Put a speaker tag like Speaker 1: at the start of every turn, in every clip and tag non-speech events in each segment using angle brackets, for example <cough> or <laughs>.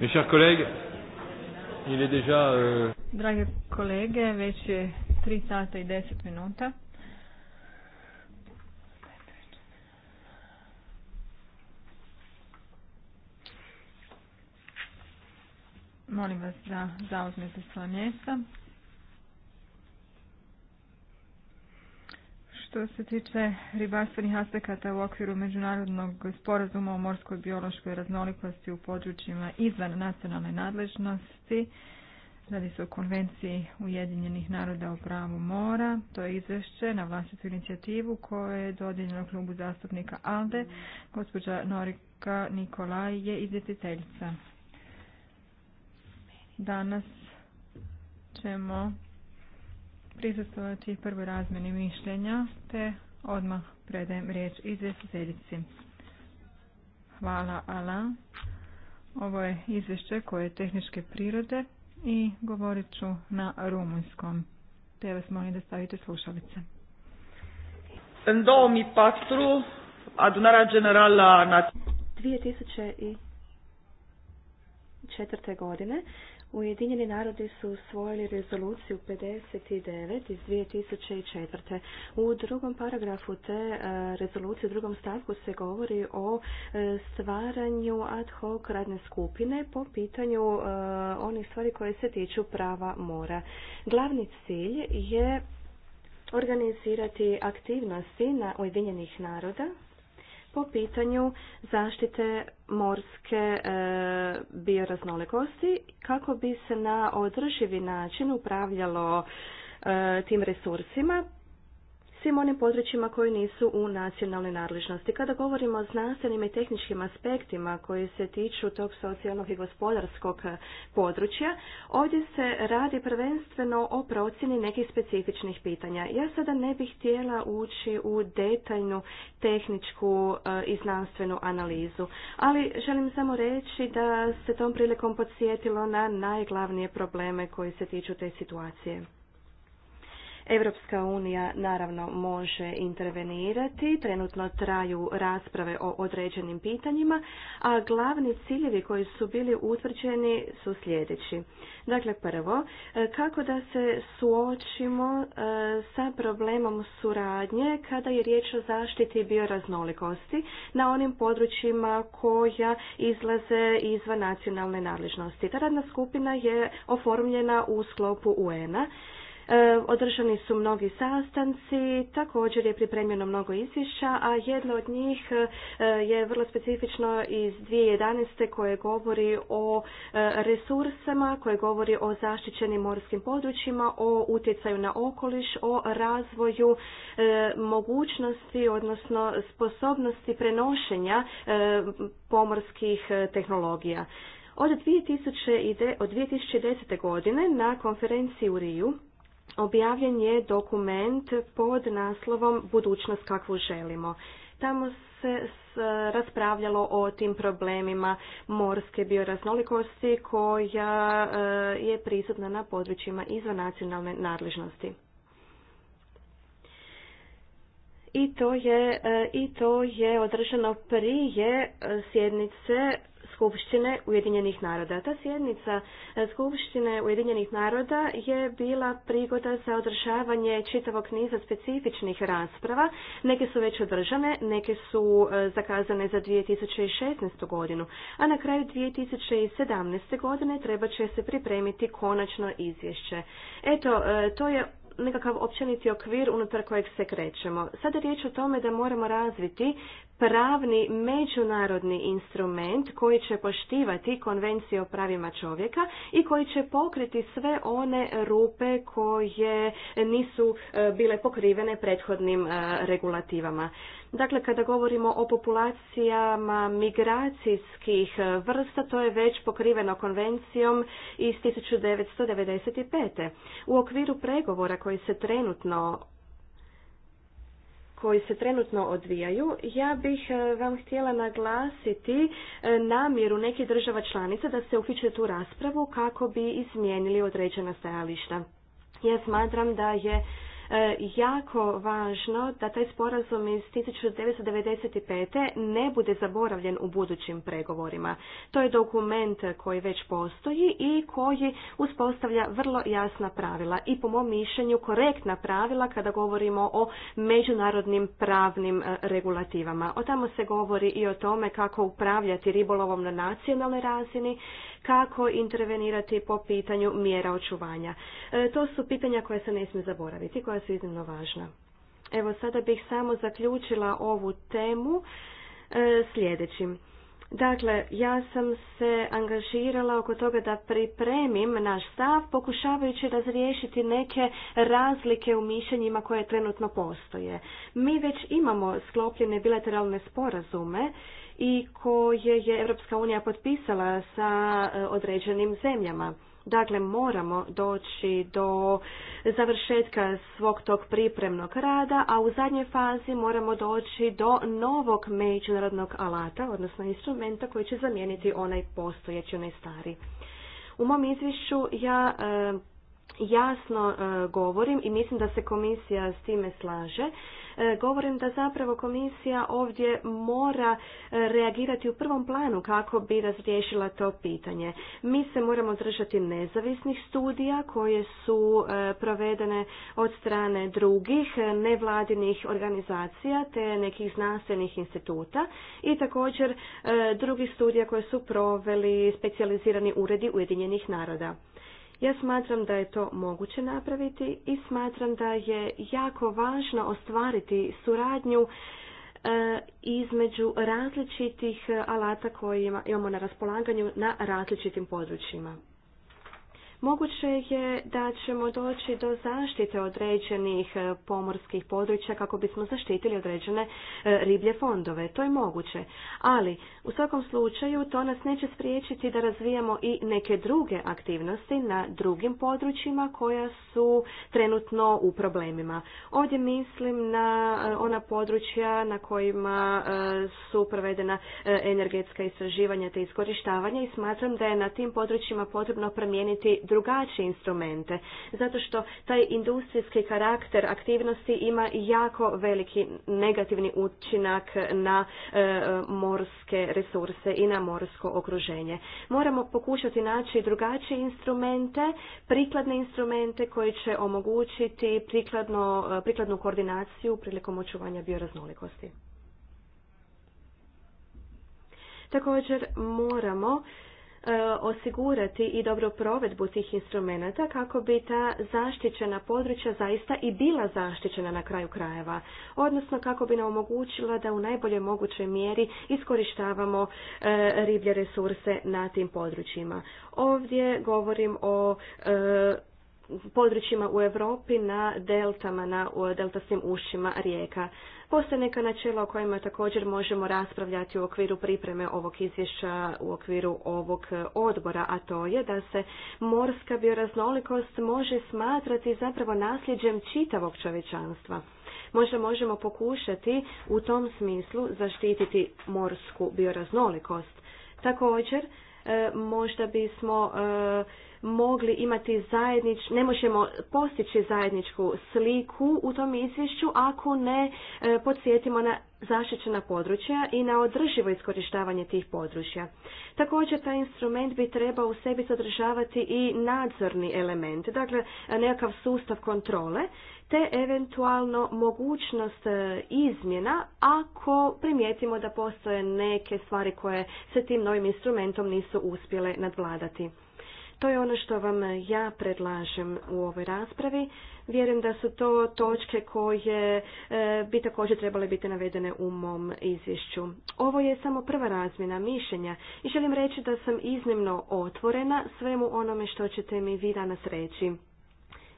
Speaker 1: Mes chers collègues, il est déjà... Euh...
Speaker 2: Drage kolege, već je 3 sata i 10 minuta. Molim vas da zauzmete svoje mjesto. Što se tiče ribarstvenih aspekata u okviru međunarodnog sporazuma o morskoj biološkoj raznolikosti u područjima izvan nacionalne nadležnosti, radi se o konvenciji Ujedinjenih naroda o pravu mora. To je izvešće na vlastitu inicijativu koje je dodijeljeno klubu zastupnika ALDE. Gospođa Norika Nikolaj je izvjestiteljica. Danas ćemo prisustovati prvoj razmeni mišljenja, te odmah predajem riječ izvjestiteljici. Hvala Ala. Ovo je izvješće koje je tehničke prirode i govorit ću na rumunjskom. Te vas molim da stavite slušalice.
Speaker 1: În 2004, 2000
Speaker 2: i
Speaker 3: 2004. godine Ujedinjeni narodi su usvojili rezoluciju 59 iz 2004. U drugom paragrafu te e, rezolucije, u drugom stavku se govori o e, stvaranju ad hoc radne skupine po pitanju e, onih stvari koje se tiču prava mora. Glavni cilj je organizirati aktivnosti na Ujedinjenih naroda po pitanju zaštite morske e, bioraznolikosti kako bi se na održivi način upravljalo e, tim resursima svim onim područjima koji nisu u nacionalnoj nadležnosti. Kada govorimo o znanstvenim i tehničkim aspektima koji se tiču tog socijalnog i gospodarskog područja, ovdje se radi prvenstveno o procjeni nekih specifičnih pitanja. Ja sada ne bih htjela ući u detaljnu tehničku e, i znanstvenu analizu, ali želim samo reći da se tom prilikom podsjetilo na najglavnije probleme koji se tiču te situacije. Evropska unija naravno može intervenirati, trenutno traju rasprave o određenim pitanjima, a glavni ciljevi koji su bili utvrđeni su sljedeći. Dakle, prvo, e, kako da se suočimo e, sa problemom suradnje kada je riječ o zaštiti bioraznolikosti na onim područjima koja izlaze izvan nacionalne nadležnosti. Ta radna skupina je oformljena u sklopu UN-a E, održani su mnogi sastanci, također je pripremljeno mnogo izvješća, a jedno od njih e, je vrlo specifično iz 2011. koje govori o e, resursama, koje govori o zaštićenim morskim područjima, o utjecaju na okoliš, o razvoju mogućnosti, odnosno sposobnosti prenošenja pomorskih tehnologija. Od 2010. godine na konferenciji u Riju objavljen je dokument pod naslovom Budućnost kakvu želimo. Tamo se raspravljalo o tim problemima morske bioraznolikosti koja e, je prisutna na područjima izvan nacionalne nadležnosti. I to je, e, i to je održano prije e, sjednice Skupštine Ujedinjenih naroda. Ta sjednica e, Skupštine Ujedinjenih naroda je bila prigoda za održavanje čitavog niza specifičnih rasprava. Neke su već održane, neke su e, zakazane za 2016. godinu, a na kraju 2017. godine treba će se pripremiti konačno izvješće. Eto, e, to je nekakav općeniti okvir unutar kojeg se krećemo. Sada je riječ o tome da moramo razviti pravni međunarodni instrument koji će poštivati konvenciju o pravima čovjeka i koji će pokriti sve one rupe koje nisu e, bile pokrivene prethodnim e, regulativama. Dakle, kada govorimo o populacijama migracijskih e, vrsta, to je već pokriveno konvencijom iz 1995. U okviru pregovora koji se trenutno koji se trenutno odvijaju, ja bih e, vam htjela naglasiti e, namjeru nekih država članica da se uključe tu raspravu kako bi izmijenili određena stajališta. Ja smatram da je E, jako važno da taj sporazum iz 1995. ne bude zaboravljen u budućim pregovorima. To je dokument koji već postoji i koji uspostavlja vrlo jasna pravila i po mom mišljenju korektna pravila kada govorimo o međunarodnim pravnim e, regulativama. O tamo se govori i o tome kako upravljati ribolovom na nacionalnoj razini, kako intervenirati po pitanju mjera očuvanja. E, to su pitanja koja se ne smije zaboraviti, koja su iznimno važna. Evo, sada bih samo zaključila ovu temu e, sljedećim. Dakle, ja sam se angažirala oko toga da pripremim naš stav pokušavajući razriješiti neke razlike u mišljenjima koje trenutno postoje. Mi već imamo sklopljene bilateralne sporazume i koje je Europska unija potpisala sa e, određenim zemljama. Dakle, moramo doći do završetka svog tog pripremnog rada, a u zadnjoj fazi moramo doći do novog međunarodnog alata, odnosno instrumenta koji će zamijeniti onaj postojeći, onaj stari. U mom izvješću ja e, jasno e, govorim i mislim da se komisija s time slaže E, govorim da zapravo komisija ovdje mora e, reagirati u prvom planu kako bi razriješila to pitanje. Mi se moramo držati nezavisnih studija koje su e, provedene od strane drugih nevladinih organizacija te nekih znanstvenih instituta i također drugih studija koje su proveli specijalizirani uredi Ujedinjenih naroda. Ja smatram da je to moguće napraviti i smatram da je jako važno ostvariti suradnju e, između različitih alata koje imamo na raspolaganju na različitim područjima. Moguće je da ćemo doći do zaštite određenih e, pomorskih područja kako bismo zaštitili određene e, riblje fondove. To je moguće. Ali u svakom slučaju to nas neće spriječiti da razvijamo i neke druge aktivnosti na drugim područjima koja su trenutno u problemima. Ovdje mislim na e, ona područja na kojima su provedena energetska istraživanja te iskorištavanja i smatram da je na tim područjima potrebno promijeniti drugačije instrumente, zato što taj industrijski karakter aktivnosti ima jako veliki negativni učinak na e, morske resurse i na morsko okruženje. Moramo pokušati naći drugačije instrumente, prikladne instrumente koji će omogućiti prikladno, e, prikladnu koordinaciju prilikom očuvanja bioraznolikosti. Također moramo E, osigurati i dobru provedbu tih instrumenata kako bi ta zaštićena područja zaista i bila zaštićena na kraju krajeva, odnosno kako bi nam omogućila da u najboljoj mogućoj mjeri iskorištavamo e, riblje resurse na tim područjima. Ovdje govorim o e, područjima u Europi na deltama, na deltasnim ušima rijeka. Postoje neka načela o kojima također možemo raspravljati u okviru pripreme ovog izvješća, u okviru ovog e, odbora, a to je da se morska bioraznolikost može smatrati zapravo nasljeđem čitavog čovečanstva. Možda možemo pokušati u tom smislu zaštititi morsku bioraznolikost. Također, e, možda bismo e, mogli imati zajednič, ne možemo postići zajedničku sliku u tom izvješću ako ne e, podsjetimo na zaštićena područja i na održivo iskorištavanje tih područja. Također taj instrument bi trebao u sebi sadržavati i nadzorni element, dakle nekakav sustav kontrole te eventualno mogućnost e, izmjena ako primijetimo da postoje neke stvari koje se tim novim instrumentom nisu uspjele nadvladati. To je ono što vam ja predlažem u ovoj raspravi. Vjerujem da su to točke koje e, bi također trebale biti navedene u mom izvješću. Ovo je samo prva razmjena mišljenja i želim reći da sam iznimno otvorena svemu onome što ćete mi vi danas reći.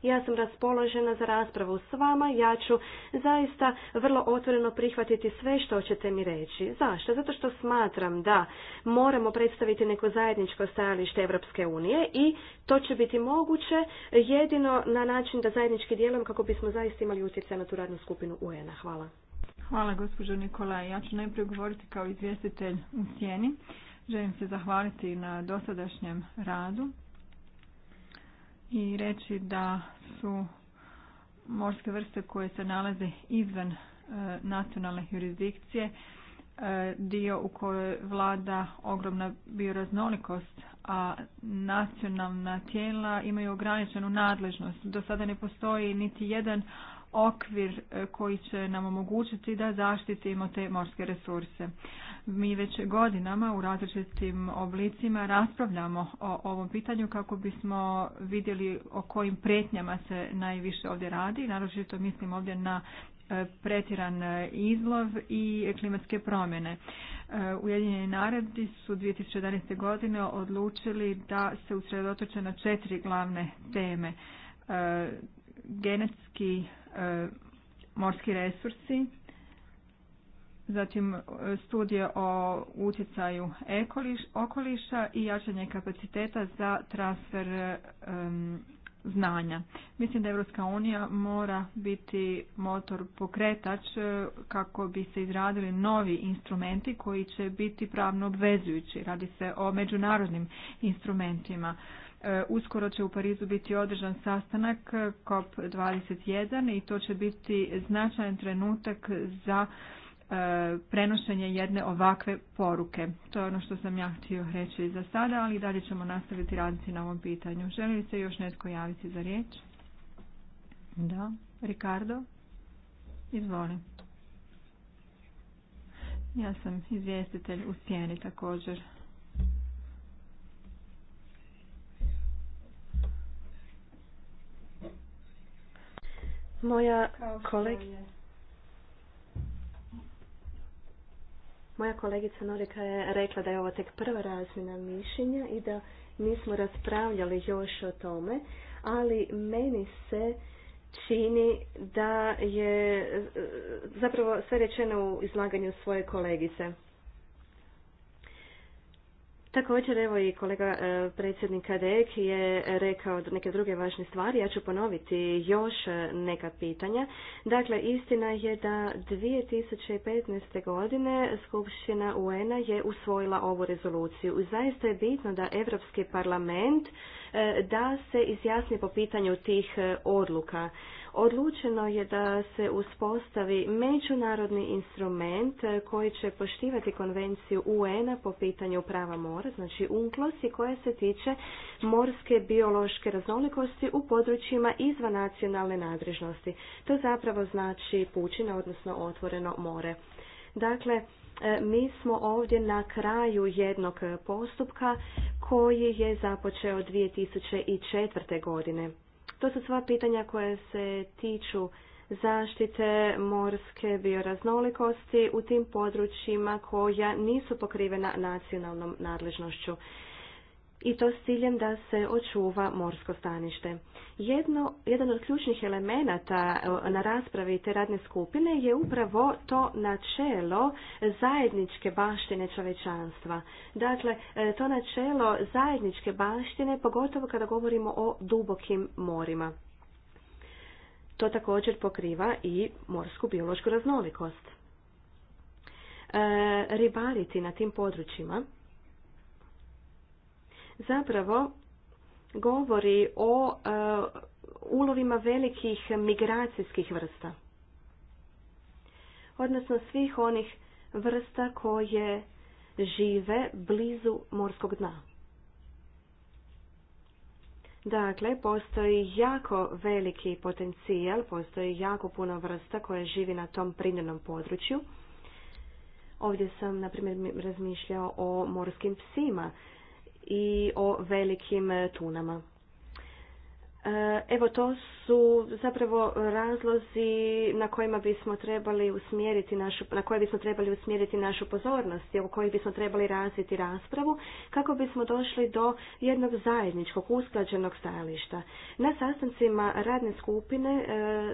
Speaker 3: Ja sam raspoložena za raspravu s vama. Ja ću zaista vrlo otvoreno prihvatiti sve što ćete mi reći. Zašto? Zato što smatram da moramo predstaviti neko zajedničko stajalište Europske unije i to će biti moguće jedino na način da zajednički djelujemo kako bismo zaista imali utjecaj na tu radnu skupinu un Hvala.
Speaker 2: Hvala gospođo Nikola. Ja ću najprije govoriti kao izvjestitelj u sjeni. Želim se zahvaliti na dosadašnjem radu i reći da su morske vrste koje se nalaze izvan e, nacionalne jurisdikcije e, dio u kojoj vlada ogromna bioraznolikost, a nacionalna tijela imaju ograničenu nadležnost. Do sada ne postoji niti jedan okvir e, koji će nam omogućiti da zaštitimo te morske resurse. Mi već godinama u različitim oblicima raspravljamo o ovom pitanju kako bismo vidjeli o kojim pretnjama se najviše ovdje radi. Naročito mislim ovdje na e, pretjeran izlov i klimatske promjene. E, Ujedinjeni naredi su 2011. godine odlučili da se usredotoče na četiri glavne teme. E, genetski morski resursi, zatim e, studije o utjecaju okoliša i jačanje kapaciteta za transfer e, znanja. Mislim da Evropska unija mora biti motor pokretač e, kako bi se izradili novi instrumenti koji će biti pravno obvezujući. Radi se o međunarodnim instrumentima. Uskoro će u Parizu biti održan sastanak COP21 i to će biti značajan trenutak za E, prenošenje jedne ovakve poruke. To je ono što sam ja htio reći za sada, ali dalje ćemo nastaviti raditi na ovom pitanju. Želi li se još netko javiti za riječ? Da. Ricardo? Izvoli. Ja sam izvjestitelj u sjeni također.
Speaker 3: Moja kolega... Moja kolegica Norika je rekla da je ovo tek prva razmjena mišljenja i da nismo raspravljali još o tome, ali meni se čini da je zapravo sve rečeno u izlaganju svoje kolegice. Također, evo i kolega e, predsjednik Kadek je rekao neke druge važne stvari. Ja ću ponoviti još neka pitanja. Dakle, istina je da 2015. godine Skupština UN-a je usvojila ovu rezoluciju. zaista je bitno da Europski parlament e, da se izjasni po pitanju tih e, odluka. Odlučeno je da se uspostavi međunarodni instrument koji će poštivati konvenciju UN-a po pitanju prava mora, znači UNCLOS i koja se tiče morske biološke raznolikosti u područjima izvan nacionalne nadležnosti. To zapravo znači pučina, odnosno otvoreno more. Dakle, e, mi smo ovdje na kraju jednog postupka koji je započeo 2004. godine. To su sva pitanja koje se tiču zaštite morske bioraznolikosti u tim područjima koja nisu pokrivena nacionalnom nadležnošću i to s ciljem da se očuva morsko stanište. Jedno, jedan od ključnih elemenata e, na raspravi te radne skupine je upravo to načelo zajedničke baštine čovečanstva. Dakle, e, to načelo zajedničke baštine, pogotovo kada govorimo o dubokim morima. To također pokriva i morsku biološku raznolikost. E, ribariti na tim područjima zapravo govori o e, ulovima velikih migracijskih vrsta. Odnosno svih onih vrsta koje žive blizu morskog dna. Dakle, postoji jako veliki potencijal, postoji jako puno vrsta koje živi na tom primjenom području. Ovdje sam, na primjer, razmišljao o morskim psima i o velikim e, tunama. E, evo to su zapravo razlozi na kojima bismo trebali usmjeriti našu, na koje bismo trebali usmjeriti našu pozornost i o kojih bismo trebali razviti raspravu kako bismo došli do jednog zajedničkog usklađenog stajališta. Na sastancima radne skupine e,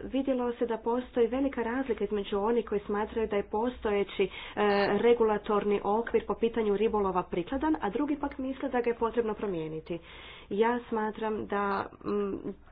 Speaker 3: vidjelo se da postoji velika razlika između onih koji smatraju da je postojeći e, regulatorni okvir po pitanju ribolova prikladan, a drugi pak misle da ga je potrebno promijeniti. Ja smatram da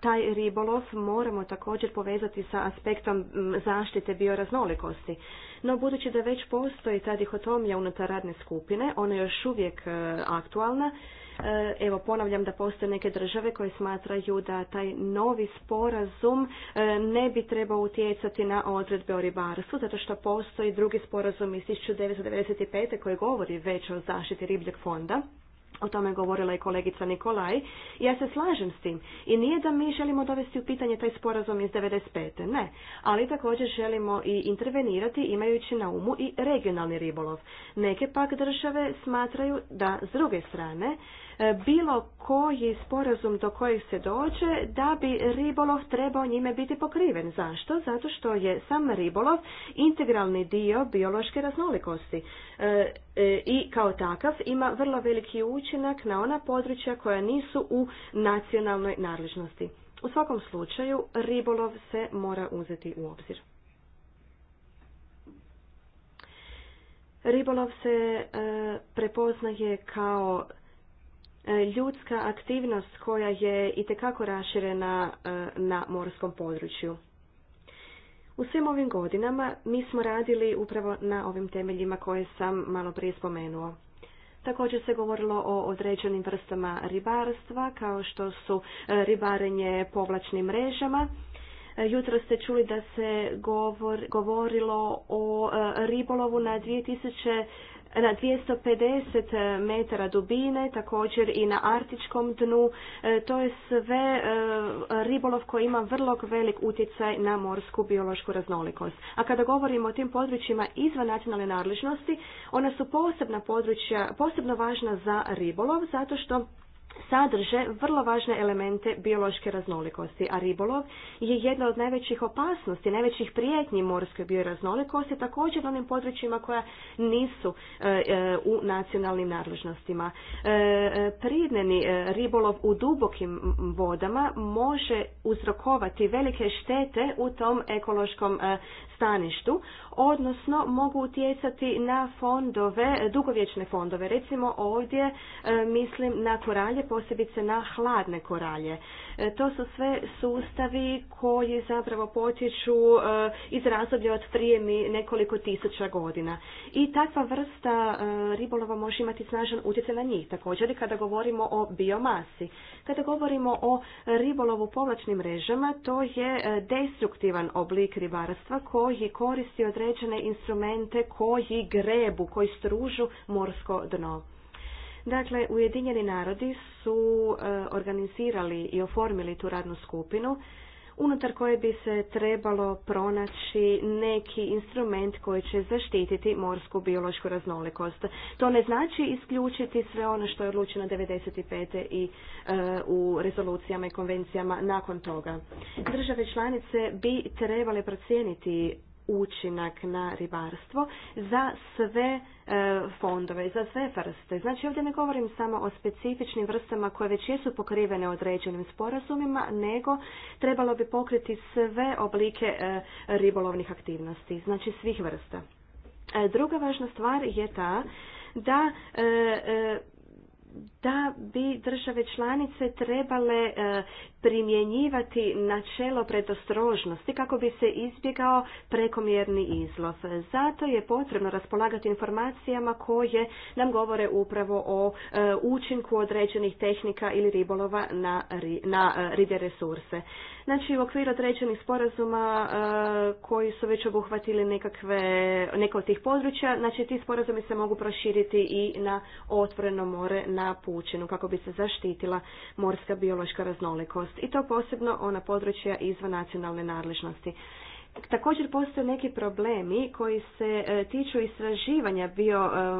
Speaker 3: taj ribolov moramo također povezati sa aspektom zaštite bioraznolikosti. No, budući da već postoji ta dihotomija unutar radne skupine, ona je još uvijek e, aktualna. E, evo, ponavljam da postoje neke države koje smatraju da taj novi sporazum e, ne bi trebao utjecati na odredbe o ribarstvu, zato što postoji drugi sporazum iz 1995. koji govori već o zaštiti ribljeg fonda o tome je govorila i kolegica Nikolaj. Ja se slažem s tim. I nije da mi želimo dovesti u pitanje taj sporazum iz 95. Ne. Ali također želimo i intervenirati imajući na umu i regionalni ribolov. Neke pak države smatraju da s druge strane E, bilo koji sporazum do kojeg se dođe da bi ribolov trebao njime biti pokriven. Zašto? Zato što je sam ribolov integralni dio biološke raznolikosti e, e, i kao takav ima vrlo veliki učinak na ona područja koja nisu u nacionalnoj nadležnosti. U svakom slučaju ribolov se mora uzeti u obzir. Ribolov se prepoznaje kao E, ljudska aktivnost koja je itekako raširena e, na morskom području. U svim ovim godinama mi smo radili upravo na ovim temeljima koje sam malo prije spomenuo. Također se govorilo o određenim vrstama ribarstva, kao što su e, ribarenje povlačnim mrežama. Jutro ste čuli da se govor, govorilo o ribolovu na 2000 na 250 e, metara dubine, također i na artičkom dnu. E, to je sve e, ribolov koji ima vrlo velik utjecaj na morsku biološku raznolikost. A kada govorimo o tim područjima izvan nacionalne nadležnosti, ona su posebna područja, posebno važna za ribolov, zato što sadrže vrlo važne elemente biološke raznolikosti, a ribolov je jedna od najvećih opasnosti, najvećih prijetnji morske bioraznolikosti, također na onim područjima koja nisu e, e, u nacionalnim nadležnostima. E, e pridneni ribolov u dubokim vodama može uzrokovati velike štete u tom ekološkom staništu, odnosno mogu utjecati na fondove, dugovječne fondove. Recimo ovdje mislim na koralje posebice na hladne koralje. E, to su sve sustavi koji zapravo potječu e, iz razdoblja od prije nekoliko tisuća godina. I takva vrsta e, ribolova može imati snažan utjecaj na njih također kada govorimo o biomasi. Kada govorimo o ribolovu povlačnim mrežama, to je destruktivan oblik ribarstva koji koristi određene instrumente koji grebu, koji stružu morsko dno. Dakle, Ujedinjeni narodi su e, organizirali i oformili tu radnu skupinu unutar koje bi se trebalo pronaći neki instrument koji će zaštititi morsku biološku raznolikost. To ne znači isključiti sve ono što je odlučeno 95. i e, u rezolucijama i konvencijama nakon toga. Države članice bi trebale procijeniti učinak na ribarstvo za sve e, fondove, za sve vrste. Znači ovdje ne govorim samo o specifičnim vrstama koje već jesu pokrivene određenim sporazumima, nego trebalo bi pokriti sve oblike e, ribolovnih aktivnosti, znači svih vrsta. E, druga važna stvar je ta da da bi države članice trebale primjenjivati načelo predostrožnosti kako bi se izbjegao prekomjerni izlov. Zato je potrebno raspolagati informacijama koje nam govore upravo o e, učinku određenih tehnika ili ribolova na, na e, resurse. Znači u okviru određenih sporazuma e, koji su već obuhvatili nekakve, neka od tih područja, znači ti sporazumi se mogu proširiti i na otvoreno more na pučinu kako bi se zaštitila morska biološka raznolikost i to posebno ona područja izvan nacionalne nadležnosti. Također postoje neki problemi koji se e, tiču istraživanja bio, e,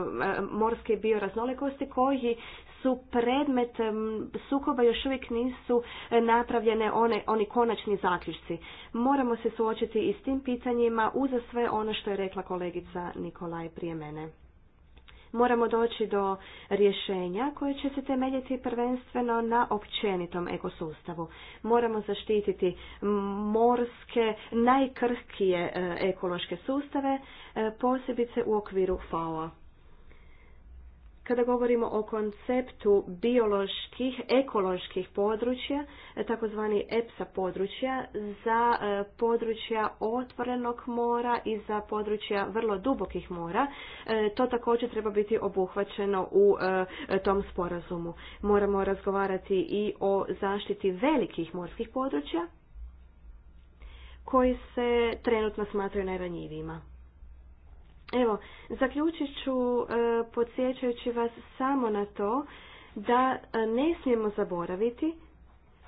Speaker 3: morske bioraznolikosti koji su predmet sukoba još uvijek nisu e, napravljene one, oni konačni zaključci. Moramo se suočiti i s tim pitanjima uza sve ono što je rekla kolegica Nikolaj prije mene moramo doći do rješenja koje će se temeljiti prvenstveno na općenitom ekosustavu. Moramo zaštititi morske, najkrhkije e, ekološke sustave, e, posebice u okviru FAO-a. Kada govorimo o konceptu bioloških, ekoloških područja, e, takozvani EPSA područja, za e, područja otvorenog mora i za područja vrlo dubokih mora, e, to također treba biti obuhvaćeno u tom sporazumu. Moramo razgovarati i o zaštiti velikih morskih područja, koji se trenutno smatraju najranjivijima. Evo, zaključit ću e, podsjećajući vas samo na to da e, ne smijemo zaboraviti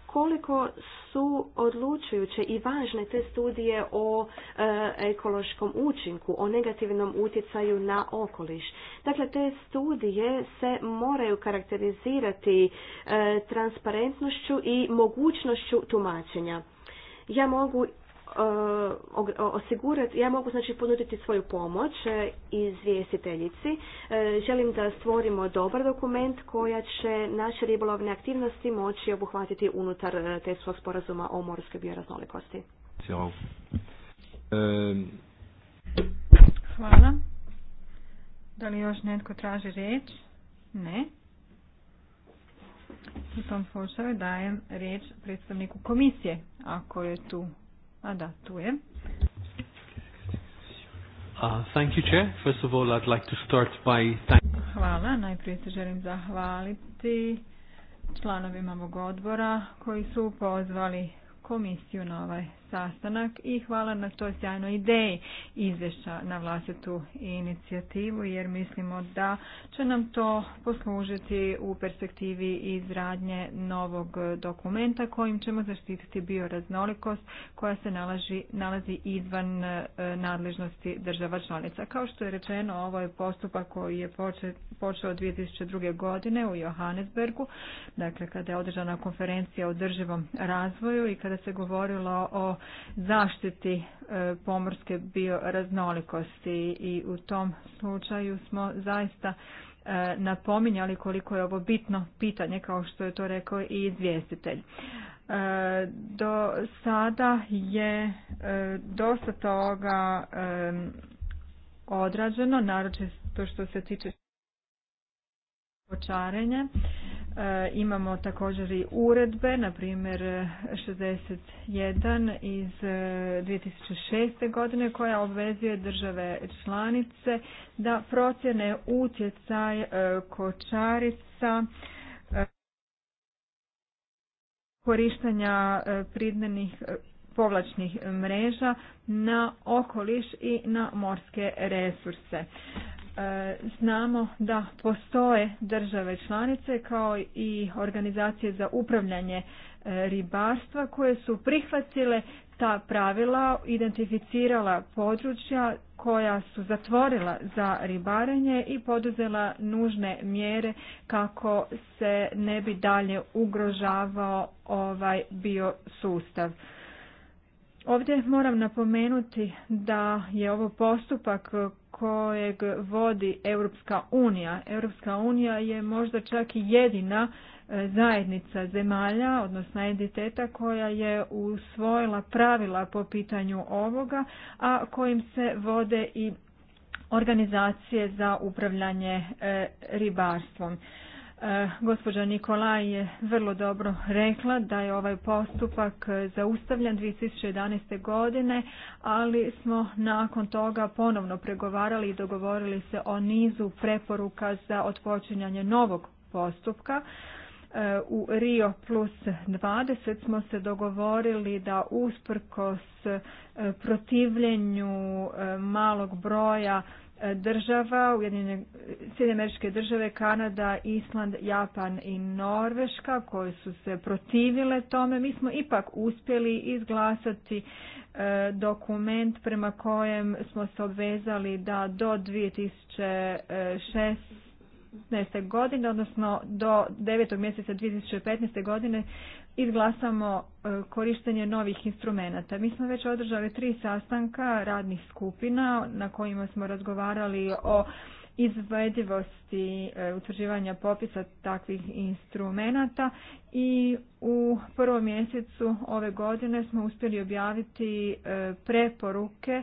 Speaker 3: koliko su odlučujuće i važne te studije o e, ekološkom učinku, o negativnom utjecaju na okoliš. Dakle, te studije se moraju karakterizirati transparentnošću i mogućnošću tumačenja. Ja mogu Eh, osigurati, ja mogu znači ponuditi svoju pomoć eh, izvjestiteljici. Eh, želim da stvorimo dobar dokument koja će naše ribolovne aktivnosti moći obuhvatiti unutar te svog sporazuma o morskoj bioraznolikosti.
Speaker 2: Hvala. Da li još netko traži riječ? Ne. U tom slučaju dajem riječ predstavniku komisije, ako je tu a da, tu je. Hvala. Najprije se želim zahvaliti članovima mog odbora koji su pozvali komisiju na ovaj sastanak i hvala na toj sjajnoj ideji izvješća na vlastitu inicijativu jer mislimo da će nam to poslužiti u perspektivi izradnje novog dokumenta kojim ćemo zaštititi bioraznolikost koja se nalazi, nalazi izvan e, nadležnosti država članica. Kao što je rečeno, ovo je postupak koji je počeo, počeo 2002. godine u Johannesburgu, dakle kada je održana konferencija o drživom razvoju i kada se govorilo o zaštiti e, pomorske bioraznolikosti i u tom slučaju smo zaista e, napominjali koliko je ovo bitno pitanje kao što je to rekao i izvjestitelj. E, do sada je dosta toga odrađeno, to što se tiče počarenja. E, imamo također i uredbe, na primjer 61 iz 2006. E, godine koja obvezuje države članice da procjene utjecaj e, kočarica korištenja pridnenih povlačnih mreža na okoliš i na morske resurse. E, znamo da postoje države članice kao i organizacije za upravljanje e, ribarstva koje su prihvatile ta pravila, identificirala područja koja su zatvorila za ribarenje i poduzela nužne mjere kako se ne bi dalje ugrožavao ovaj biosustav. Ovdje moram napomenuti da je ovo postupak kojeg vodi Europska unija. Europska unija je možda čak i jedina e, zajednica zemalja, odnosno entiteta koja je usvojila pravila po pitanju ovoga, a kojim se vode i organizacije za upravljanje e, ribarstvom. E, gospođa Nikolaj je vrlo dobro rekla da je ovaj postupak zaustavljan 2011. godine, ali smo nakon toga ponovno pregovarali i dogovorili se o nizu preporuka za otpočinjanje novog postupka. E, u Rio plus 20 smo se dogovorili da usprkos e, protivljenju malog broja država, Sjedinje američke države, Kanada, Island, Japan i Norveška koje su se protivile tome, mi smo ipak uspjeli izglasati e, dokument prema kojem smo se obvezali da do 2016 godine, odnosno do 9. mjeseca 2015. godine izglasamo e, korištenje novih instrumenata. Mi smo već održali tri sastanka radnih skupina na kojima smo razgovarali o izvedivosti e, utvrđivanja popisa takvih instrumenata i u prvom mjesecu ove godine smo uspjeli objaviti e, preporuke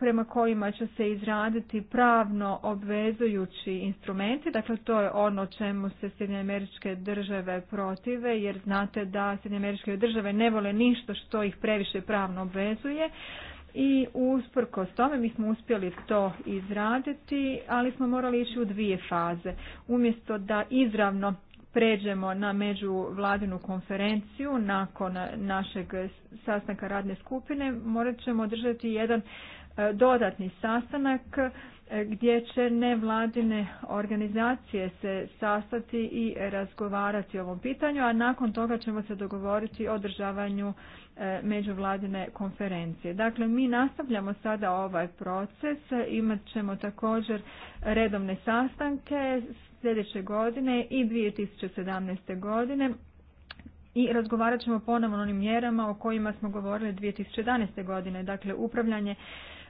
Speaker 2: prema kojima će se izraditi pravno obvezujući instrumenti. Dakle, to je ono čemu se Sjedinje američke države protive, jer znate da Sjedinje američke države ne vole ništa što ih previše pravno obvezuje. I usprkos tome mi smo uspjeli to izraditi, ali smo morali ići u dvije faze. Umjesto da izravno pređemo na međuvladinu konferenciju nakon našeg sastanka radne skupine, morat ćemo održati jedan E, dodatni sastanak e, gdje će nevladine organizacije se sastati i razgovarati o ovom pitanju, a nakon toga ćemo se dogovoriti o održavanju e, međuvladine konferencije. Dakle, mi nastavljamo sada ovaj proces, imat ćemo također redovne sastanke sljedeće godine i 2017. godine i razgovarat ćemo ponovno o onim mjerama o kojima smo govorili 2011. godine, dakle upravljanje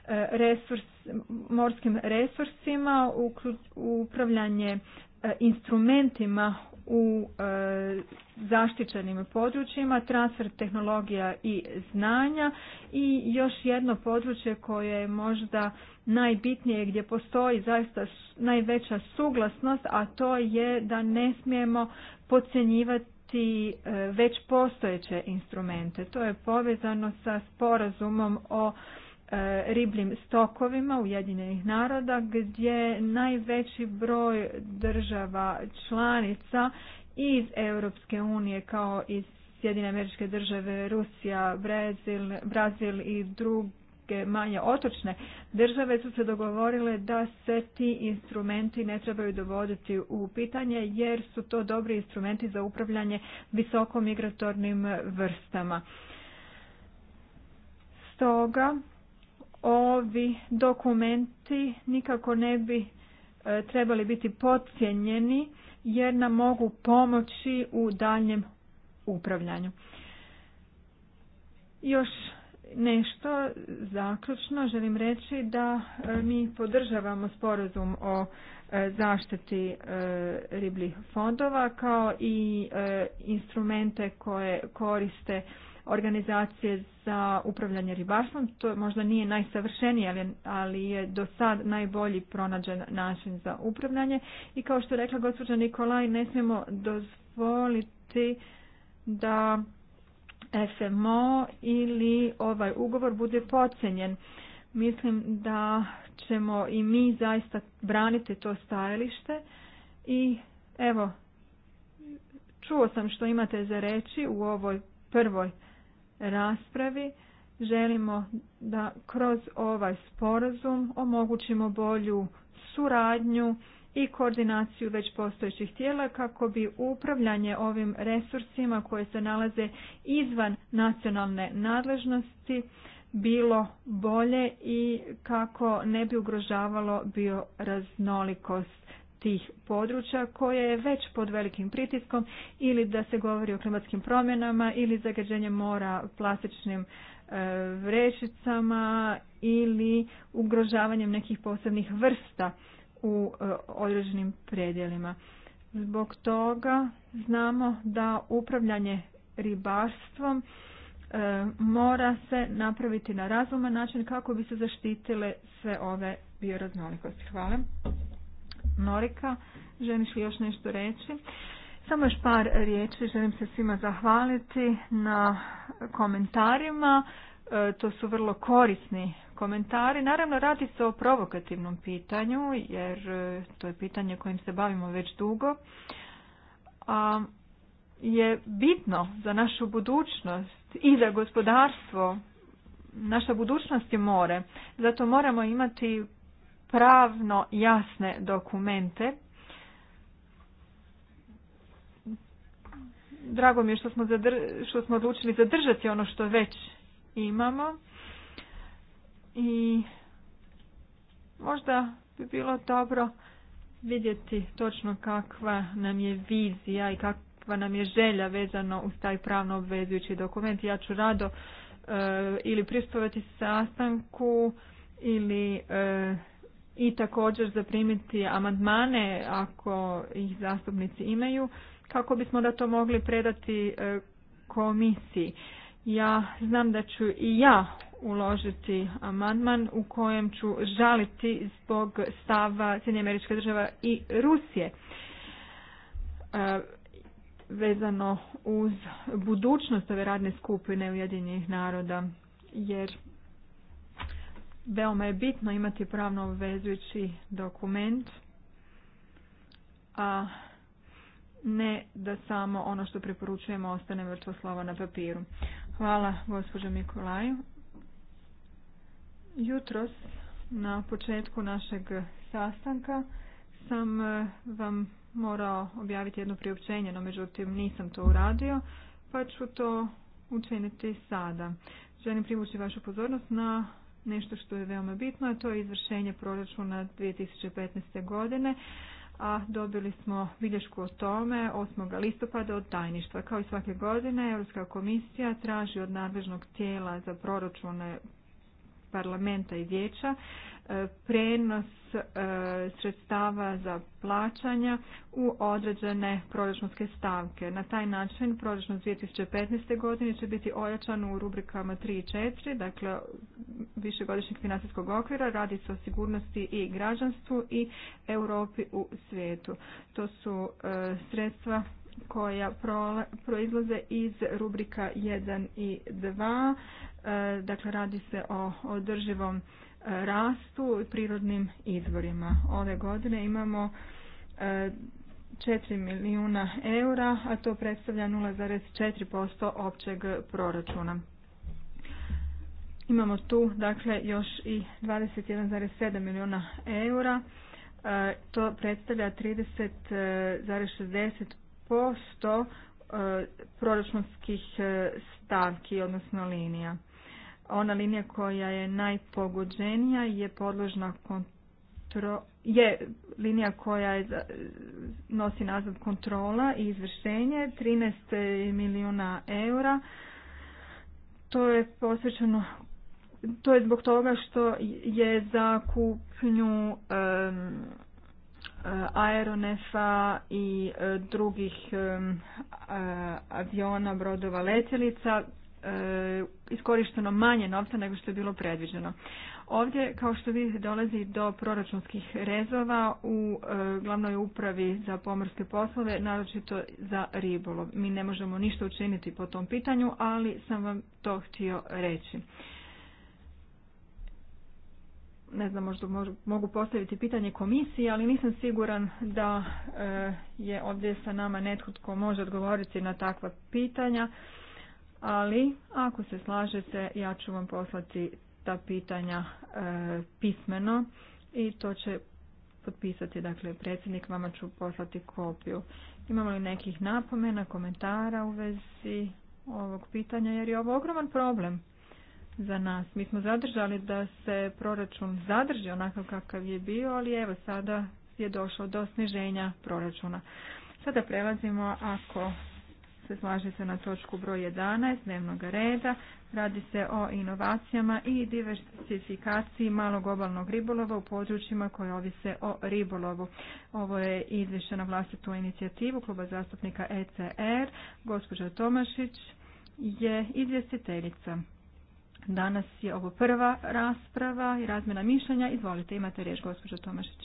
Speaker 2: resurs, morskim resursima, upravljanje e, instrumentima u e, zaštićenim područjima, transfer tehnologija i znanja i još jedno područje koje je možda najbitnije gdje postoji zaista najveća suglasnost, a to je da ne smijemo podcjenjivati e, već postojeće instrumente. To je povezano sa sporazumom o E, ribljim stokovima Ujedinjenih naroda gdje najveći broj država članica iz Europske unije kao iz Sjedine američke države, Rusija, Brazil, Brazil i druge manje otočne države su se dogovorile da se ti instrumenti ne trebaju dovoditi u pitanje jer su to dobri instrumenti za upravljanje visokomigratornim vrstama. Stoga ovi dokumenti nikako ne bi e, trebali biti podcijenjeni jer nam mogu pomoći u daljem upravljanju. Još nešto zaključno želim reći da e, mi podržavamo sporazum o e, zaštiti ribljih fondova kao i instrumente koje koriste organizacije za upravljanje ribarstvom. To možda nije najsavršenije, ali je do sad najbolji pronađen način za upravljanje. I kao što je rekla gospođa Nikolaj, ne smijemo dozvoliti da FMO ili ovaj ugovor bude pocenjen. Mislim da ćemo i mi zaista braniti to stajalište i evo, čuo sam što imate za reći u ovoj prvoj raspravi želimo da kroz ovaj sporazum omogućimo bolju suradnju i koordinaciju već postojećih tijela kako bi upravljanje ovim resursima koje se nalaze izvan nacionalne nadležnosti bilo bolje i kako ne bi ugrožavalo bioraznolikost tih područja koje je već pod velikim pritiskom ili da se govori o klimatskim promjenama ili zagađenjem mora plastičnim e, vrećicama ili ugrožavanjem nekih posebnih vrsta u e, određenim predjelima. Zbog toga znamo da upravljanje ribarstvom e, mora se napraviti na razuman način kako bi se zaštitile sve ove bioraznolikosti. Hvala. Norika. Želiš li još nešto reći? Samo još par riječi. Želim se svima zahvaliti na komentarima. E, to su vrlo korisni komentari. Naravno, radi se o provokativnom pitanju, jer e, to je pitanje kojim se bavimo već dugo. A je bitno za našu budućnost i za gospodarstvo. Naša budućnost je more. Zato moramo imati pravno jasne dokumente. Drago mi je što smo, što smo odlučili zadržati ono što već imamo. I možda bi bilo dobro vidjeti točno kakva nam je vizija i kakva nam je želja vezano uz taj pravno obvezujući dokument. Ja ću rado e, ili prispavati sastanku ili e, i također zaprimiti amandmane ako ih zastupnici imaju kako bismo da to mogli predati e, komisiji. Ja znam da ću i ja uložiti amandman u kojem ću žaliti zbog stava Sjedinje američke država i Rusije e, vezano uz budućnost ove radne skupine Ujedinjenih naroda jer Veoma je bitno imati pravno obvezujući dokument, a ne da samo ono što preporučujemo ostane mrtvo slovo na papiru. Hvala gospođo Mikolaju. Jutros na početku našeg sastanka sam eh, vam morao objaviti jedno priopćenje, no međutim nisam to uradio, pa ću to učiniti sada. Želim privući vašu pozornost na nešto što je veoma bitno, a to je izvršenje proračuna 2015. godine, a dobili smo bilješku o tome 8. listopada od tajništva. Kao i svake godine, Europska komisija traži od nadležnog tijela za proračune parlamenta i vijeća E, prenos e, sredstava za plaćanja u određene proračunske stavke. Na taj način proračun 2015. godine će biti ojačan u rubrikama 3 i 4, dakle višegodišnjeg financijskog okvira, radi se o sigurnosti i građanstvu i Europi u svijetu. To su e, sredstva koja proizlaze iz rubrika 1 i 2, dakle radi se o održivom rastu i prirodnim izvorima. Ove godine imamo 4 e, milijuna eura, a to predstavlja 0,4% općeg proračuna. Imamo tu dakle još i 21,7 milijuna eura, e, to predstavlja 30,60% e, proračunskih stavki, odnosno linija ona linija koja je najpogođenija je podložna kontro, je linija koja nosi nazad kontrola i izvršenje 13 milijuna eura. To je posvećeno to je zbog toga što je za kupnju aeronefa i e, drugih aviona, brodova, letjelica E, iskorišteno manje novca nego što je bilo predviđeno. Ovdje, kao što vidite, dolazi do proračunskih rezova u e, glavnoj upravi za pomorske poslove, naročito za ribolov. Mi ne možemo ništa učiniti po tom pitanju, ali sam vam to htio reći. Ne znam, možda mogu postaviti pitanje komisiji, ali nisam siguran da e, je ovdje sa nama netko tko može odgovoriti na takva pitanja ali ako se slažete ja ću vam poslati ta pitanja e, pismeno i to će potpisati dakle predsjednik, vama ću poslati kopiju. Imamo li nekih napomena, komentara u vezi ovog pitanja jer je ovo ogroman problem za nas. Mi smo zadržali da se proračun zadrži onakav kakav je bio, ali evo sada je došlo do sniženja proračuna. Sada prelazimo, ako se slaže se na točku broj 11 dnevnog reda. Radi se o inovacijama i diversifikaciji malog obalnog ribolova u područjima koje ovise o ribolovu. Ovo je izvješće na vlastitu inicijativu kluba zastupnika ECR. Gospođa Tomašić je izvjestiteljica. Danas je ovo prva rasprava i razmjena mišljenja. Izvolite, imate riječ gospođo Tomašić.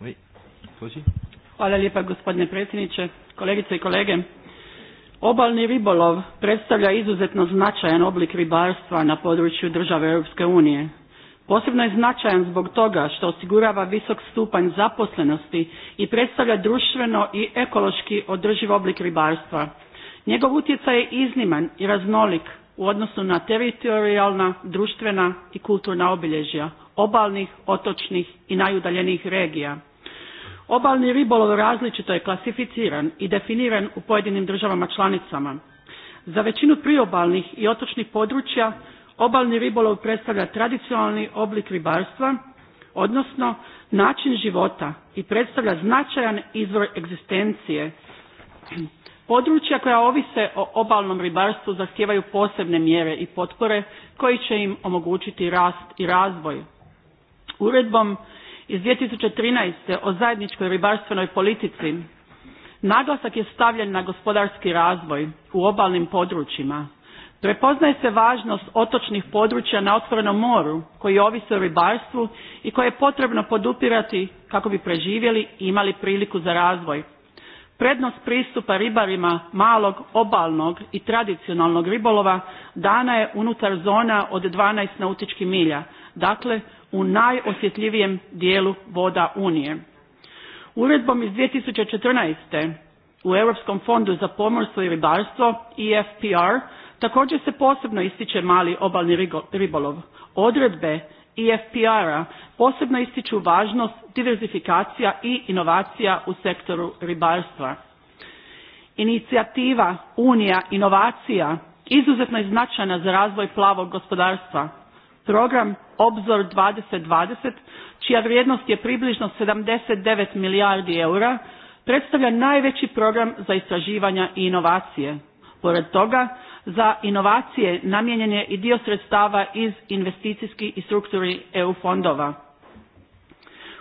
Speaker 1: Oui, Hvala lijepa gospodine predsjedniče, kolegice i kolege. Obalni ribolov predstavlja izuzetno značajan oblik ribarstva na području države Europske unije. Posebno je značajan zbog toga što osigurava visok stupanj zaposlenosti i predstavlja društveno i ekološki održiv oblik ribarstva. Njegov utjecaj je izniman i raznolik u odnosu na teritorijalna, društvena i kulturna obilježja obalnih, otočnih i najudaljenijih regija. Obalni ribolov različito je klasificiran i definiran u pojedinim državama članicama. Za većinu priobalnih i otočnih područja obalni ribolov predstavlja tradicionalni oblik ribarstva, odnosno način života i predstavlja značajan izvor egzistencije. Područja koja ovise o obalnom ribarstvu zahtijevaju posebne mjere i potpore koji će im omogućiti rast i razvoj. Uredbom iz 2013. o zajedničkoj ribarstvenoj politici naglasak je stavljen na gospodarski razvoj u obalnim područjima. Prepoznaje se važnost otočnih područja na otvorenom moru koji ovise o ribarstvu i koje je potrebno podupirati kako bi preživjeli i imali priliku za razvoj. Prednost pristupa ribarima malog, obalnog i tradicionalnog ribolova dana je unutar zona od 12 nautičkih milja, dakle u najosjetljivijem dijelu voda Unije. Uredbom iz 2014. u Europskom fondu za pomorstvo i ribarstvo EFPR također se posebno ističe mali obalni ribolov. Odredbe EFPR-a posebno ističu važnost diversifikacija i inovacija u sektoru ribarstva. Inicijativa Unija inovacija izuzetno je značajna za razvoj plavog gospodarstva Program Obzor 2020, čija vrijednost je približno 79 milijardi eura, predstavlja najveći program za istraživanja i inovacije. Pored toga, za inovacije namijenjen je i dio sredstava iz investicijskih i strukturi EU fondova.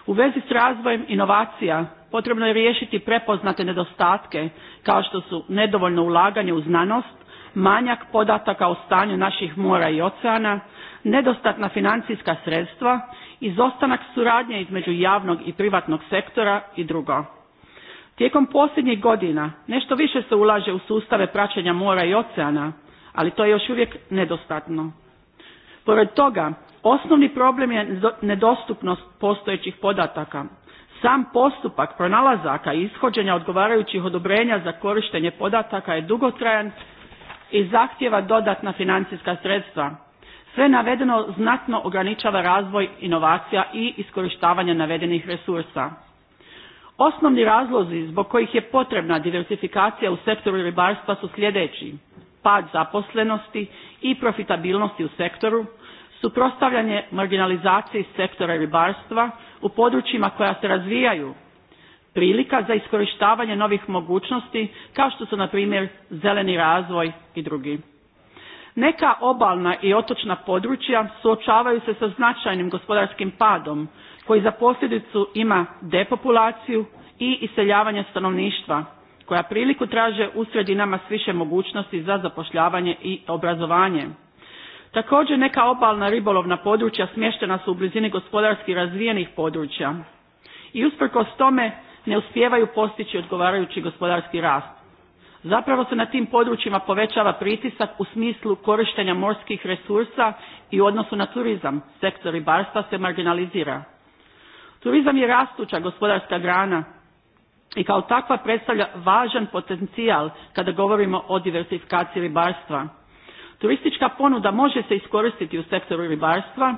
Speaker 1: U vezi s razvojem inovacija potrebno je riješiti prepoznate nedostatke kao što su nedovoljno ulaganje u znanost, manjak podataka o stanju naših mora i oceana, nedostatna financijska sredstva, izostanak suradnje između javnog i privatnog sektora i drugo. Tijekom posljednjih godina nešto više se ulaže u sustave praćenja mora i oceana, ali to je još uvijek nedostatno. Pored toga, osnovni problem je nedostupnost postojećih podataka. Sam postupak pronalazaka i ishođenja odgovarajućih odobrenja za korištenje podataka je dugotrajan i zahtjeva dodatna financijska sredstva sve navedeno znatno ograničava razvoj inovacija i iskorištavanje navedenih resursa. Osnovni razlozi zbog kojih je potrebna diversifikacija u sektoru ribarstva su sljedeći. Pad zaposlenosti i profitabilnosti u sektoru, suprotstavljanje marginalizaciji sektora ribarstva u područjima koja se razvijaju, prilika za iskorištavanje novih mogućnosti kao što su na primjer zeleni razvoj i drugi. Neka obalna i otočna područja suočavaju se sa značajnim gospodarskim padom koji za posljedicu ima depopulaciju i iseljavanje stanovništva koja priliku traže u sredinama s više mogućnosti za zapošljavanje i obrazovanje. Također neka obalna ribolovna područja smještena su u blizini gospodarski razvijenih područja i usprkos tome ne uspijevaju postići odgovarajući gospodarski rast. Zapravo se na tim područjima povećava pritisak u smislu korištenja morskih resursa i u odnosu na turizam. Sektor ribarstva se marginalizira. Turizam je rastuća gospodarska grana i kao takva predstavlja važan potencijal kada govorimo o diversifikaciji ribarstva. Turistička ponuda može se iskoristiti u sektoru ribarstva,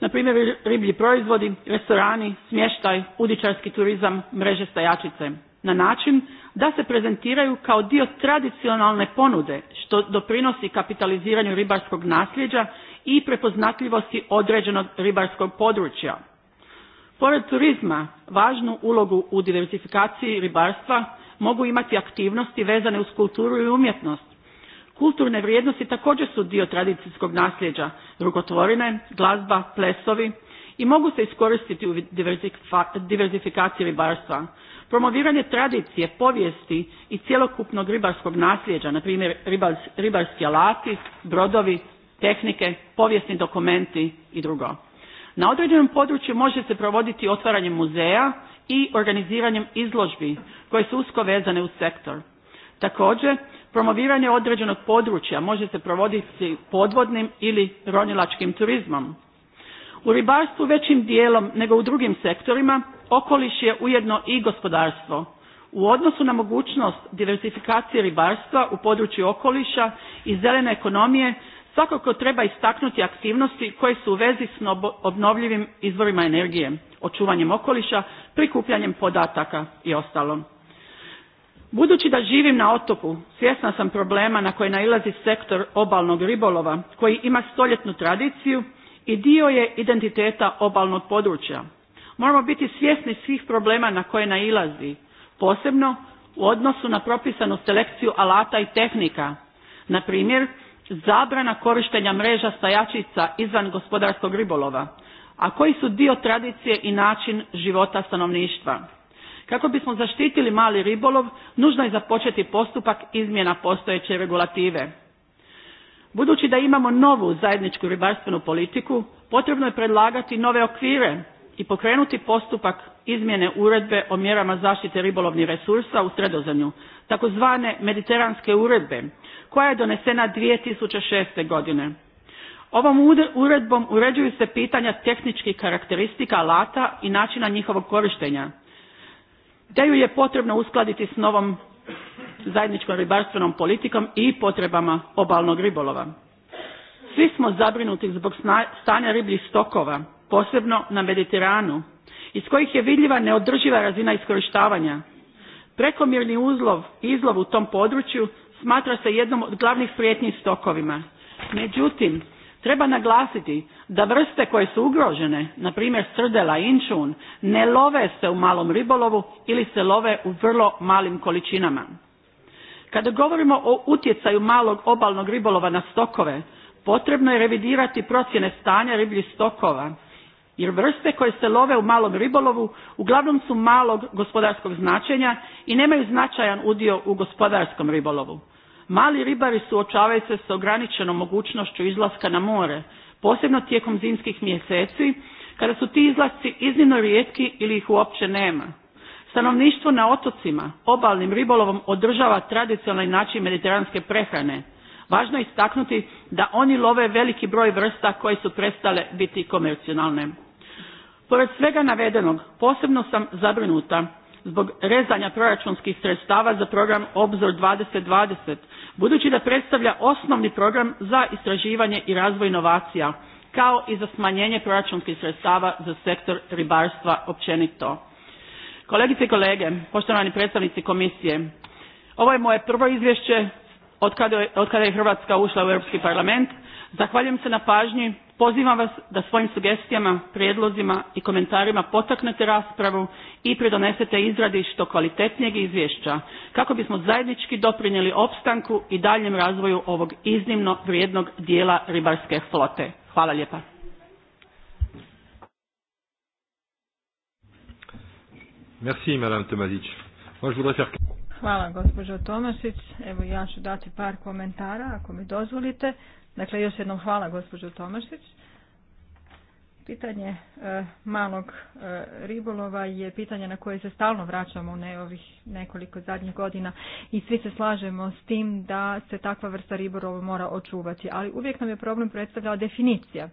Speaker 1: na primjer riblji proizvodi, restorani, smještaj, udičarski turizam, mreže stajačice na način da se prezentiraju kao dio tradicionalne ponude što doprinosi kapitaliziranju ribarskog nasljeđa i prepoznatljivosti određenog ribarskog područja. Pored turizma važnu ulogu u diversifikaciji ribarstva mogu imati aktivnosti vezane uz kulturu i umjetnost. Kulturne vrijednosti također su dio tradicijskog nasljeđa, rukotvorine, glazba, plesovi i mogu se iskoristiti u diversifikaciji ribarstva. Promoviranje tradicije, povijesti i cjelokupnog ribarskog nasljeđa, na primjer ribarski alati, brodovi, tehnike, povijesni dokumenti i drugo. Na određenom području može se provoditi otvaranjem muzeja i organiziranjem izložbi koje su usko vezane uz sektor. Također, promoviranje određenog područja može se provoditi podvodnim ili ronilačkim turizmom. U ribarstvu većim dijelom nego u drugim sektorima okoliš je ujedno i gospodarstvo. U odnosu na mogućnost diversifikacije ribarstva u području okoliša i zelene ekonomije svakako treba istaknuti aktivnosti koje su u vezi s obnovljivim izvorima energije, očuvanjem okoliša, prikupljanjem podataka i ostalom. Budući da živim na otoku, svjesna sam problema na koje nailazi sektor obalnog ribolova koji ima stoljetnu tradiciju i dio je identiteta obalnog područja. Moramo biti svjesni svih problema na koje nailazi, posebno u odnosu na propisanu selekciju alata i tehnika. Na primjer, zabrana korištenja mreža stajačica izvan gospodarskog ribolova, a koji su dio tradicije i način života stanovništva. Kako bismo zaštitili mali ribolov, nužno je započeti postupak izmjena postojeće regulative. Budući da imamo novu zajedničku ribarstvenu politiku, potrebno je predlagati nove okvire i pokrenuti postupak izmjene uredbe o mjerama zaštite ribolovnih resursa u sredozemlju takozvane mediteranske uredbe koja je donesena 2006. godine. Ovom uredbom uređuju se pitanja tehničkih karakteristika alata i načina njihovog korištenja, te ju je potrebno uskladiti s novom zajedničkom ribarstvenom politikom i potrebama obalnog ribolova. Svi smo zabrinuti zbog stanja ribljih stokova posebno na Mediteranu, iz kojih je vidljiva neodrživa razina iskorištavanja. Prekomjerni uzlov i izlov u tom području smatra se jednom od glavnih prijetnji stokovima. Međutim, treba naglasiti da vrste koje su ugrožene, na primjer srdela i inčun, ne love se u malom ribolovu ili se love u vrlo malim količinama. Kada govorimo o utjecaju malog obalnog ribolova na stokove, potrebno je revidirati procjene stanja ribljih stokova jer vrste koje se love u malom ribolovu uglavnom su malog gospodarskog značenja i nemaju značajan udio u gospodarskom ribolovu. Mali ribari suočavaju se s ograničenom mogućnošću izlaska na more, posebno tijekom zimskih mjeseci, kada su ti izlasci iznimno rijetki ili ih uopće nema. Stanovništvo na otocima obalnim ribolovom održava tradicionalni način mediteranske prehrane. Važno je istaknuti da oni love veliki broj vrsta koje su prestale biti komercionalne. Pored svega navedenog, posebno sam zabrinuta zbog rezanja proračunskih sredstava za program Obzor 2020, budući da predstavlja osnovni program za istraživanje i razvoj inovacija, kao i za smanjenje proračunskih sredstava za sektor ribarstva općenito. Kolegice i kolege, poštovani predstavnici komisije, ovo je moje prvo izvješće od kada je Hrvatska ušla u Europski parlament. Zahvaljujem se na pažnji Pozivam vas da svojim sugestijama, prijedlozima i komentarima potaknete raspravu i pridonesete izradi što kvalitetnijeg izvješća kako bismo zajednički doprinijeli opstanku i daljem razvoju ovog iznimno vrijednog dijela ribarske flote. Hvala lijepa.
Speaker 4: Merci, madame
Speaker 2: Hvala, gospođo Tomasić. Evo, ja ću dati par komentara, ako mi dozvolite. Dakle, još jednom hvala gospođo Tomašić. Pitanje e, malog e, ribolova je pitanje na koje se stalno vraćamo u ne ovih nekoliko zadnjih godina i svi se slažemo s tim da se takva vrsta ribolova mora očuvati, ali uvijek nam je problem predstavljala definicija.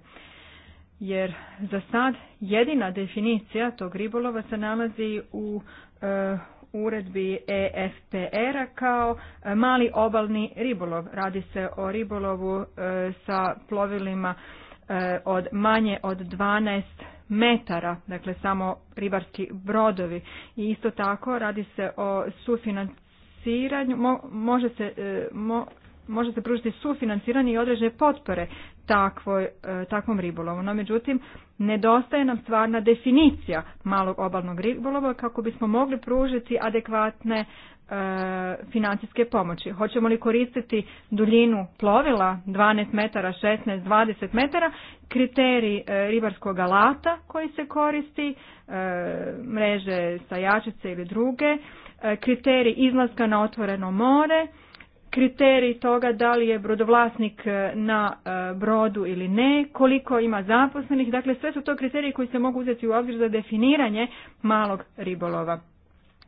Speaker 2: Jer za sad jedina definicija tog ribolova se nalazi u e, uredbi EFPR-a kao e, mali obalni ribolov. Radi se o ribolovu e, sa plovilima e, od manje od 12 metara, dakle samo ribarski brodovi. I isto tako radi se o sufinanciranju, mo, može se, može se pružiti sufinanciranje i određene potpore takvoj, e, takvom ribolovu. No, međutim, nedostaje nam stvarna definicija malog obalnog ribolova kako bismo mogli pružiti adekvatne e, financijske pomoći. Hoćemo li koristiti duljinu plovila 12 metara, 16, 20 metara, kriterij e, ribarskog alata koji se koristi, mreže sa ili druge, kriterij izlaska na otvoreno more, kriterij toga da li je brodovlasnik e, na e, brodu ili ne, koliko ima zaposlenih, dakle sve su to kriteriji koji se mogu uzeti u obzir za definiranje malog ribolova.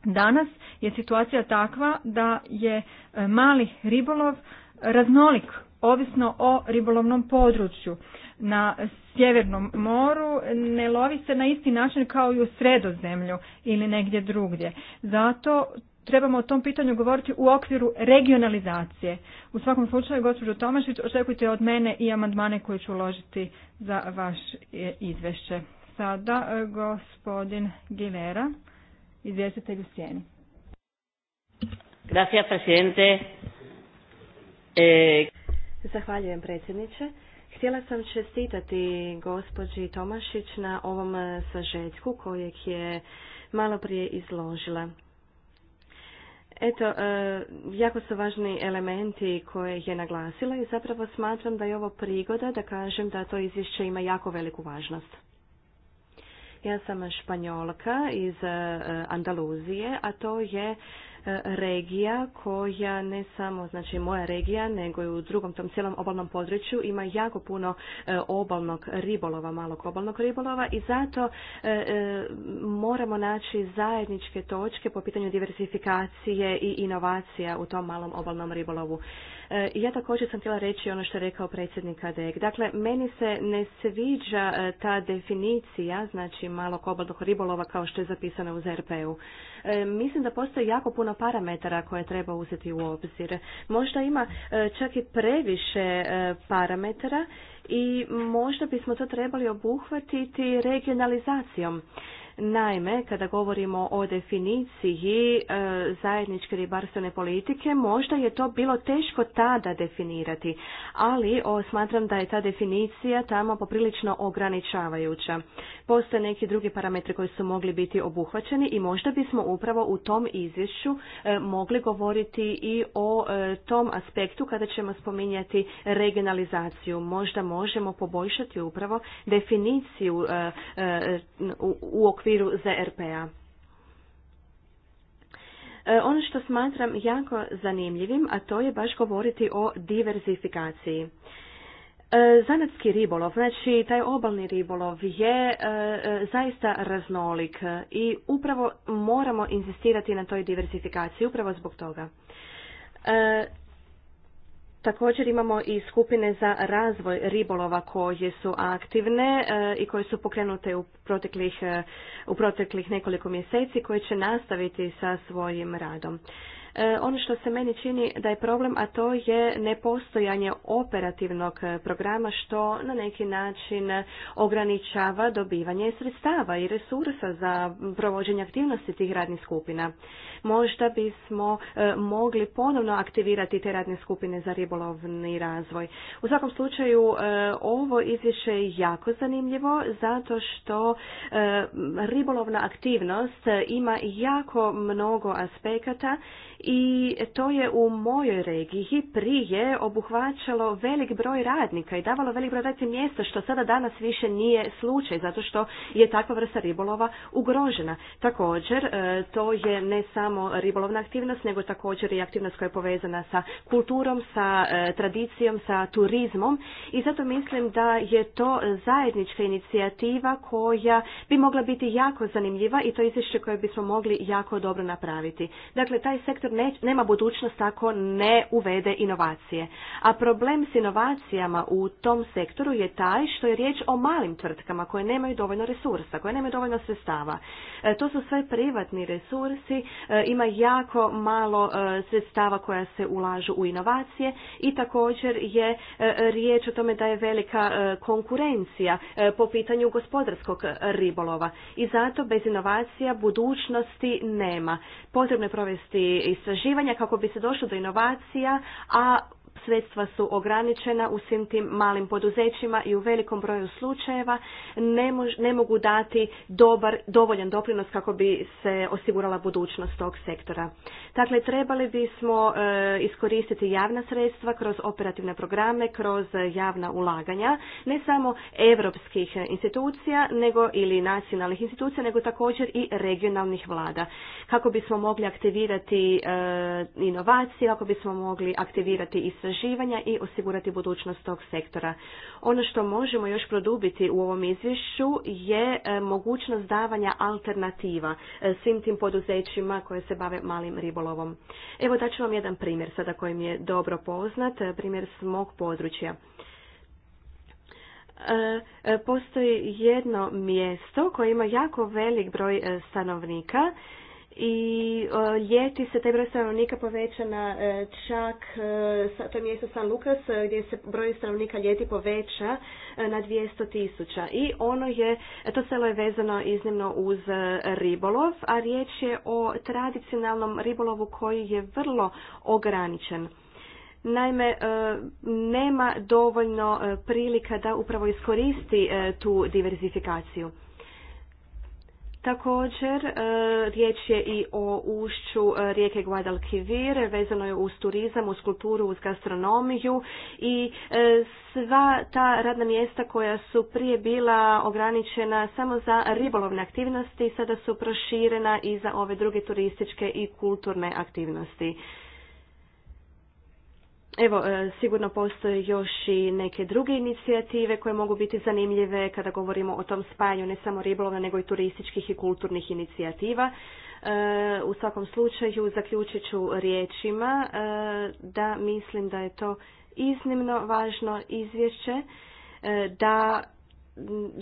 Speaker 2: Danas je situacija takva da je e, mali ribolov raznolik ovisno o ribolovnom području. Na Sjevernom moru ne lovi se na isti način kao i u sredozemlju ili negdje drugdje. Zato trebamo o tom pitanju govoriti u okviru regionalizacije. U svakom slučaju, gospođo Tomašić, očekujte od mene i amandmane koje ću uložiti za vaš e, izvešće. Sada e, gospodin Gilera, izvjestitelj u sjeni. Gracias, presidente. E,
Speaker 3: Zahvaljujem, predsjedniče. Htjela sam čestitati gospođi Tomašić na ovom sažetku kojeg je malo prije izložila. Eto, e, jako su važni elementi koje je naglasila i zapravo smatram da je ovo prigoda da kažem da to izvješće ima jako veliku važnost. Ja sam španjolka iz e, Andaluzije, a to je regija koja ne samo, znači moja regija, nego i u drugom tom cijelom obalnom području ima jako puno e, obalnog ribolova, malog obalnog ribolova i zato e, e, moramo naći zajedničke točke po pitanju diversifikacije i inovacija u tom malom obalnom ribolovu. E, ja također sam htjela reći ono što je rekao predsjednik ADEG. Dakle, meni se ne sviđa e, ta definicija, znači malo kobaldog ribolova kao što je zapisano u ZRP-u. E, mislim da postoji jako puno parametara koje treba uzeti u obzir. Možda ima čak i previše parametara i možda bismo to trebali obuhvatiti regionalizacijom. Naime, kada govorimo o definiciji e, zajedničke ribarstvene politike, možda je to bilo teško tada definirati, ali smatram da je ta definicija tamo poprilično ograničavajuća. Postoje neki drugi parametri koji su mogli biti obuhvaćeni i možda bismo upravo u tom izvješću e, mogli govoriti i o e, tom aspektu kada ćemo spominjati regionalizaciju. Možda možemo poboljšati upravo definiciju u okviru okviru ZRP-a. E, ono što smatram jako zanimljivim, a to je baš govoriti o diverzifikaciji. E, zanatski ribolov, znači taj obalni ribolov je e, zaista raznolik i upravo moramo insistirati na toj diversifikaciji, upravo zbog toga. Također imamo i skupine za razvoj ribolova koje su aktivne e, i koje su pokrenute u proteklih, e, u proteklih nekoliko mjeseci koje će nastaviti sa svojim radom. E, ono što se meni čini da je problem, a to je nepostojanje operativnog programa što na neki način ograničava dobivanje sredstava i resursa za provođenje aktivnosti tih radnih skupina možda bismo e, mogli ponovno aktivirati te radne skupine za ribolovni razvoj. U svakom slučaju e, ovo izvješće je jako zanimljivo zato što e, ribolovna aktivnost ima jako mnogo aspekata i to je u mojoj regiji prije obuhvaćalo velik broj radnika i davalo velik broj radnika mjesta što sada danas više nije slučaj zato što je takva vrsta ribolova ugrožena. Također to je ne samo samo ribolovna aktivnost, nego također i aktivnost koja je povezana sa kulturom, sa e, tradicijom, sa turizmom i zato mislim da je to zajednička inicijativa koja bi mogla biti jako zanimljiva i to izvješće koje bismo mogli jako dobro napraviti. Dakle, taj sektor nema budućnost ako ne uvede inovacije. A problem s inovacijama u tom sektoru je taj što je riječ o malim tvrtkama koje nemaju dovoljno resursa, koje nemaju dovoljno sredstava. E, to su sve privatni resursi e, ima jako malo e, sredstava koja se ulažu u inovacije i također je e, riječ o tome da je velika e, konkurencija po pitanju gospodarskog ribolova. I zato bez inovacija budućnosti nema. Potrebno je provesti istraživanja kako bi se došlo do inovacija, a sredstva su ograničena u svim tim malim poduzećima i u velikom broju slučajeva ne, mogu dati dobar, dovoljan doprinos kako bi se osigurala budućnost tog sektora. Dakle, trebali bismo e, iskoristiti javna sredstva kroz operativne programe, kroz javna ulaganja, ne samo europskih institucija nego ili nacionalnih institucija, nego također i regionalnih vlada. Kako bismo mogli aktivirati e, inovacije, kako bismo mogli aktivirati istraživanje, istraživanja i osigurati budućnost tog sektora. Ono što možemo još produbiti u ovom izvješću je e, mogućnost davanja alternativa e, svim tim poduzećima koje se bave malim ribolovom. Evo daću vam jedan primjer sada koji mi je dobro poznat, e, primjer s mog područja postoji jedno mjesto koje ima jako velik broj stanovnika i e, ljeti se taj broj stanovnika poveća na e, čak, e, to je mjesto San Lukas gdje se broj stanovnika ljeti poveća na 200 tisuća i ono je, to selo je vezano iznimno uz ribolov, a riječ je o tradicionalnom ribolovu koji je vrlo ograničen. Naime, nema dovoljno prilika da upravo iskoristi tu diverzifikaciju. Također, e, riječ je i o ušću e, rijeke Guadalquivir, vezano je uz turizam, uz kulturu, uz gastronomiju i e, sva ta radna mjesta koja su prije bila ograničena samo za ribolovne aktivnosti, sada su proširena i za ove druge turističke i kulturne aktivnosti. Evo, e, sigurno postoje još i neke druge inicijative koje mogu biti zanimljive kada govorimo o tom spajanju ne samo ribolova nego i turističkih i kulturnih inicijativa. E, u svakom slučaju zaključit ću riječima e, da mislim da je to iznimno važno izvješće da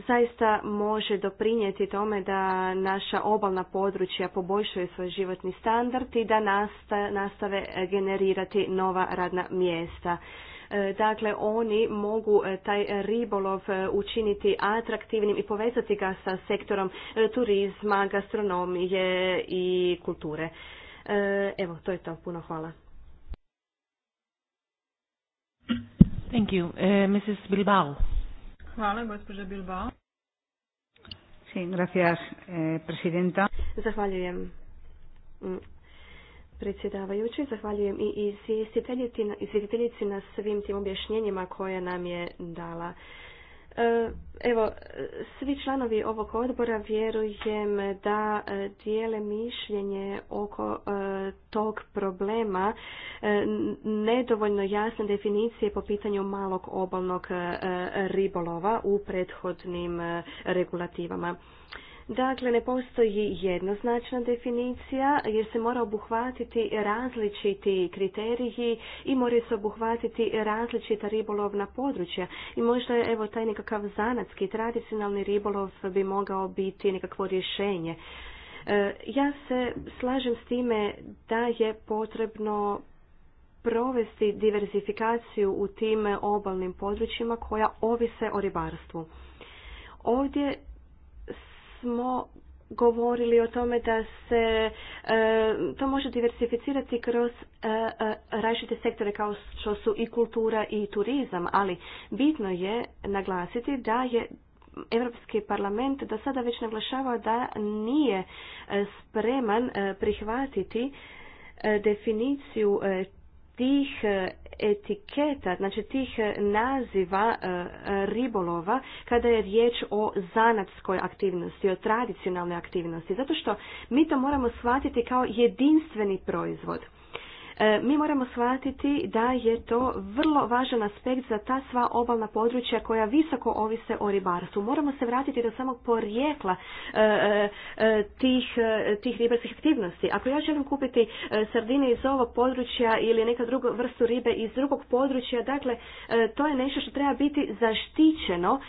Speaker 3: zaista može doprinijeti tome da naša obalna područja poboljšaju svoj životni standard i da nastave generirati nova radna mjesta. E, dakle, oni mogu e, taj ribolov e, učiniti atraktivnim i povezati ga sa sektorom turizma, gastronomije i kulture. Evo, to je to.
Speaker 1: Puno hvala. Thank you. Mrs. Bilbao.
Speaker 2: Hvala, gospođa Bilbao.
Speaker 1: Sí, gracias,
Speaker 2: eh, presidenta.
Speaker 3: Zahvaljujem mm, predsjedavajući. Zahvaljujem i izvjestiteljici na svim tim objašnjenjima koje nam je dala. E, evo, svi članovi ovog odbora vjerujem da e, dijele mišljenje oko e, tog problema nedovoljno jasne definicije po pitanju malog obalnog ribolova u prethodnim regulativama. Dakle, ne postoji jednoznačna definicija jer se mora obuhvatiti različiti kriteriji i mora se obuhvatiti različita ribolovna područja. I možda je evo taj nekakav zanatski, tradicionalni ribolov bi mogao biti nekakvo rješenje. E, ja se slažem s time da je potrebno provesti diversifikaciju u tim obalnim područjima koja ovise o ribarstvu. Ovdje smo govorili o tome da se e, to može diversificirati kroz e, e, različite sektore kao što su i kultura i turizam, ali bitno je naglasiti da je Europski parlament do sada već naglašavao da nije spreman prihvatiti definiciju tih e, etiketa, znači tih e, naziva e, ribolova kada je riječ o zanatskoj aktivnosti, o tradicionalnoj aktivnosti, zato što mi to moramo shvatiti kao jedinstveni proizvod. E, mi moramo shvatiti da je to vrlo važan aspekt za ta sva obalna područja koja visoko ovise o ribarstvu. Moramo se vratiti do samog porijekla e, e, tih, tih ribarskih aktivnosti. Ako ja želim kupiti sardine iz ovog područja ili neka druga vrstu ribe iz drugog područja, dakle, to je nešto što treba biti zaštićeno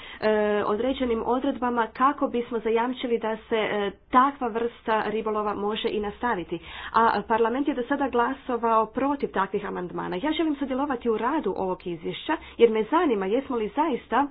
Speaker 3: određenim odredbama kako bismo zajamčili da se takva vrsta ribolova može i nastaviti. A parlament je do sada glasova glasovao protiv takvih amandmana. Ja želim sudjelovati u radu ovog izvješća jer me zanima jesmo li zaista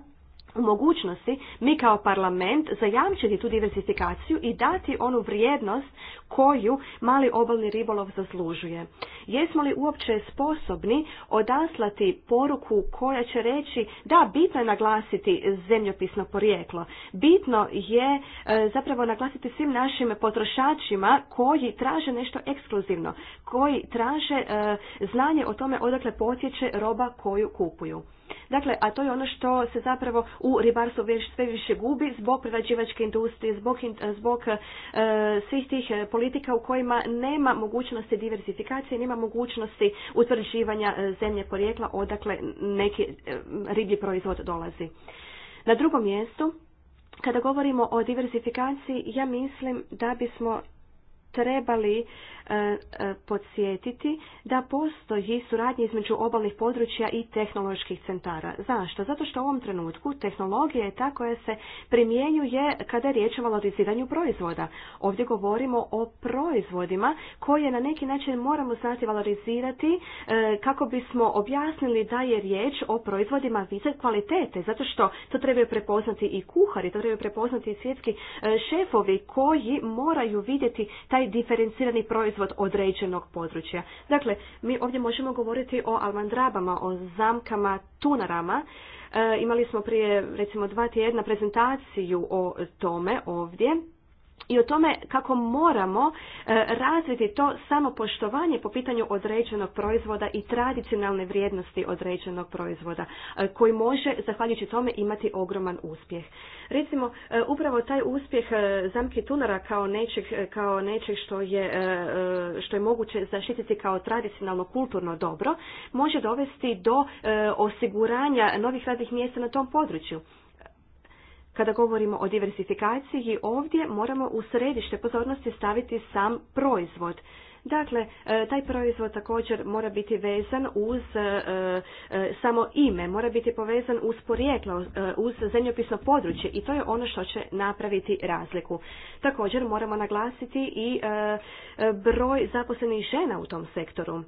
Speaker 3: u mogućnosti mi kao parlament zajamčiti tu diversifikaciju i dati onu vrijednost koju mali obalni ribolov zaslužuje. Jesmo li uopće sposobni odaslati poruku koja će reći da bitno je naglasiti zemljopisno porijeklo. Bitno je e, zapravo naglasiti svim našim potrošačima koji traže nešto ekskluzivno, koji traže e, znanje o tome odakle potječe roba koju kupuju. Dakle, a to je ono što se zapravo u ribarstvu sve više gubi zbog prerađivačke industrije, zbog, zbog e, svih tih e, politika u kojima nema mogućnosti diversifikacije, nema mogućnosti utvrđivanja e, zemlje porijekla odakle neki e, riblji proizvod dolazi. Na drugom mjestu, kada govorimo o diversifikaciji, ja mislim da bismo trebali e, e, podsjetiti da postoji suradnja između obalnih područja i tehnoloških centara. Zašto? Zato što u ovom trenutku tehnologija je ta koja se primjenjuje kada je riječ o valoriziranju proizvoda. Ovdje govorimo o proizvodima koje na neki način moramo znati valorizirati e, kako bismo objasnili da je riječ o proizvodima vize kvalitete, zato što to trebaju prepoznati i kuhari, to trebaju prepoznati i svjetski šefovi koji moraju vidjeti taj taj diferencirani proizvod određenog područja. Dakle, mi ovdje možemo govoriti o almandrabama, o zamkama, tunarama. E, imali smo prije recimo dva tjedna prezentaciju o tome ovdje i o tome kako moramo e, razviti to samopoštovanje po pitanju određenog proizvoda i tradicionalne vrijednosti određenog proizvoda e, koji može, zahvaljujući tome, imati ogroman uspjeh. Recimo, e, upravo taj uspjeh zamki tunara kao nečeg, kao nečeg što, je, što je moguće zaštititi kao tradicionalno kulturno dobro, može dovesti do osiguranja novih radnih mjesta na tom području. Kada govorimo o diversifikaciji, ovdje moramo u središte pozornosti staviti sam proizvod. Dakle, e, taj proizvod također mora biti vezan uz e, e, samo ime, mora biti povezan uz porijeklo, uz zemljopisno područje i to je ono što će napraviti razliku. Također moramo naglasiti i broj zaposlenih žena u tom sektoru.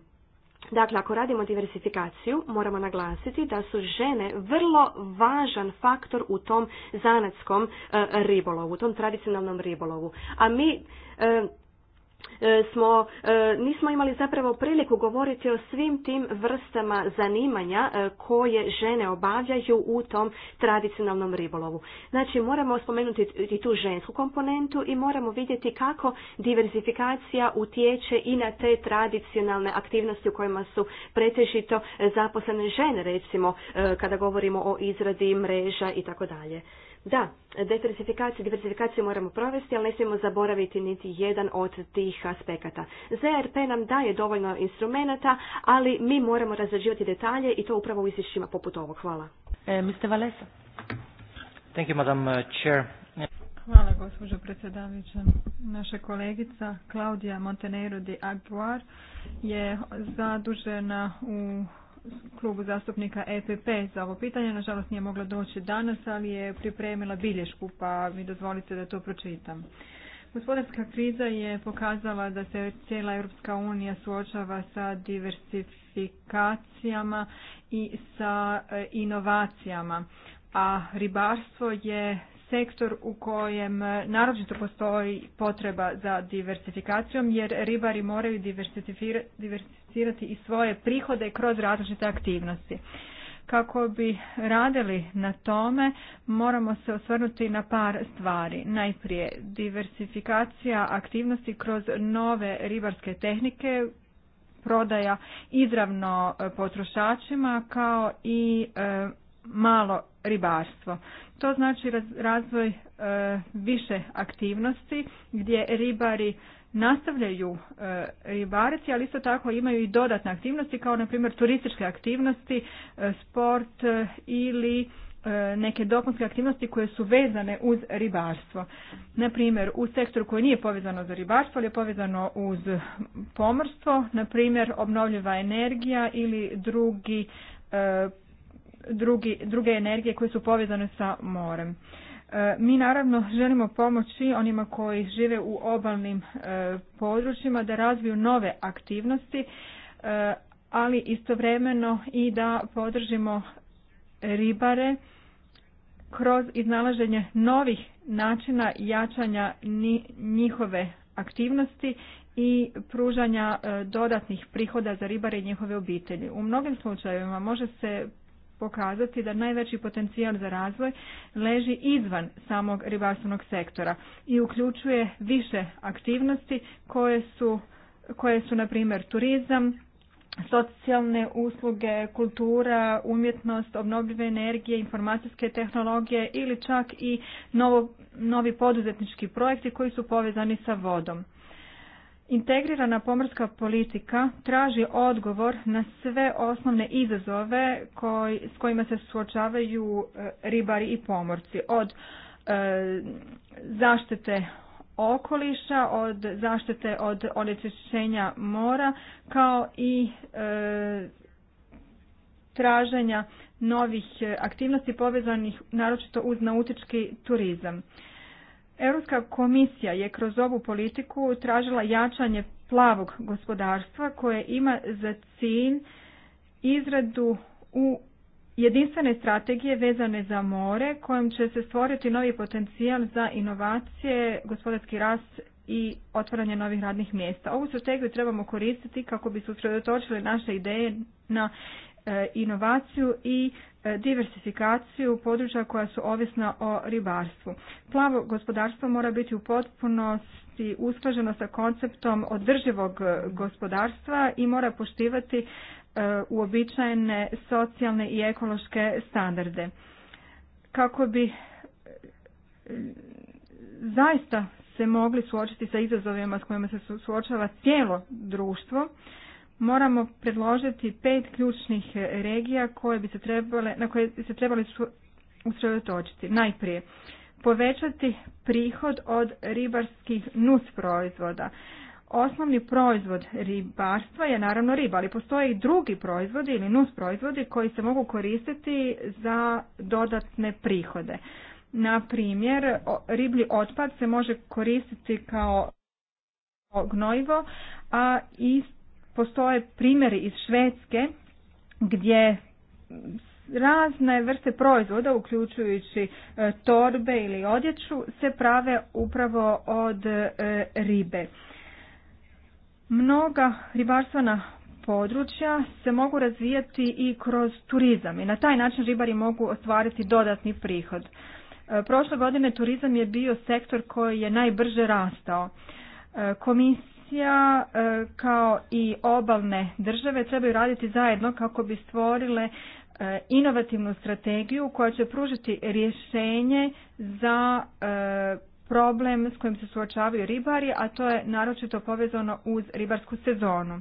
Speaker 3: Dakle, ako radimo diversifikaciju, moramo naglasiti da su žene vrlo važan faktor u tom zanatskom e, ribolovu, u tom tradicionalnom ribolovu. A mi e, E, smo, e, nismo imali zapravo priliku govoriti o svim tim vrstama zanimanja e, koje žene obavljaju u tom tradicionalnom ribolovu. Znači moramo spomenuti i tu žensku komponentu i moramo vidjeti kako diversifikacija utječe i na te tradicionalne aktivnosti u kojima su pretežito zaposlene žene recimo kada govorimo o izradi mreža i tako dalje. Da, diversifikaciju, diversifikaciju moramo provesti, ali ne smijemo zaboraviti niti jedan od tih aspekata. ZRP nam daje dovoljno instrumenata, ali mi moramo razrađivati detalje i to upravo u izvješćima poput ovog. Hvala.
Speaker 2: E, Mr.
Speaker 1: Valesa. Thank you, Madam uh, Chair.
Speaker 2: Hvala, gospođo predsjedavajuća. Naša kolegica Klaudija Montenero de Aguar je zadužena u klubu zastupnika EPP za ovo pitanje. Nažalost nije mogla doći danas, ali je pripremila bilješku, pa mi dozvolite da to pročitam. Gospodarska kriza je pokazala da se cijela Europska unija suočava sa diversifikacijama i sa e, inovacijama, a ribarstvo je sektor u kojem e, naročito postoji potreba za diversifikacijom jer ribari moraju diversificirati i svoje prihode kroz različite aktivnosti. Kako bi radili na tome, moramo se osvrnuti na par stvari. Najprije, diversifikacija aktivnosti kroz nove ribarske tehnike, prodaja izravno e, potrošačima kao i e, malo ribarstvo. To znači razvoj e, više aktivnosti gdje ribari nastavljaju e, ribariti, ali isto tako imaju i dodatne aktivnosti kao na primjer turističke aktivnosti, e, sport ili neke dopunske aktivnosti koje su vezane uz ribarstvo. Na primjer, u sektoru koji nije povezano za ribarstvo, ali je povezano uz pomorstvo, na primjer obnovljiva energija ili drugi drugi, druge energije koje su povezane sa morem. E, mi naravno želimo pomoći onima koji žive u obalnim e, područjima da razviju nove aktivnosti, e, ali istovremeno i da podržimo ribare kroz iznalaženje novih načina jačanja njihove aktivnosti i pružanja dodatnih prihoda za ribare i njihove obitelji. U mnogim slučajevima može se pokazati da najveći potencijal za razvoj leži izvan samog ribarstvenog sektora i uključuje više aktivnosti koje su, koje su na primjer turizam, socijalne usluge, kultura, umjetnost, obnovljive energije, informacijske tehnologije ili čak i novo, novi poduzetnički projekti koji su povezani sa vodom. Integrirana pomorska politika traži odgovor na sve osnovne izazove s kojima se suočavaju e, ribari i pomorci. Od e, zaštite okoliša, od zaštite od onečišćenja mora, kao i e, traženja novih e, aktivnosti povezanih naročito uz nautički turizam. Europska komisija je kroz ovu politiku tražila jačanje plavog gospodarstva koje ima za cilj izradu u jedinstvene strategije vezane za more kojom će se stvoriti novi potencijal za inovacije, gospodarski rast i otvaranje novih radnih mjesta. Ovu strategiju trebamo koristiti kako bi se usredotočili naše ideje na e, inovaciju i diversifikaciju područja koja su ovisna o ribarstvu. Plavo gospodarstvo mora biti u potpunosti usklaženo sa konceptom održivog gospodarstva i mora poštivati e, uobičajene socijalne i ekološke standarde. Kako bi e, zaista se mogli suočiti sa izazovima s kojima se suočava cijelo društvo, moramo predložiti pet ključnih regija koje bi se trebale, na koje bi se trebali usredotočiti. Najprije, povećati prihod od ribarskih nus proizvoda. Osnovni proizvod ribarstva je naravno riba, ali postoje i drugi proizvodi ili nus proizvodi koji se mogu koristiti za dodatne prihode. Na primjer, riblji otpad se može koristiti kao gnojivo, a isto postoje primjeri iz Švedske gdje razne vrste proizvoda, uključujući e, torbe ili odjeću, se prave upravo od e, ribe. Mnoga ribarstvena područja se mogu razvijati i kroz turizam i na taj način ribari mogu ostvariti dodatni prihod. E, prošle godine turizam je bio sektor koji je najbrže rastao. Komisija E, kao i obalne države trebaju raditi zajedno kako bi stvorile e, inovativnu strategiju koja će pružiti rješenje za e, problem s kojim se suočavaju ribari, a to je naročito povezano uz ribarsku sezonu.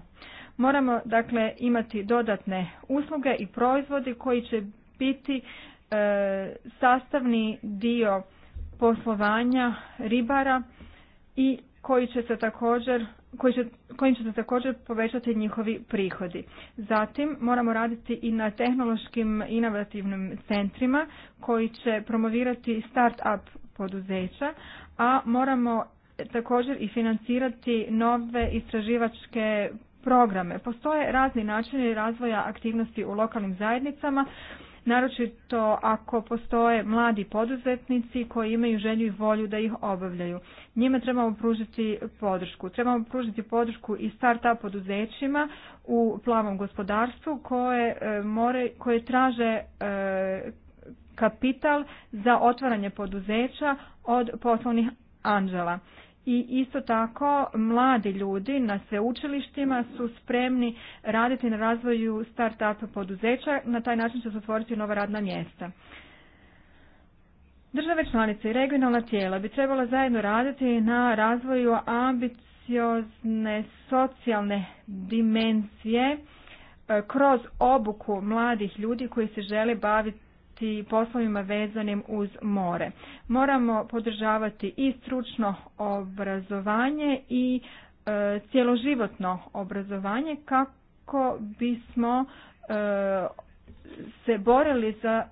Speaker 2: Moramo dakle imati dodatne usluge i proizvodi koji će biti sastavni dio poslovanja ribara i koji će se također kojim će se također povećati njihovi prihodi. Zatim moramo raditi i na tehnološkim inovativnim centrima koji će promovirati start-up poduzeća, a moramo također i financirati nove istraživačke programe. Postoje razni načini razvoja aktivnosti u lokalnim zajednicama naročito ako postoje mladi poduzetnici koji imaju želju i volju da ih obavljaju. Njima trebamo pružiti podršku. Trebamo pružiti podršku i start-up poduzećima u plavom gospodarstvu koje, e, more, koje traže e, kapital za otvaranje poduzeća od poslovnih anđela i isto tako mladi ljudi na sveučilištima su spremni raditi na razvoju start-up poduzeća, na taj način će se otvoriti nova radna mjesta. Države članice i regionalna tijela bi trebala zajedno raditi na razvoju ambiciozne socijalne dimenzije e, kroz obuku mladih ljudi koji se žele baviti baviti poslovima vezanim uz more. Moramo podržavati i stručno obrazovanje i e, cjeloživotno obrazovanje kako bismo e, se borili za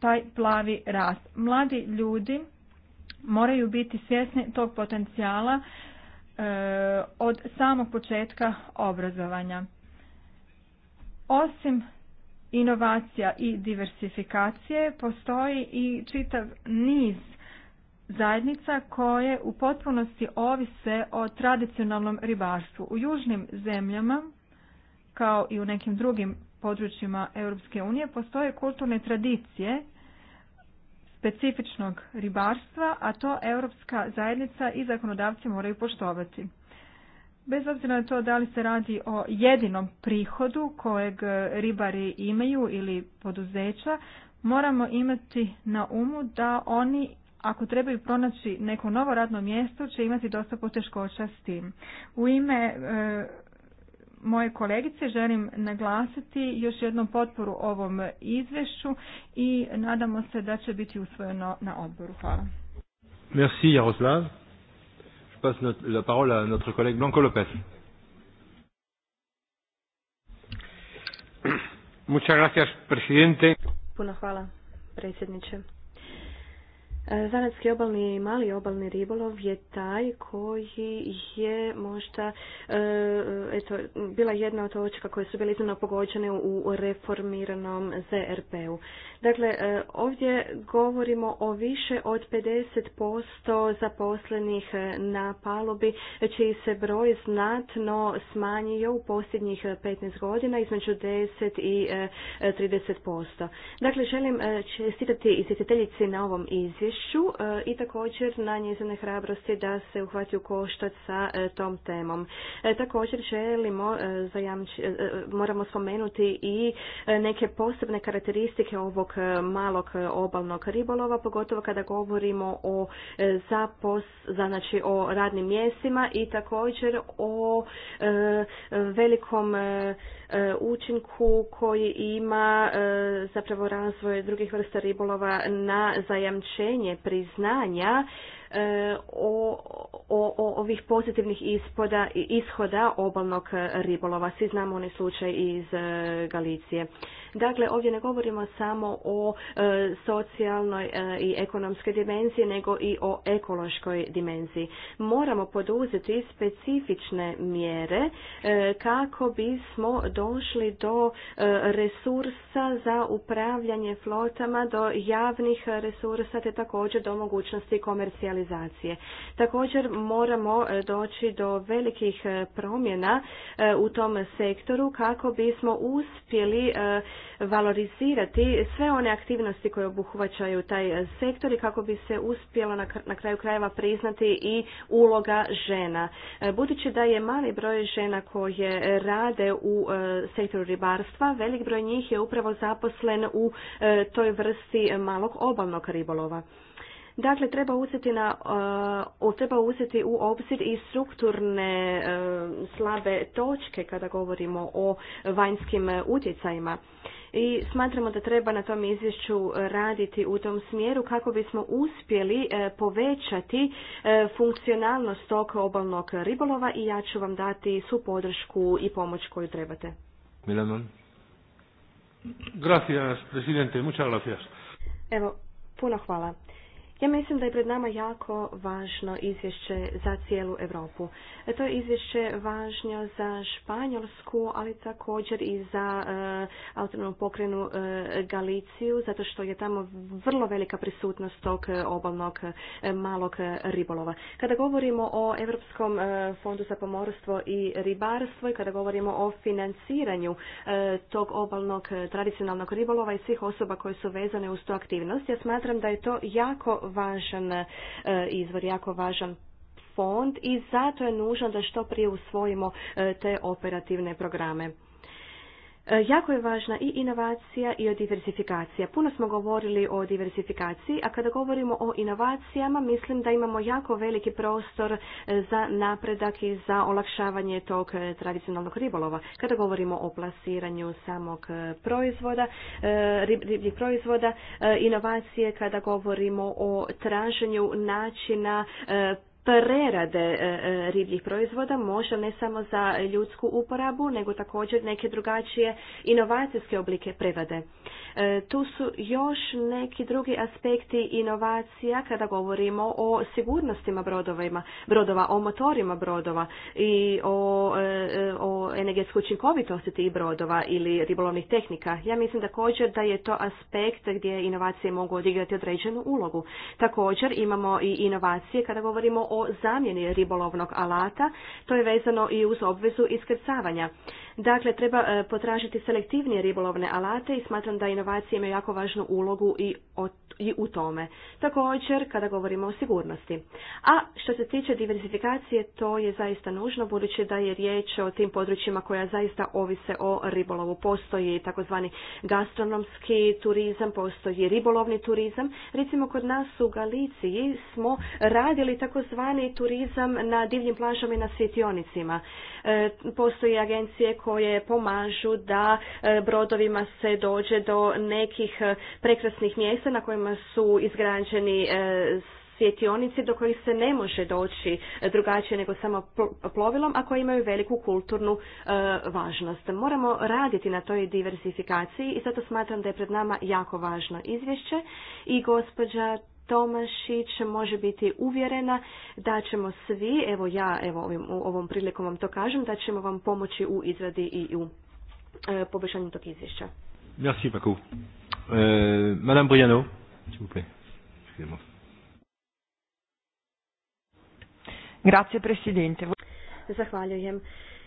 Speaker 2: taj plavi rast. Mladi ljudi moraju biti svjesni tog potencijala e, od samog početka obrazovanja. Osim inovacija i diversifikacije postoji i čitav niz zajednica koje u potpunosti ovise o tradicionalnom ribarstvu. U južnim zemljama, kao i u nekim drugim područjima Europske unije, postoje kulturne tradicije specifičnog ribarstva, a to europska zajednica i zakonodavci moraju poštovati. Bez obzira na to da li se radi o jedinom prihodu kojeg ribari imaju ili poduzeća, moramo imati na umu da oni ako trebaju pronaći neko novo radno mjesto će imati dosta poteškoća s tim. U ime e, moje kolegice želim naglasiti još jednom potporu ovom izvješću i nadamo se da će biti usvojeno na odboru. Hvala.
Speaker 4: Merci Jaroslav passe notre, la parole à notre collègue Blanco Lopez. Muchas gracias, presidente.
Speaker 3: Puno hvala, predsjedniče. E, Zanadski obalni i mali obalni ribolov je taj koji je možda e, eto, bila jedna od točka koje su bile iznimno pogođene u reformiranom ZRP-u. Dakle, e, ovdje govorimo o više od 50% zaposlenih na palubi, čiji se broj znatno smanjio u posljednjih 15 godina između 10 i 30%. Dakle, želim čestitati izvjetiteljici na ovom izvješću E, i također na njezine hrabrosti da se uhvati u koštac sa e, tom temom. E, također želimo moramo spomenuti i neke posebne karakteristike ovog malog obalnog ribolova, pogotovo kada govorimo o zapos, znači o radnim mjestima i također o velikom E, učinku koji ima e, zapravo razvoj drugih vrsta ribolova na zajamčenje priznanja e, o, o, ovih pozitivnih ispoda, ishoda obalnog ribolova. Svi znamo onaj slučaj iz Galicije. Dakle, ovdje ne govorimo samo o e, socijalnoj e, i ekonomskoj dimenziji, nego i o ekološkoj dimenziji. Moramo poduzeti specifične mjere e, kako bismo došli do resursa za upravljanje flotama, do javnih resursa, te također do mogućnosti komercijalizacije. Također moramo doći do velikih promjena u tom sektoru kako bismo uspjeli valorizirati sve one aktivnosti koje obuhvaćaju taj e, sektor i kako bi se uspjelo na kraju krajeva priznati i uloga žena. E, budući da je mali broj žena koje rade u e, sektoru ribarstva, velik broj njih je upravo zaposlen u toj vrsti malog obalnog ribolova. Dakle, treba uzeti, na, e, treba uzeti u obzir i strukturne e, slabe točke kada govorimo o vanjskim e, utjecajima. I smatramo da treba na tom izvješću raditi u tom smjeru kako bismo uspjeli povećati funkcionalnost tog obalnog ribolova i ja ću vam dati su podršku i pomoć koju trebate.
Speaker 4: Milanon. Gracias, presidente. Muchas gracias.
Speaker 3: Evo, puno hvala. Ja mislim da je pred nama jako važno izvješće za cijelu Europu. E, to je izvješće važno za Španjolsku, ali također i za e, autonomnu pokrenu e, Galiciju, zato što je tamo vrlo velika prisutnost tog e, obalnog e, malog ribolova. Kada govorimo o Europskom fondu za pomorstvo i ribarstvo i kada govorimo o financiranju tog obalnog tradicionalnog ribolova i svih osoba koje su vezane uz tu aktivnost, ja smatram da je to jako važan e, izvor, jako važan fond i zato je nužno da što prije usvojimo e, te operativne programe. E, jako je važna i inovacija i o diversifikacija. Puno smo govorili o diversifikaciji, a kada govorimo o inovacijama, mislim da imamo jako veliki prostor e, za napredak i za olakšavanje tog e, tradicionalnog ribolova. Kada govorimo o plasiranju samog proizvoda, ribljih proizvoda, inovacije kada govorimo o traženju načina prerade e, e, ribljih proizvoda, možda ne samo za ljudsku uporabu, nego također neke drugačije inovacijske oblike prerade. E, tu su još neki drugi aspekti inovacija kada govorimo o sigurnostima brodovima, brodova, o motorima brodova i o, o energetskoj učinkovitosti tih brodova ili ribolovnih tehnika. Ja mislim također da je to aspekt gdje inovacije mogu odigrati određenu ulogu. Također imamo i inovacije kada govorimo o zamjeni ribolovnog alata, to je vezano i uz obvezu iskrcavanja. Dakle, treba e, potražiti selektivnije ribolovne alate i smatram da inovacije imaju jako važnu ulogu i, u tome. Također, kada govorimo o sigurnosti. A što se tiče diversifikacije, to je zaista nužno, budući da je riječ o tim područjima koja zaista ovise o ribolovu. Postoji takozvani gastronomski turizam, postoji ribolovni turizam. Recimo, kod nas u Galiciji smo radili takozvani i turizam na divljim plažama i na svjetionicima. E, postoji agencije koje pomažu da e, brodovima se dođe do nekih e, prekrasnih mjesta na kojima su izgrađeni svjetionici do kojih se ne može doći drugačije nego samo plovilom, a koje imaju veliku kulturnu važnost. Moramo raditi na toj diversifikaciji i zato smatram da je pred nama jako važno izvješće i gospođa Tomašić može biti uvjerena da ćemo svi, evo ja evo ovim, ovom prilikom vam to kažem, da ćemo vam pomoći u izradi i u e, poboljšanju tog izvješća.
Speaker 4: Merci e, Madame Briano, s'il vous plaît. Grazie
Speaker 2: Presidente.
Speaker 3: Zahvaljujem.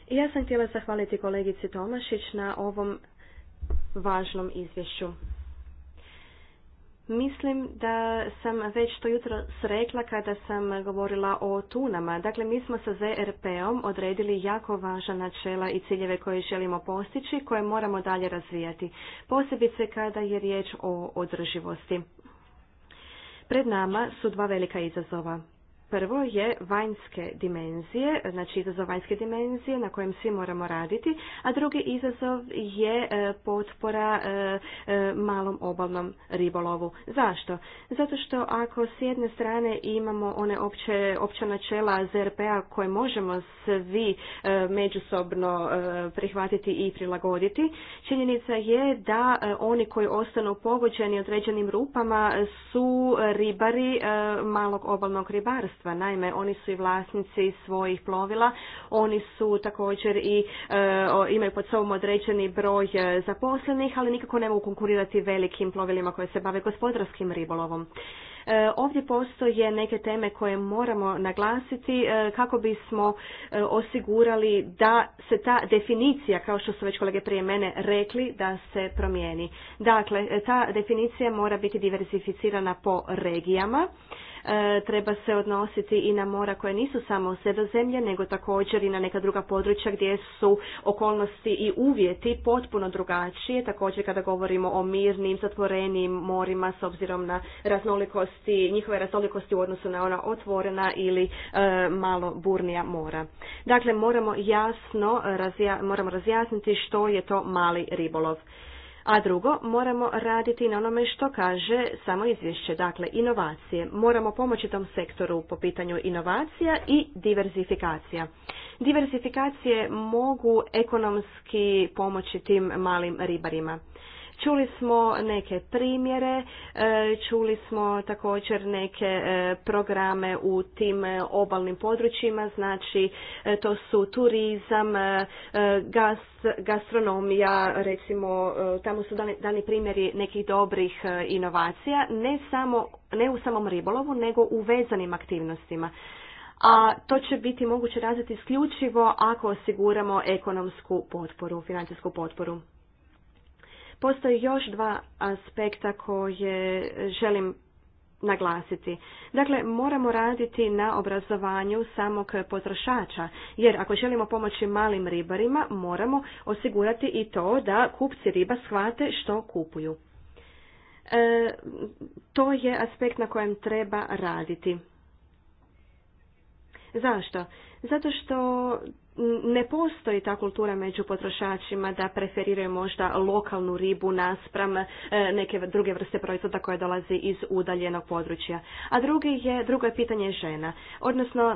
Speaker 3: Ja sam htjela zahvaliti kolegici Tomašić na ovom važnom izvješću. Mislim da sam već to jutro srekla kada sam govorila o tunama. Dakle, mi smo sa ZRP-om odredili jako važna načela i ciljeve koje želimo postići, koje moramo dalje razvijati. Posebice kada je riječ o održivosti. Pred nama su dva velika izazova. Prvo je vanjske dimenzije, znači izazov vanjske dimenzije na kojem svi moramo raditi, a drugi izazov je e, potpora e, e, malom obalnom ribolovu. Zašto? Zato što ako s jedne strane imamo one opće, opća načela ZRP-a koje možemo svi međusobno prihvatiti i prilagoditi, činjenica je da oni koji ostanu pogođeni određenim rupama su ribari malog obalnog ribarstva Naime, oni su i vlasnici svojih plovila, oni su također i e, imaju pod sobom određeni broj e, zaposlenih, ali nikako ne mogu konkurirati velikim plovilima koje se bave gospodarskim ribolovom. E, ovdje postoje neke teme koje moramo naglasiti kako bismo osigurali da se ta definicija, kao što su već kolege prije mene rekli, da se promijeni. Dakle, ta definicija mora biti diversificirana po regijama E, treba se odnositi i na mora koje nisu samo u sredozemlje, nego također i na neka druga područja gdje su okolnosti i uvjeti potpuno drugačije. Također kada govorimo o mirnim, zatvorenim morima s obzirom na raznolikosti, njihove raznolikosti u odnosu na ona otvorena ili e, malo burnija mora. Dakle, moramo jasno razja, moramo razjasniti što je to mali ribolov. A drugo, moramo raditi na onome što kaže samo izvješće, dakle inovacije. Moramo pomoći tom sektoru po pitanju inovacija i diversifikacija. Diversifikacije mogu ekonomski pomoći tim malim ribarima. Čuli smo neke primjere, e, čuli smo također neke e, programe u tim e, obalnim područjima, znači to su turizam, gastronomija, recimo tamo su dani, dani primjeri nekih dobrih inovacija, ne samo ne u samom ribolovu, nego u vezanim aktivnostima a to će biti moguće razviti isključivo ako osiguramo ekonomsku potporu, financijsku potporu. Postoje još dva aspekta koje želim naglasiti. Dakle, moramo raditi na obrazovanju samog potrošača, jer ako želimo pomoći malim ribarima, moramo osigurati i to da kupci riba shvate što kupuju. E, to je aspekt na kojem treba raditi. Zašto? Zato što ne postoji ta kultura među potrošačima da preferiraju možda lokalnu ribu naspram e, neke druge vrste proizvoda koje dolazi iz udaljenog područja. A drugi je, drugo je pitanje žena, odnosno e,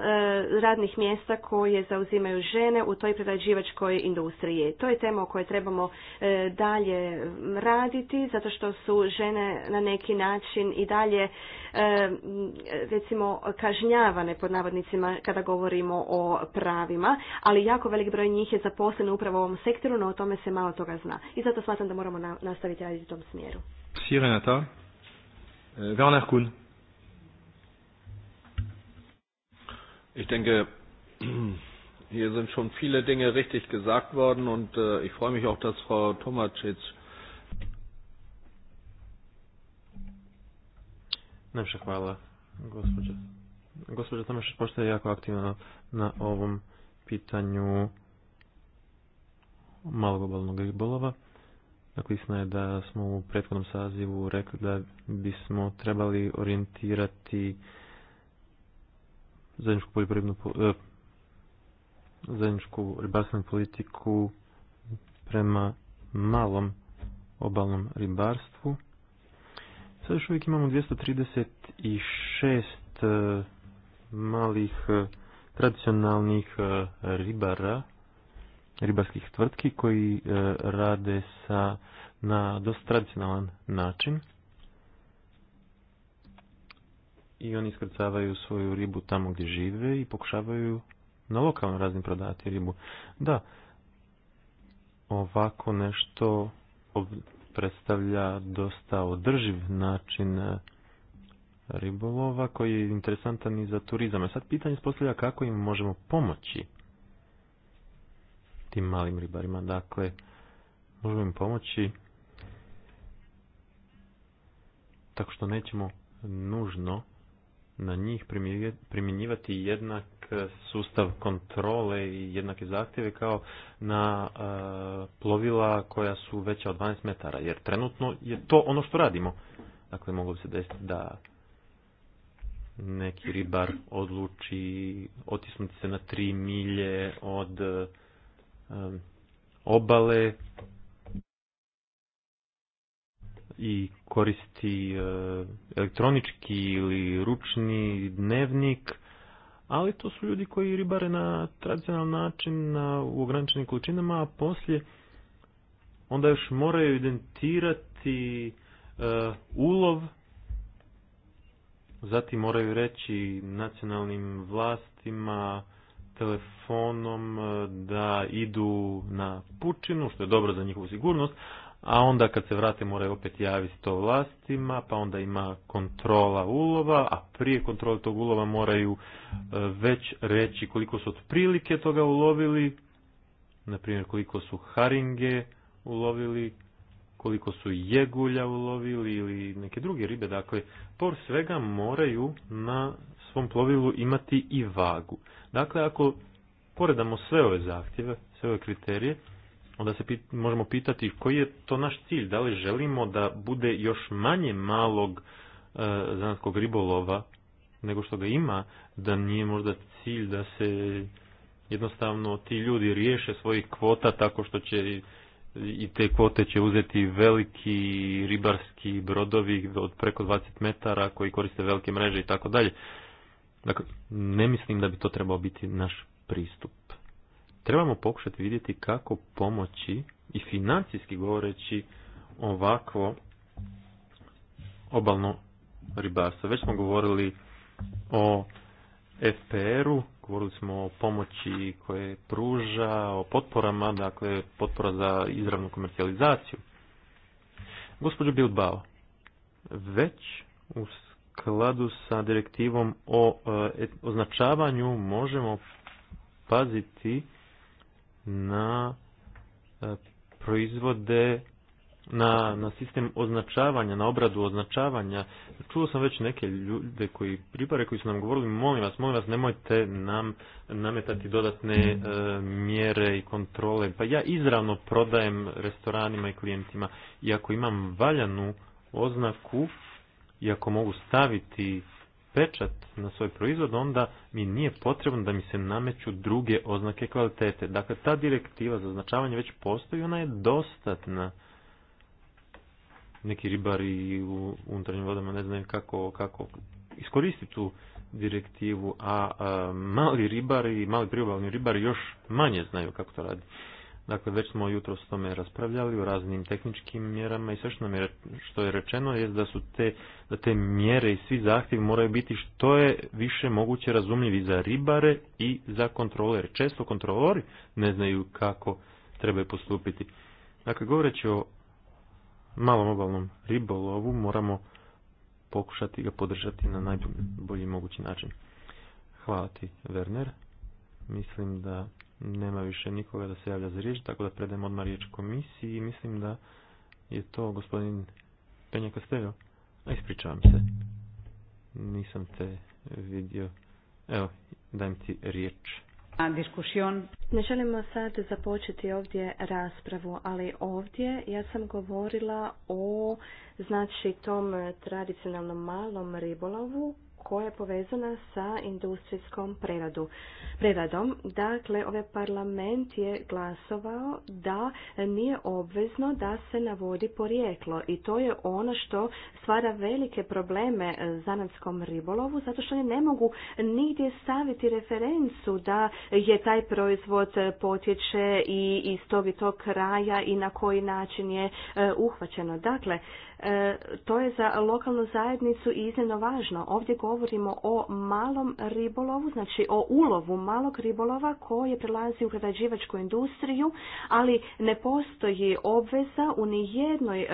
Speaker 3: radnih mjesta koje zauzimaju žene u toj prerađivačkoj industriji. To je tema o kojoj trebamo e, dalje raditi, zato što su žene na neki način i dalje recimo kažnjavane pod navodnicima kada govorimo o pravima, ali jako velik broj njih je zaposlen upravo u ovom sektoru, no o tome se malo toga zna. I zato smatram da moramo na, nastaviti raditi u tom smjeru.
Speaker 4: Si Renata. E, Werner Kuhn. Ich denke, <clears throat> hier sind schon viele Dinge richtig gesagt worden und äh, ich freue mich auch, dass Frau Tomacic Najviše hvala, gospođa. Gospođa Tomašić pošto je jako aktivna na ovom pitanju obalnog ribolova. Dakle, istina je da smo u prethodnom sazivu rekli da bismo trebali orijentirati zajedničku poljoprivrednu eh, ribarstvenu politiku prema malom obalnom ribarstvu. Sad još uvijek imamo 236 eh, malih eh, tradicionalnih e, ribara, ribarskih tvrtki koji e, rade sa, na dosta tradicionalan način i oni iskrcavaju svoju ribu tamo gdje žive i pokušavaju na lokalnom raznim prodati ribu. Da, ovako nešto predstavlja dosta održiv način e, ribolova koji je interesantan i za turizam. A sad pitanje postavlja kako im možemo pomoći tim malim ribarima. Dakle, možemo im pomoći tako što nećemo nužno na njih primjenjivati jednak sustav kontrole i jednake zahtjeve kao na e, plovila koja su veća od 12 metara, jer trenutno je to ono što radimo. Dakle, moglo bi se desiti da neki ribar odluči otisnuti se na tri milje od obale i koristi e, elektronički ili ručni dnevnik, ali to su ljudi koji ribare na tradicionalan način u ograničenim količinama, a poslije onda još moraju identirati e, ulov Zatim moraju reći nacionalnim vlastima, telefonom e, da idu na pučinu, što je dobro za njihovu sigurnost, a onda kad se vrate moraju opet javiti to vlastima, pa onda ima kontrola ulova, a prije kontrole tog ulova moraju e, već reći koliko su otprilike toga ulovili, na primjer koliko su haringe ulovili, koliko su jegulja ulovili ili neke druge ribe. Dakle, por svega moraju na svom plovilu imati i vagu. Dakle, ako poredamo sve ove zahtjeve, sve ove kriterije, onda se možemo pitati koji je to naš cilj. Da li želimo da bude još manje malog e, ribolova nego što ga ima, da nije možda cilj da se jednostavno ti ljudi riješe svojih kvota tako što će i te kvote će uzeti veliki ribarski brodovi od preko 20 metara koji koriste velike mreže i tako dalje. Dakle, ne mislim da bi to trebao biti naš pristup. Trebamo pokušati vidjeti kako pomoći i financijski govoreći ovakvo obalno ribarstvo. Već smo govorili o FPR-u, govorili smo o pomoći koje pruža, o potporama, dakle potpora za izravnu komercijalizaciju. Gospodin Bilbao, već u skladu sa direktivom o e, označavanju možemo paziti na e, proizvode na, na sistem označavanja, na obradu označavanja. Čuo sam već neke ljude koji pripare, koji su nam govorili, molim vas, molim vas, nemojte nam nametati dodatne e, mjere i kontrole. Pa ja izravno prodajem restoranima i klijentima i ako imam valjanu oznaku i ako mogu staviti pečat na svoj proizvod, onda mi nije potrebno da mi se nameću druge oznake kvalitete. Dakle, ta direktiva za označavanje već postoji, ona je dostatna neki ribari u unutarnjim vodama ne znaju kako, kako iskoristiti tu direktivu, a, mali ribari, mali priobalni ribari još manje znaju kako to radi. Dakle, već smo jutro s tome raspravljali o raznim tehničkim mjerama i sve što nam je, što je rečeno je da su te, da te mjere i svi zahtjevi moraju biti što je više moguće razumljivi za ribare i za kontrolere. Često kontrolori ne znaju kako trebaju postupiti. Dakle, govoreći o malom obalnom ribolovu moramo pokušati ga podržati na najbolji mogući način. Hvala ti, Werner. Mislim da nema više nikoga da se javlja za riječ, tako da predajem odmah riječ komisiji i mislim da je to gospodin Penja Kastelio. A ispričavam se, nisam te vidio. Evo, dajem ti riječ.
Speaker 3: Ne želimo sad započeti ovdje raspravu, ali ovdje ja sam govorila o znači tom tradicionalnom malom ribolovu koja je povezana sa industrijskom preradu, preradom. Dakle, ovaj parlament je glasovao da nije obvezno da se navodi porijeklo i to je ono što stvara velike probleme zanadskom ribolovu zato što ne mogu nigdje staviti referencu da je taj proizvod potječe i iz tog i tog kraja i na koji način je e, uhvaćeno. Dakle, E, to je za lokalnu zajednicu iznimno važno. Ovdje govorimo o malom ribolovu, znači o ulovu malog ribolova koji prelazi u prerađivačku industriju, ali ne postoji obveza u nijednoj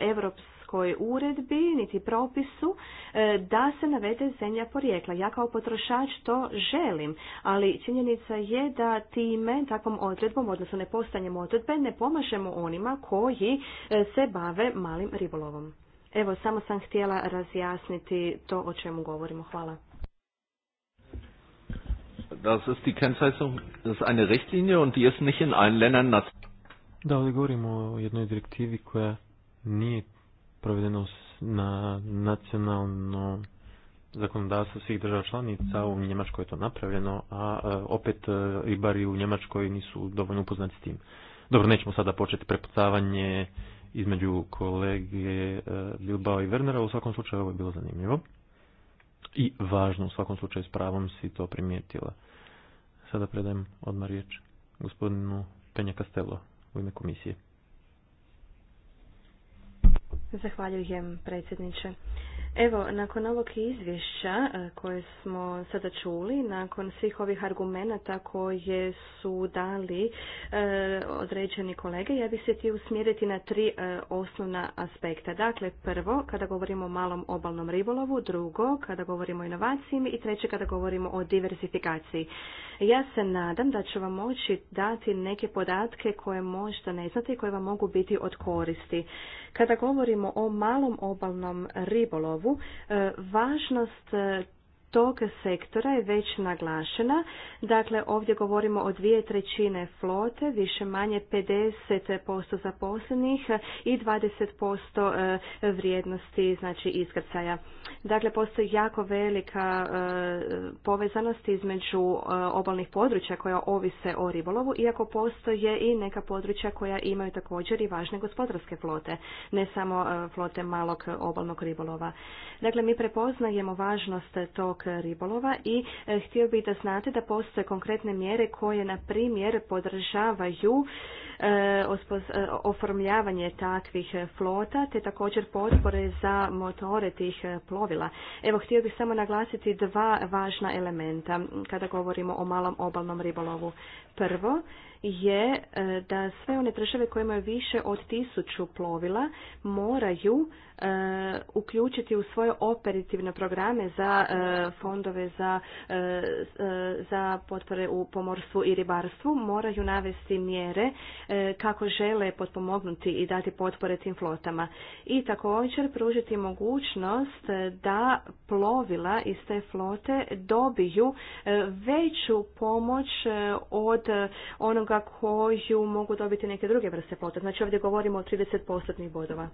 Speaker 3: europskoj europskoj uredbi niti propisu e, da se navede zemlja porijekla. Ja kao potrošač to želim, ali činjenica je da time takvom odredbom, odnosno ne postanjem odredbe, ne pomažemo onima koji e, se bave malim ribolovom. Evo, samo sam htjela razjasniti to o čemu govorimo. Hvala.
Speaker 4: Das ist die Kennzeichnung, das ist eine Richtlinie und die ist nicht in allen Ländern Da, ovdje govorimo o jednoj direktivi koja nije provedeno na nacionalno zakonodavstvo svih država članica, u Njemačkoj je to napravljeno, a e, opet e, ribari u Njemačkoj nisu dovoljno upoznati s tim. Dobro, nećemo sada početi prepucavanje između kolege e, Bilbao i Wernera, u svakom slučaju ovo je bilo zanimljivo i važno, u svakom slučaju s pravom si to primijetila. Sada predajem odmah riječ gospodinu Penja Castello u ime komisije.
Speaker 3: Zahvaljujem predsjedniče. Evo, nakon ovog izvješća e, koje smo sada čuli, nakon svih ovih argumenata koje su dali e, određeni kolege, ja bih se ti usmjeriti na tri e, osnovna aspekta. Dakle, prvo, kada govorimo o malom obalnom ribolovu, drugo, kada govorimo o inovacijima i treće, kada govorimo o diversifikaciji. Ja se nadam da ću vam moći dati neke podatke koje možda ne znate i koje vam mogu biti od koristi. Kada govorimo o malom obalnom ribolovu, e, važnost e, tog sektora je već naglašena. Dakle, ovdje govorimo o dvije trećine flote, više manje 50% zaposlenih i 20% e, vrijednosti znači iskrcaja. Dakle, postoji jako velika e, povezanost između e, obalnih područja koja ovise o ribolovu, iako postoje i neka područja koja imaju također i važne gospodarske flote, ne samo flote malog obalnog ribolova. Dakle, mi prepoznajemo važnost tog ribolova i e, htio bih da znate da postoje konkretne mjere koje na primjer podržavaju Eh, eh, oformljavanje takvih eh, flota, te također potpore za motore tih plovila. Evo, htio bih samo naglasiti dva važna elementa kada govorimo o malom obalnom ribolovu. Prvo je da sve one države koje imaju više od tisuću plovila moraju uključiti u svoje operativne programe za fondove za, za potpore u pomorstvu i ribarstvu moraju navesti mjere E, kako žele potpomognuti i dati potpore tim flotama. I također pružiti mogućnost da plovila iz te flote dobiju e, veću pomoć e, od onoga koju mogu dobiti neke druge vrste flota. Znači ovdje govorimo o 30% bodova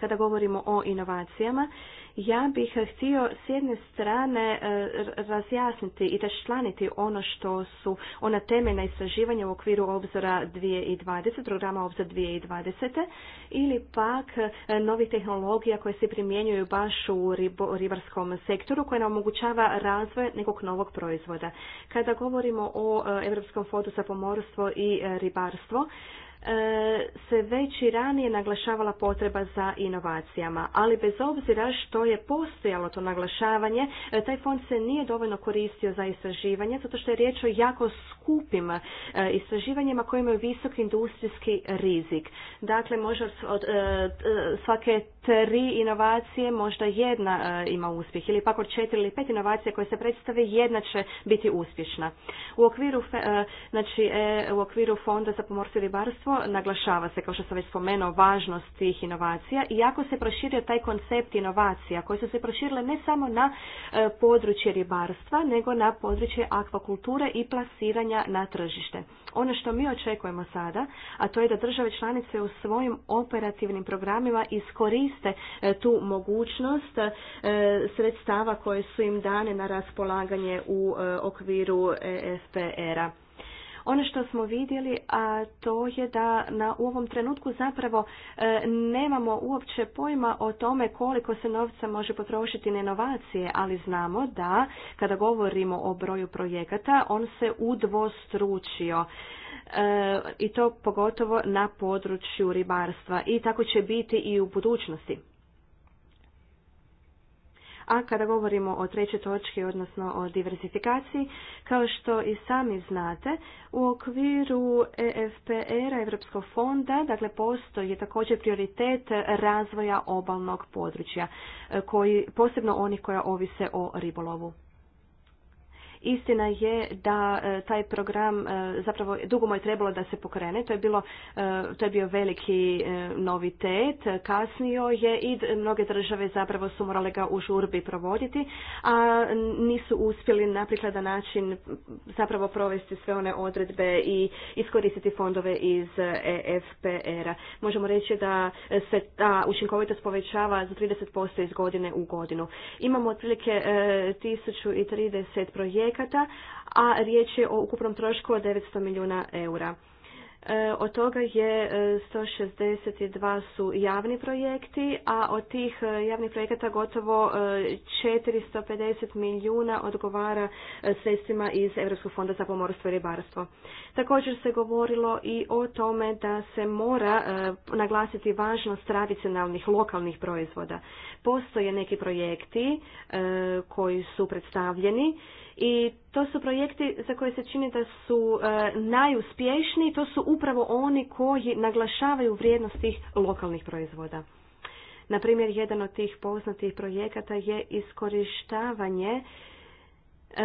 Speaker 3: kada govorimo o inovacijama, ja bih htio s jedne strane e, razjasniti i raščlaniti ono što su ona temeljna istraživanja u okviru obzora 2020, programa obzor 2020 ili pak e, novih tehnologija koje se primjenjuju baš u ribarskom sektoru koje nam omogućava razvoj nekog novog proizvoda. Kada govorimo o e, Europskom fondu za pomorstvo i ribarstvo, E, se već i ranije naglašavala potreba za inovacijama, ali bez obzira što je postojalo to naglašavanje, e, taj fond se nije dovoljno koristio za istraživanje, zato što je riječ o jako skupim e, istraživanjima koji imaju visok industrijski rizik. Dakle, može od svake tri inovacije, možda jedna e, ima uspjeh ili pak od četiri ili pet inovacija koje se predstave jedna će biti uspješna. U okviru, e, znači, e, u okviru Fonda za pomorstvo i ribarstvo naglašava se, kao što sam već spomenuo, važnost tih inovacija i jako se proširio taj koncept inovacija koje su se proširile ne samo na područje ribarstva, nego na područje akvakulture i plasiranja na tržište. Ono što mi očekujemo sada, a to je da države članice u svojim operativnim programima iskoriste E, tu mogućnost e, sredstava koje su im dane na raspolaganje u e, okviru FPR-a. Ono što smo vidjeli, a to je da na, u ovom trenutku zapravo e, nemamo uopće pojma o tome koliko se novca može potrošiti na inovacije, ali znamo da kada govorimo o broju projekata, on se udvostručio e, i to pogotovo na području ribarstva i tako će biti i u budućnosti. A kada govorimo o trećoj točki, odnosno o diversifikaciji, kao što i sami znate, u okviru EFPR-a, Evropskog fonda, dakle postoji također prioritet razvoja obalnog područja, e, koji, posebno onih koja ovise o ribolovu. Istina je da e, taj program e, zapravo dugo mu je trebalo da se pokrene. To je, bilo, e, to je bio veliki novitet. Kasnio je i mnoge države zapravo su morale ga u žurbi provoditi, a nisu uspjeli na prikladan način zapravo provesti sve one odredbe i iskoristiti fondove iz EFPR-a. Možemo reći da se ta učinkovitost povećava za 30% iz godine u godinu. Imamo otprilike 1030 projekta projekata, a riječ je o ukupnom trošku od 900 milijuna eura. E, od toga je 162 e, su javni projekti, a od tih e, javnih projekata gotovo 450 milijuna odgovara sredstvima iz Europskog fonda za pomorstvo i ribarstvo. Također se govorilo i o tome da se mora naglasiti važnost tradicionalnih lokalnih proizvoda. Postoje neki projekti koji su predstavljeni i to su projekti za koje se čini da su e, najuspješniji, to su upravo oni koji naglašavaju vrijednost tih lokalnih proizvoda. Na primjer, jedan od tih poznatih projekata je iskorištavanje e,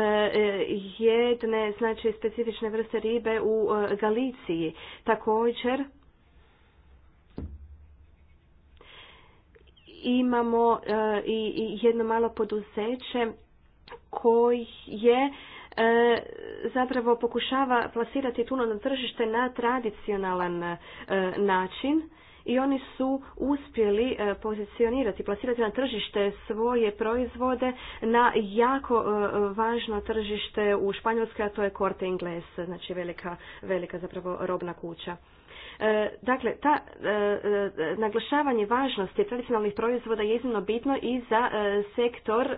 Speaker 3: jedne znači specifične vrste ribe u e, Galiciji. Također imamo e, i jedno malo poduzeće koji je e, zapravo pokušava plasirati tuno na tržište na tradicionalan e, način i oni su uspjeli e, pozicionirati, plasirati na tržište svoje proizvode na jako važno tržište u Španjolskoj, a to je Corte Ingles, znači velika, velika zapravo robna kuća. E, dakle, ta e, e, naglašavanje važnosti tradicionalnih proizvoda je iznimno bitno i za sektor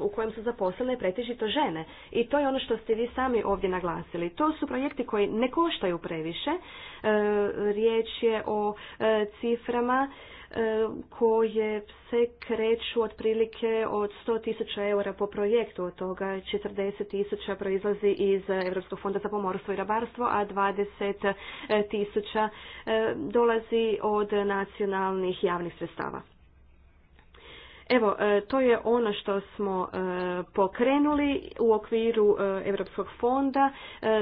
Speaker 3: u kojem su zaposlene pretežito žene. I to je ono što ste vi sami ovdje naglasili. To su projekti koji ne koštaju previše. Riječ je o ciframa E, koje se kreću otprilike od tisuća eura po projektu, od toga tisuća proizlazi iz Europskog fonda za pomorstvo i rabarstvo, a tisuća e, dolazi od nacionalnih javnih sredstava. Evo, e, to je ono što smo e, pokrenuli u okviru e, Europskog fonda.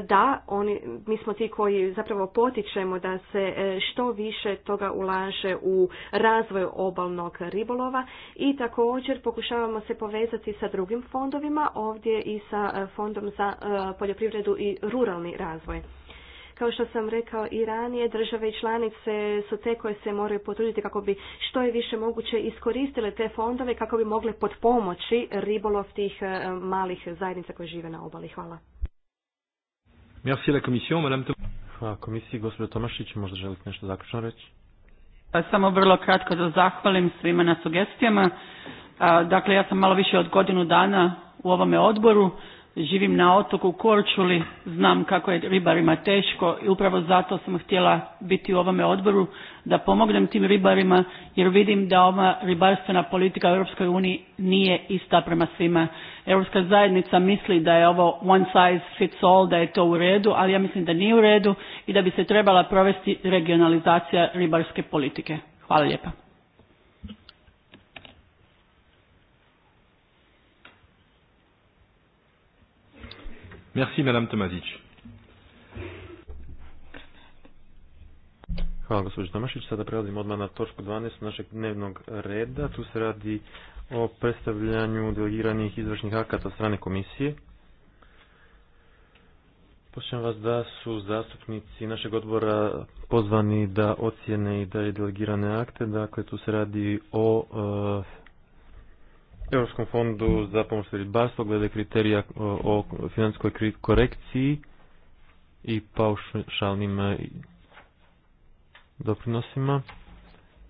Speaker 3: Da, oni, mi smo ti koji zapravo potičemo da se što više toga ulaže u razvoj obalnog ribolova i također pokušavamo se povezati sa drugim fondovima, ovdje i sa fondom za poljoprivredu i ruralni razvoj. Kao što sam rekao i ranije, države i članice su te koje se moraju potruditi kako bi što je više moguće iskoristile te fondove kako bi mogle potpomoći ribolov tih e, malih zajednica koje žive na obali. Hvala.
Speaker 4: Merci la commission, Hvala komisiji, gospodin Tomašić, možda želite nešto zaključno reći?
Speaker 1: Pa samo vrlo kratko da zahvalim svima na sugestijama. Dakle, ja sam malo više od godinu dana u ovome odboru živim na otoku Korčuli, znam kako je ribarima teško i upravo zato sam htjela biti u ovome odboru da pomognem tim ribarima jer vidim da ova ribarstvena politika u EU nije ista prema svima. Europska zajednica misli da je ovo one size fits all, da je to u redu, ali ja mislim da nije u redu i da bi se trebala provesti regionalizacija ribarske politike. Hvala lijepa.
Speaker 4: Merci, madame Tomazic. Hvala, gospođo Tomašić. Sada prelazimo odmah na točku 12 našeg dnevnog reda. Tu se radi o predstavljanju delegiranih izvršnih akata strane komisije. Počnem vas da su zastupnici našeg odbora pozvani da ocjene i da je delegirane akte. Dakle, tu se radi o e, Europskom fondu za pomoć ribarstvo glede kriterija o financijskoj korekciji i paušalnim e, doprinosima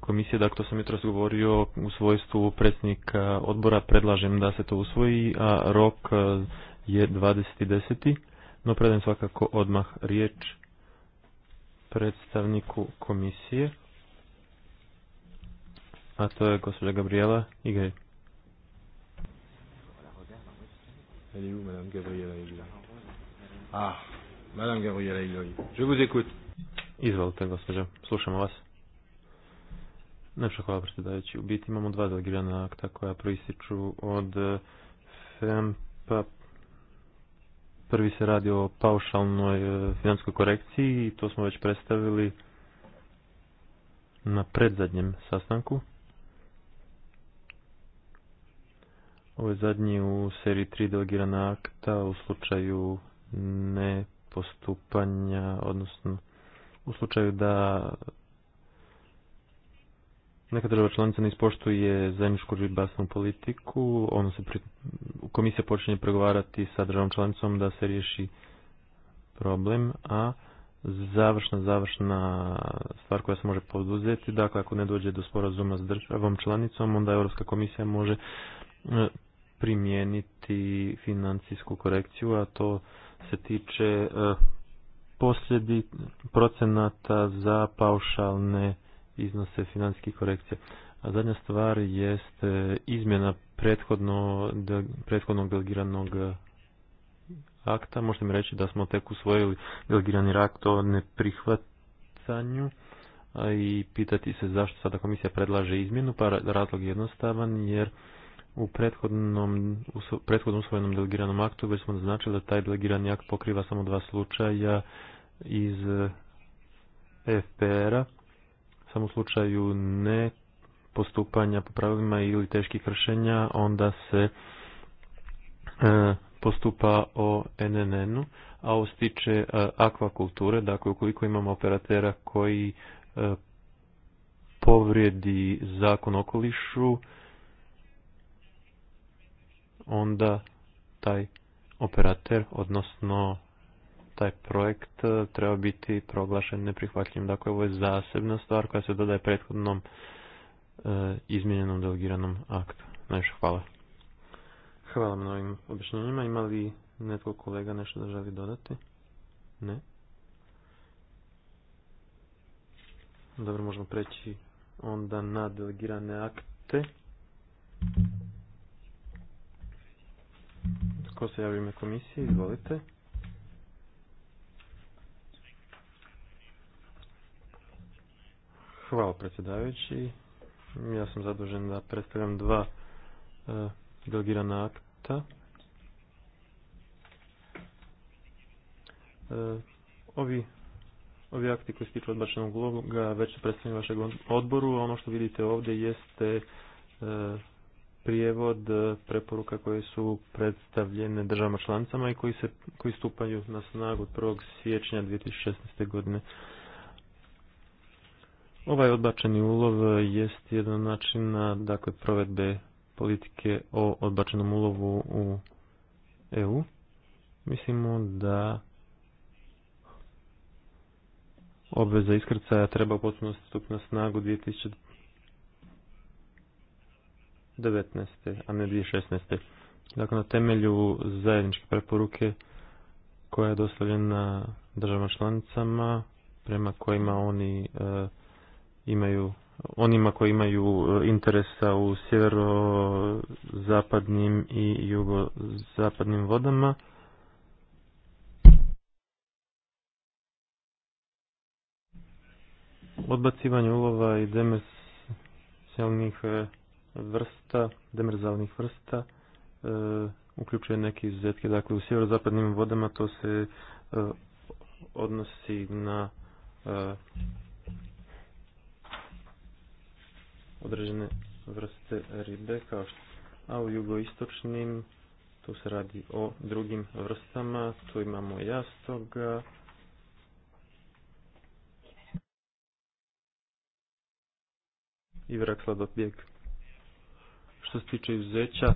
Speaker 4: komisije, dakle to sam jutros govorio u svojstvu predsjednika odbora, predlažem da se to usvoji, a rok e, je 20.10. No predajem svakako odmah riječ predstavniku komisije, a to je gospođa Gabriela Igeri. Elle est où, Madame Gabriela Igla Ah, Madame Gabriela je vous écoute. Izvolite, gospođo, slušamo vas. Nešto hvala predsjedavajući. U biti imamo dva zagrijana akta koja proističu od eh, FEMPA. Prvi se radi o paušalnoj eh, financijskoj korekciji i to smo već predstavili na predzadnjem sastanku. Ovo je zadnji u seriji tri delegirana akta u slučaju ne postupanja, odnosno u slučaju da neka država članica ne ispoštuje zajedničku ribasnu politiku, ono se pri... komisija počinje pregovarati sa državom članicom da se riješi problem, a završna, završna stvar koja se može poduzeti, dakle ako ne dođe do sporazuma s državom članicom, onda Europska komisija može e, primijeniti financijsku korekciju, a to se tiče e, posljedi procenata za paušalne iznose financijskih korekcija. A zadnja stvar jest e, izmjena prethodno, prethodnog delegiranog akta. Možete mi reći da smo tek usvojili delegirani akt o neprihvacanju i pitati se zašto sada komisija predlaže izmjenu, pa razlog je jednostavan jer u prethodnom, u prethodnom usvojenom delegiranom aktu već smo značili da taj delegirani akt pokriva samo dva slučaja iz e, FPR-a, samo u slučaju ne postupanja po pravilima ili teških kršenja, onda se e, postupa o NNN-u, a ovo se tiče e, akvakulture, dakle ukoliko imamo operatera koji e, povrijedi zakon okolišu, onda taj operater, odnosno taj projekt e, treba biti proglašen neprihvatljivim. Dakle, ovo je zasebna stvar koja se dodaje prethodnom e, izmijenjenom delegiranom aktu. Najviše hvala. Hvala na ovim objašnjenjima. Ima li netko kolega nešto da želi dodati? Ne? Dobro, možemo preći onda na delegirane akte. Ko se javi ime komisije? Izvolite. Hvala predsjedavajući. Ja sam zadužen da predstavljam dva e, delegirana akta. E, ovi, ovi akti koji se tiču odbačenog uloga već su predstavljeni vašeg odboru, ono što vidite ovdje jeste e, prijevod e, preporuka koje su predstavljene državama članicama i koji, se, koji stupaju na snagu od 1. siječnja 2016. godine. Ovaj odbačeni ulov jest jedan način dakle, provedbe politike o odbačenom ulovu u EU. Mislimo da obveza iskrcaja treba u potpunosti stupiti na snagu 19. a ne 2016. Dakle, na temelju zajedničke preporuke koja je dostavljena državama članicama prema kojima oni e, imaju onima koji imaju e, interesa u sjeverozapadnim i jugozapadnim vodama. Odbacivanje ulova i selnih e, vrsta, demerzalnih vrsta, e, uključuje neke izuzetke. Dakle, u sjeverozapadnim vodama to se e, odnosi na e, određene vrste ribe, kao što, a u jugoistočnim tu se radi o drugim vrstama, tu imamo jastoga, i vrak sladopijeg. Što se tiče izuzeća,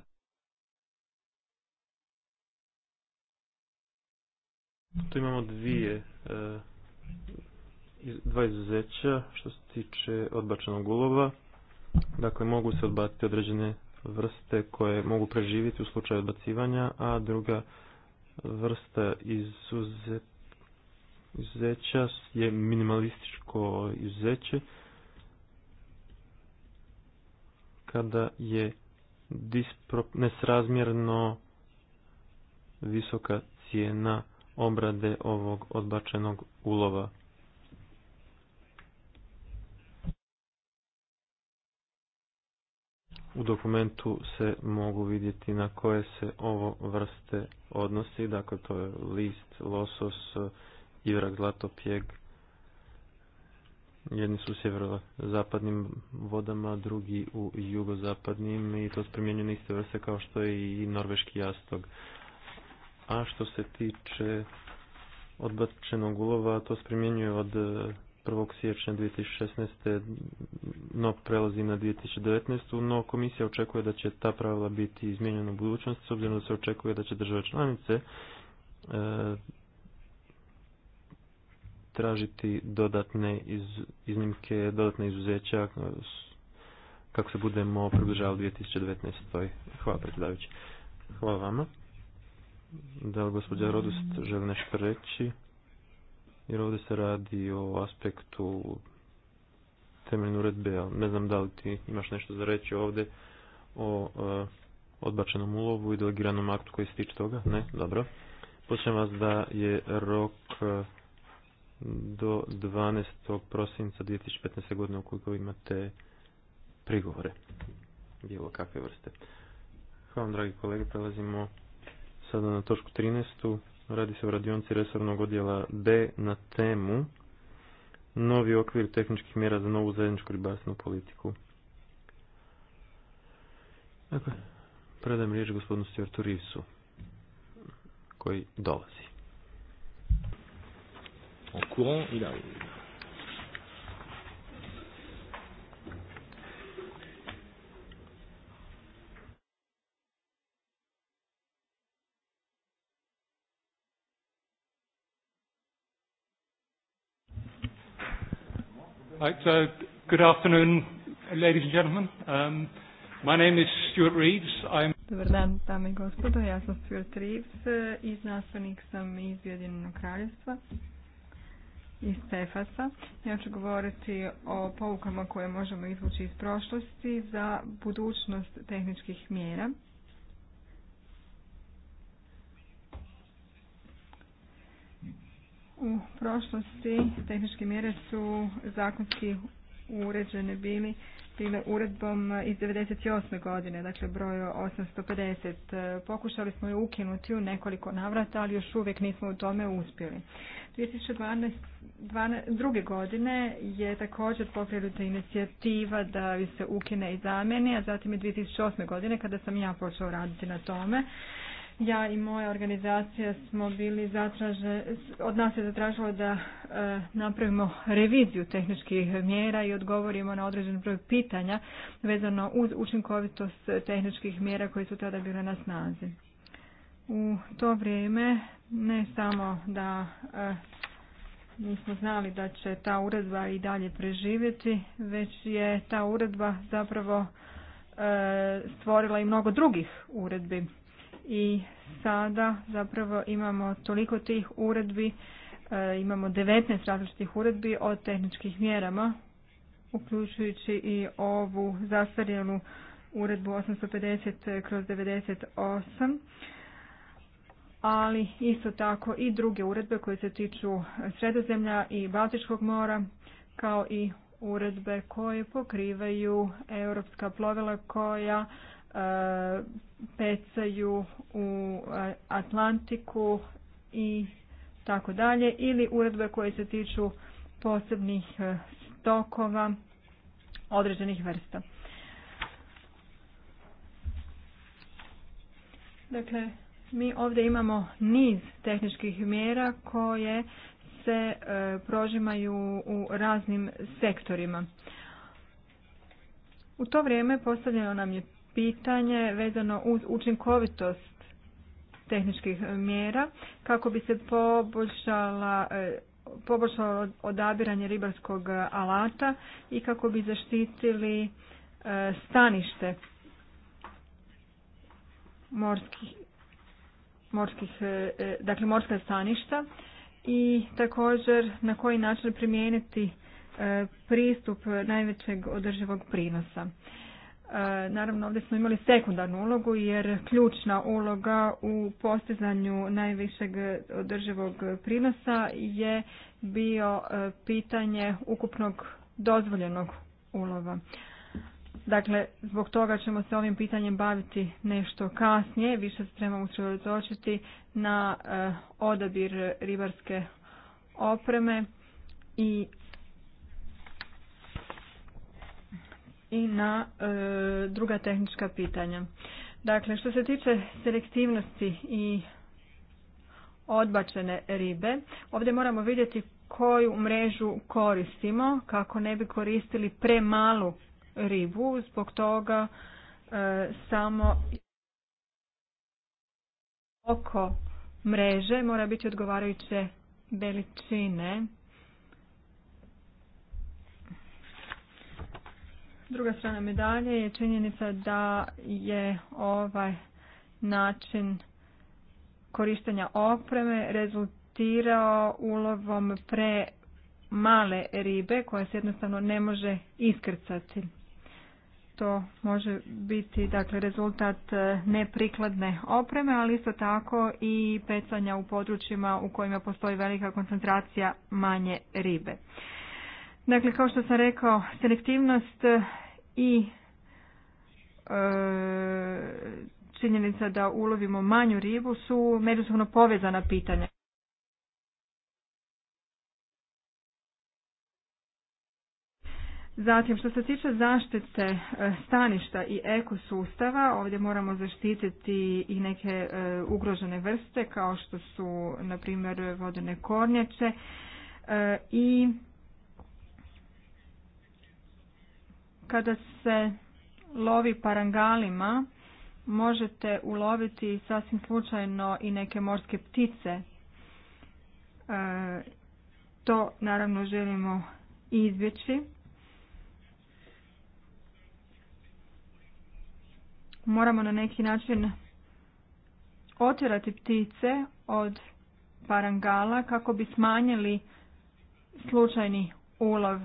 Speaker 4: tu imamo dvije, e, dva izuzeća što se tiče odbačenog ulova. Dakle, mogu se odbaciti određene vrste koje mogu preživjeti u slučaju odbacivanja, a druga vrsta izuzeća je minimalističko izuzeće kada je dispro, nesrazmjerno visoka cijena obrade ovog odbačenog ulova. U dokumentu se mogu vidjeti na koje se ovo vrste odnosi, dakle to je list, losos, ivrak, pjeg. Jedni su u sjeverozapadnim vodama, drugi u jugozapadnim i to su na iste vrste kao što je i norveški jastog. A što se tiče odbačenog ulova, to se primjenjuje od 1. E, siječnja 2016. no prelazi na 2019. no komisija očekuje da će ta pravila biti izmijenjena u budućnosti s obzirom da se očekuje da će države članice e, tražiti dodatne iz, iznimke, dodatne izuzeća eh, kako se budemo približavali 2019. Hvala predsjedavajući. Hvala vama. Da li gospođa Rodust želi nešto reći? Jer ovdje se radi o aspektu temeljne uredbe, ne znam da li ti imaš nešto za reći ovdje o eh, odbačenom ulovu i delegiranom aktu koji se tiče toga. Ne? Dobro. Počnem vas da je rok eh, do 12. prosinca 2015. godine ukoliko imate prigovore bilo kakve vrste. Hvala vam dragi kolege, prelazimo sada na točku 13. Radi se o radionci resornog odjela B na temu novi okvir tehničkih mjera za novu zajedničku ribarstvenu politiku. Dakle, predajem riječ gospodinu Stjortu Rivsu koji dolazi. En courant, il arrive. Right, so good afternoon, ladies and gentlemen. Um, my name is Stuart Reeves. I'm
Speaker 2: Dobar dan, dame i gospodo. Ja sam Stuart Reeves i znanstvenik sam iz Ujedinjenog kraljevstva iz Cefasa. Ja ću govoriti o poukama koje možemo izvući iz prošlosti za budućnost tehničkih mjera. U prošlosti tehničke mjere su zakonski uređene bili bile uredbom iz 1998. godine, dakle broj 850. Pokušali smo je ukinuti u nekoliko navrata, ali još uvijek nismo u tome uspjeli. 2012 druge godine je također pokrenuta inicijativa da ju se ukine i zameni, a zatim je 2008. godine kada sam ja počeo raditi na tome. Ja i moja organizacija smo bili zatraže, od nas je zatražilo da e, napravimo reviziju tehničkih mjera i odgovorimo na određen broj pitanja vezano uz učinkovitost tehničkih mjera koje su tada bile na snazi. U to vrijeme ne samo da e, nismo znali da će ta uredba i dalje preživjeti, već je ta uredba zapravo e, stvorila i mnogo drugih uredbi. I sada zapravo imamo toliko tih uredbi, e, imamo 19 različitih uredbi o tehničkih mjerama, uključujući i ovu zastarjelu uredbu 850 kroz 98 ali isto tako i druge uredbe koje se tiču Sredozemlja i Baltičkog mora, kao i uredbe koje pokrivaju europska plovila koja e, pecaju u e, Atlantiku i tako dalje ili uredbe koje se tiču posebnih e, stokova određenih vrsta. Dakle, mi ovdje imamo niz tehničkih mjera koje se e, prožimaju u raznim sektorima. U to vrijeme postavljeno nam je pitanje vezano uz učinkovitost tehničkih mjera kako bi se poboljšala e, poboljšalo odabiranje ribarskog alata i kako bi zaštitili e, stanište morskih morskih, e, e, dakle morska staništa i također na koji način primijeniti e, pristup najvećeg održivog prinosa. Naravno ovdje smo imali sekundarnu ulogu jer ključna uloga u postizanju najvišeg održivog prinosa je bio pitanje ukupnog dozvoljenog ulova. Dakle, zbog toga ćemo se ovim pitanjem baviti nešto kasnije. Više se trebamo usredotočiti na eh, odabir ribarske opreme i i na eh, druga tehnička pitanja. Dakle, što se tiče selektivnosti i odbačene ribe, ovdje moramo vidjeti koju mrežu koristimo kako ne bi koristili premalu ribu, zbog toga e, samo oko mreže mora biti odgovarajuće veličine. Druga strana medalje je činjenica da je ovaj način korištenja opreme rezultirao ulovom pre male ribe koja se jednostavno ne može iskrcati to može biti dakle rezultat e, neprikladne opreme, ali isto tako i pecanja u područjima u kojima postoji velika koncentracija manje ribe. Dakle, kao što sam rekao, selektivnost i e, činjenica da ulovimo manju ribu su međusobno povezana pitanja. Zatim, što se tiče zaštite e, staništa i ekosustava, ovdje moramo zaštititi i neke e, ugrožene vrste kao što su, na primjer, vodene kornjače e, i kada se lovi parangalima, možete uloviti sasvim slučajno i neke morske ptice. To naravno želimo izbjeći. moramo na neki način otjerati ptice od parangala kako bi smanjili slučajni ulov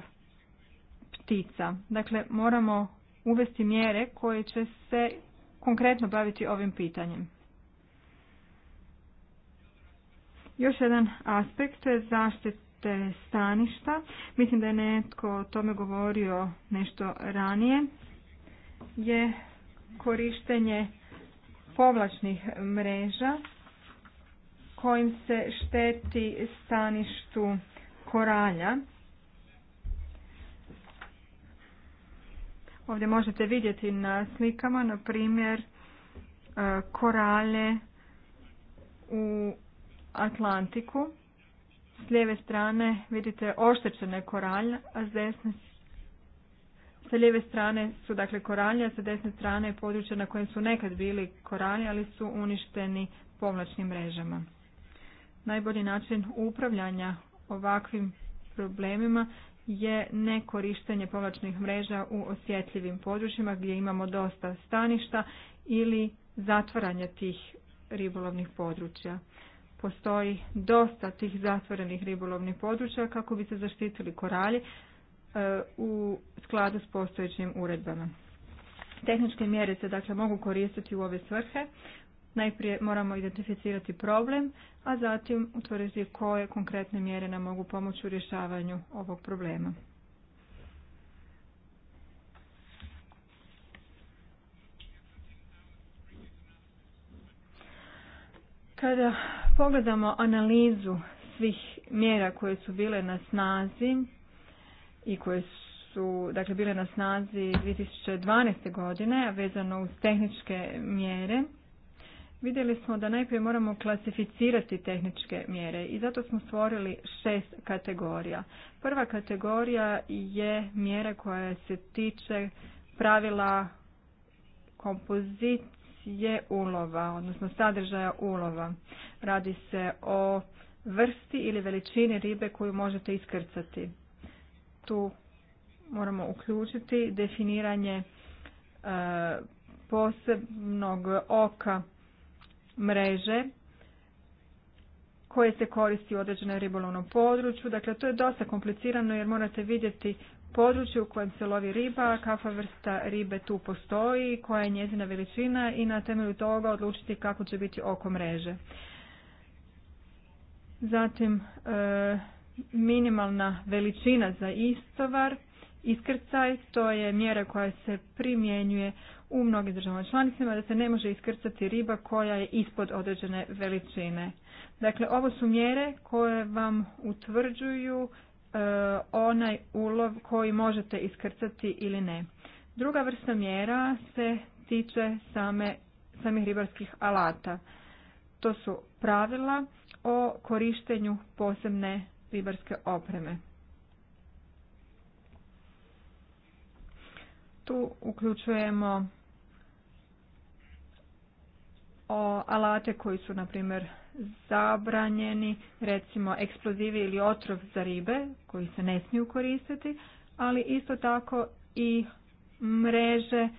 Speaker 2: ptica. Dakle, moramo uvesti mjere koje će se konkretno baviti ovim pitanjem. Još jedan aspekt je zaštite staništa. Mislim da je netko o tome govorio nešto ranije. Je korištenje povlačnih mreža kojim se šteti staništu koralja. Ovdje možete vidjeti na slikama, na primjer, e, koralje u Atlantiku. S lijeve strane vidite oštećene koralje, a s desne sa lijeve strane su dakle koralje, a sa desne strane područje na kojem su nekad bili koralje, ali su uništeni povlačnim mrežama. Najbolji način upravljanja ovakvim problemima je nekorištenje povlačnih mreža u osjetljivim područjima gdje imamo dosta staništa ili zatvaranje tih ribolovnih područja. Postoji dosta tih zatvorenih ribolovnih područja kako bi se zaštitili koralje. E, u skladu s postojećim uredbama. Tehničke mjere se dakle mogu koristiti u ove svrhe. Najprije moramo identificirati problem, a zatim utvrditi koje konkretne mjere nam mogu pomoći u rješavanju ovog problema. Kada pogledamo analizu svih mjera koje su bile na snazi i koje su dakle, bile na snazi 2012. godine vezano uz tehničke mjere, vidjeli smo da najprije moramo klasificirati tehničke mjere i zato smo stvorili šest kategorija. Prva kategorija je mjera koja se tiče pravila kompozicije ulova, odnosno sadržaja ulova. Radi se o vrsti ili veličini ribe koju možete iskrcati tu moramo uključiti definiranje e, posebnog oka mreže koje se koristi u određenom ribolovnom području. Dakle, to je dosta komplicirano jer morate vidjeti područje u kojem se lovi riba, kakva vrsta ribe tu postoji, koja je njezina veličina i na temelju toga odlučiti kako će biti oko mreže. Zatim, e, minimalna veličina za istovar, iskrcaj, to je mjera koja se primjenjuje u mnogim državama članicama da se ne može iskrcati riba koja je ispod određene veličine. Dakle, ovo su mjere koje vam utvrđuju e, onaj ulov koji možete iskrcati ili ne. Druga vrsta mjera se tiče same, samih ribarskih alata. To su pravila o korištenju posebne ribarske opreme. Tu uključujemo alate koji su, na primjer, zabranjeni, recimo eksplozivi ili otrov za ribe koji se ne smiju koristiti, ali isto tako i mreže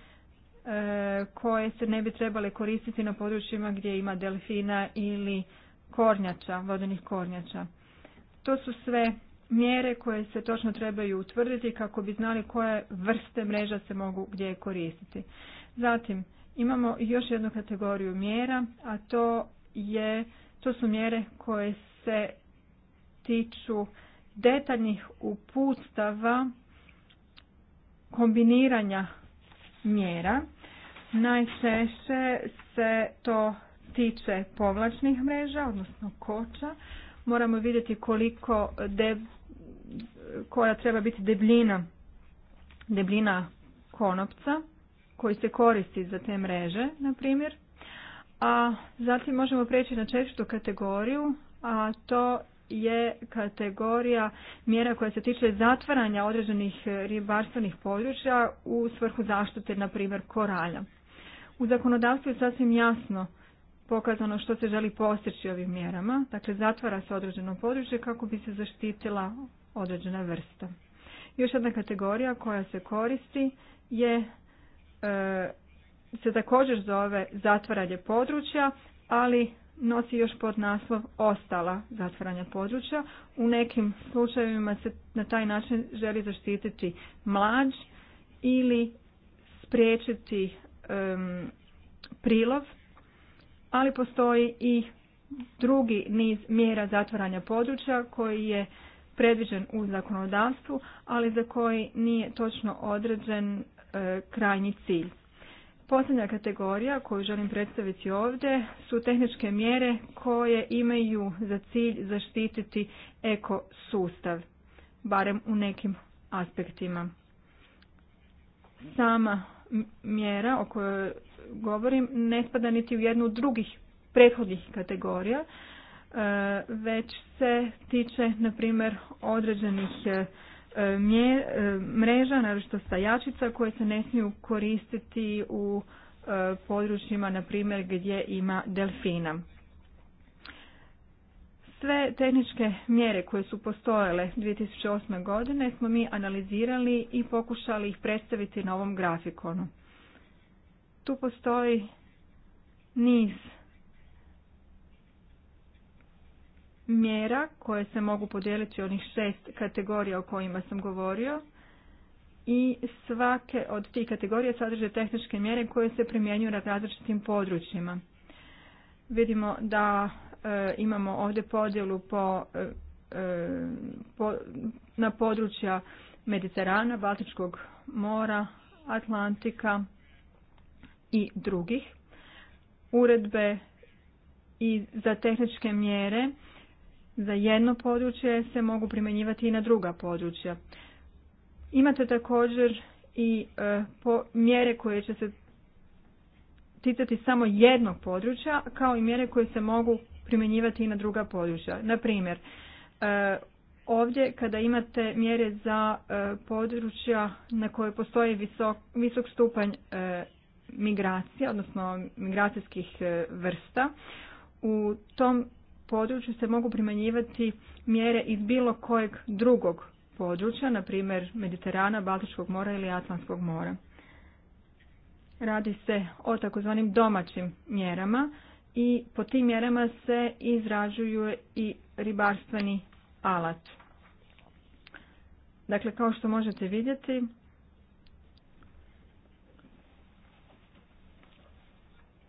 Speaker 2: e, koje se ne bi trebale koristiti na područjima gdje ima delfina ili kornjača, vodenih kornjača. To su sve mjere koje se točno trebaju utvrditi kako bi znali koje vrste mreža se mogu gdje koristiti. Zatim, imamo još jednu kategoriju mjera, a to, je, to su mjere koje se tiču detaljnih uputstava kombiniranja mjera. Najčešće se to tiče povlačnih mreža, odnosno koča, moramo vidjeti koliko koja treba biti debljina, debljina konopca koji se koristi za te mreže, na primjer. A zatim možemo preći na četvrtu kategoriju, a to je kategorija mjera koja se tiče zatvaranja određenih ribarstvenih područja u svrhu zaštite, na primjer, koralja. U zakonodavstvu je sasvim jasno pokazano ono što se želi postići ovim mjerama. Dakle, zatvara se određeno područje kako bi se zaštitila određena vrsta. Još jedna kategorija koja se koristi je e, se također zove zatvaranje područja, ali nosi još pod naslov ostala zatvaranja područja. U nekim slučajevima se na taj način želi zaštititi mlađ ili spriječiti prilov ali postoji i drugi niz mjera zatvaranja područja koji je predviđen u zakonodavstvu, ali za koji nije točno određen e, krajnji cilj. Posljednja kategorija koju želim predstaviti ovdje su tehničke mjere koje imaju za cilj zaštititi ekosustav, barem u nekim aspektima. Sama mjera o kojoj govorim ne spada niti u jednu drugih prethodnih kategorija, e, već se tiče, na primjer, određenih e, e, mreža, naročito stajačica, koje se ne smiju koristiti u područjima, na primjer, gdje ima delfina. Sve tehničke mjere koje su postojale 2008. godine smo mi analizirali i pokušali ih predstaviti na ovom grafikonu tu postoji niz mjera koje se mogu podijeliti u onih šest kategorija o kojima sam govorio i svake od tih kategorija sadrže tehničke mjere koje se primjenjuju na različitim područjima. Vidimo da e, imamo ovdje podjelu po, e, e, po, na područja Mediterana, Baltičkog mora, Atlantika, i drugih. Uredbe i za tehničke mjere za jedno područje se mogu primjenjivati i na druga područja. Imate također i e, mjere koje će se ticati samo jednog područja, kao i mjere koje se mogu primjenjivati i na druga područja. Na primjer, e, ovdje kada imate mjere za e, područja na koje postoji visok stupanj migracija, odnosno migracijskih e, vrsta, u tom području se mogu primanjivati mjere iz bilo kojeg drugog područja, na primjer Mediterana, Baltičkog mora ili Atlantskog mora. Radi se o takozvanim domaćim mjerama i po tim mjerama se izražuju i ribarstveni alat. Dakle, kao što možete vidjeti,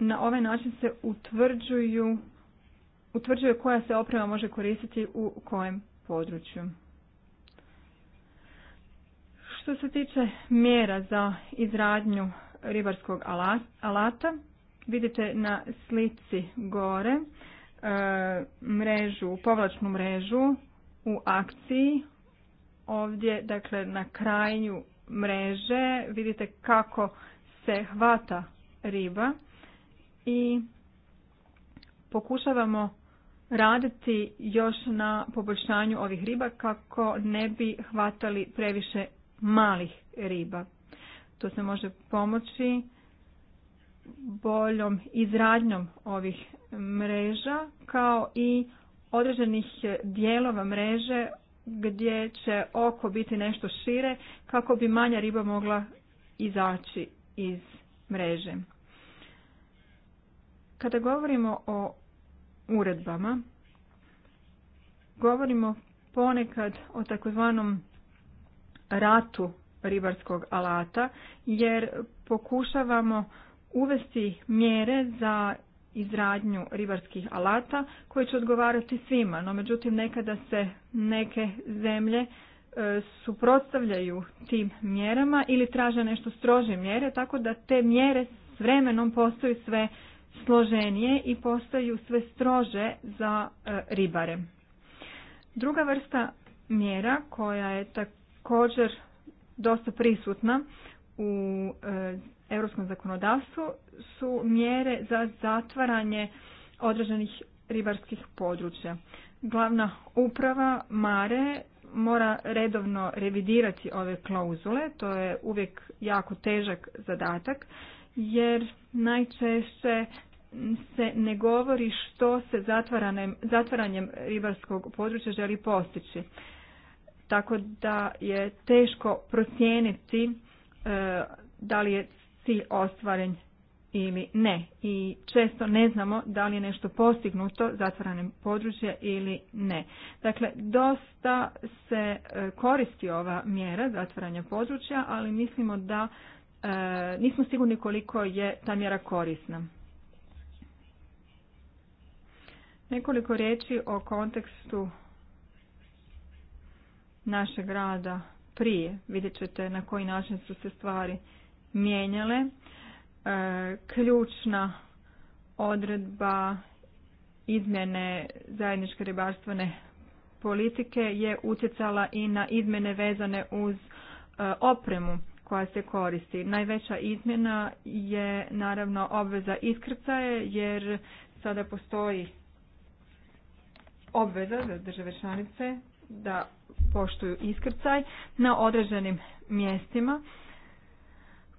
Speaker 2: na ovaj način se utvrđuju, utvrđuje koja se oprema može koristiti u kojem području. Što se tiče mjera za izradnju ribarskog alata, vidite na slici gore e, mrežu, povlačnu mrežu u akciji. Ovdje, dakle, na krajnju mreže vidite kako se hvata riba i pokušavamo raditi još na poboljšanju ovih riba kako ne bi hvatali previše malih riba. To se može pomoći boljom izradnjom ovih mreža kao i određenih dijelova mreže gdje će oko biti nešto šire kako bi manja riba mogla izaći iz mreže. Kada govorimo o uredbama, govorimo ponekad o takozvanom ratu ribarskog alata, jer pokušavamo uvesti mjere za izradnju ribarskih alata koji će odgovarati svima, no međutim nekada se neke zemlje e, suprotstavljaju tim mjerama ili traže nešto strože mjere, tako da te mjere s vremenom postaju sve složenije i postaju sve strože za e, ribare. Druga vrsta mjera koja je također dosta prisutna u e, europskom zakonodavstvu su mjere za zatvaranje određenih ribarskih područja. Glavna uprava Mare mora redovno revidirati ove klauzule, to je uvijek jako težak zadatak jer najčešće se ne govori što se zatvaranjem ribarskog područja želi postići. Tako da je teško procijeniti e, da li je cilj ostvaren ili ne. I često ne znamo da li je nešto postignuto zatvaranjem područja ili ne. Dakle, dosta se e, koristi ova mjera zatvaranja područja, ali mislimo da E, nismo sigurni koliko je ta mjera korisna. Nekoliko riječi o kontekstu našeg rada prije. Vidjet ćete na koji način su se stvari mijenjale. E, ključna odredba izmjene zajedničke ribarstvene politike je utjecala i na izmjene vezane uz e, opremu koja se koristi. Najveća izmjena je naravno obveza iskrcaje jer sada postoji obveza za države članice da poštuju iskrcaj na određenim mjestima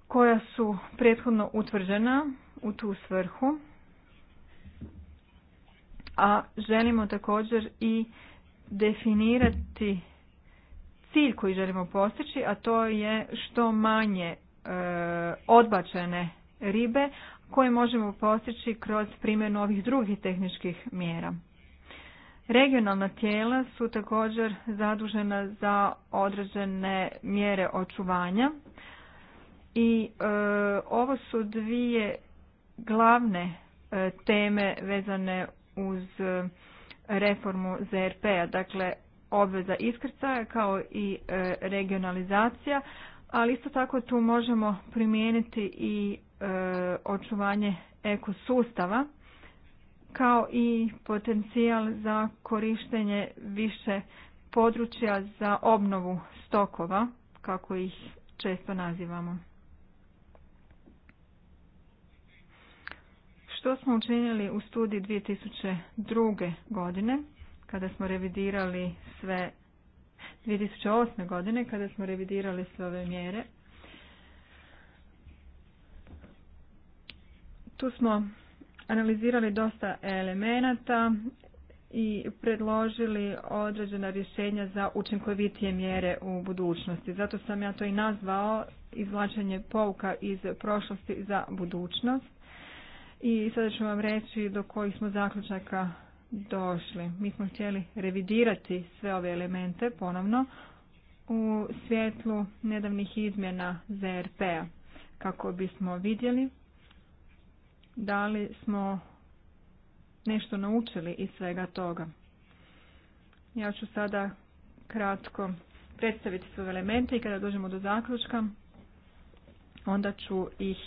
Speaker 2: koja su prethodno utvrđena u tu svrhu. A želimo također i definirati cilj koji želimo postići, a to je što manje e, odbačene ribe koje možemo postići kroz primjenu ovih drugih tehničkih mjera. Regionalna tijela su također zadužena za određene mjere očuvanja i e, ovo su dvije glavne e, teme vezane uz reformu ZRP-a, dakle obveza iskrcaja kao i e, regionalizacija, ali isto tako tu možemo primijeniti i e, očuvanje ekosustava kao i potencijal za korištenje više područja za obnovu stokova, kako ih često nazivamo. Što smo učinili u studiji 2002. godine? kada smo revidirali sve 2008. godine kada smo revidirali sve ove mjere. Tu smo analizirali dosta elemenata i predložili određena rješenja za učinkovitije mjere u budućnosti. Zato sam ja to i nazvao izvlačenje pouka iz prošlosti za budućnost. I sada ću vam reći do kojih smo zaključaka došli. Mi smo htjeli revidirati sve ove elemente ponovno u svjetlu nedavnih izmjena ZRP-a kako bismo vidjeli da li smo nešto naučili iz svega toga. Ja ću sada kratko predstaviti sve elemente i kada dođemo do zaključka onda ću ih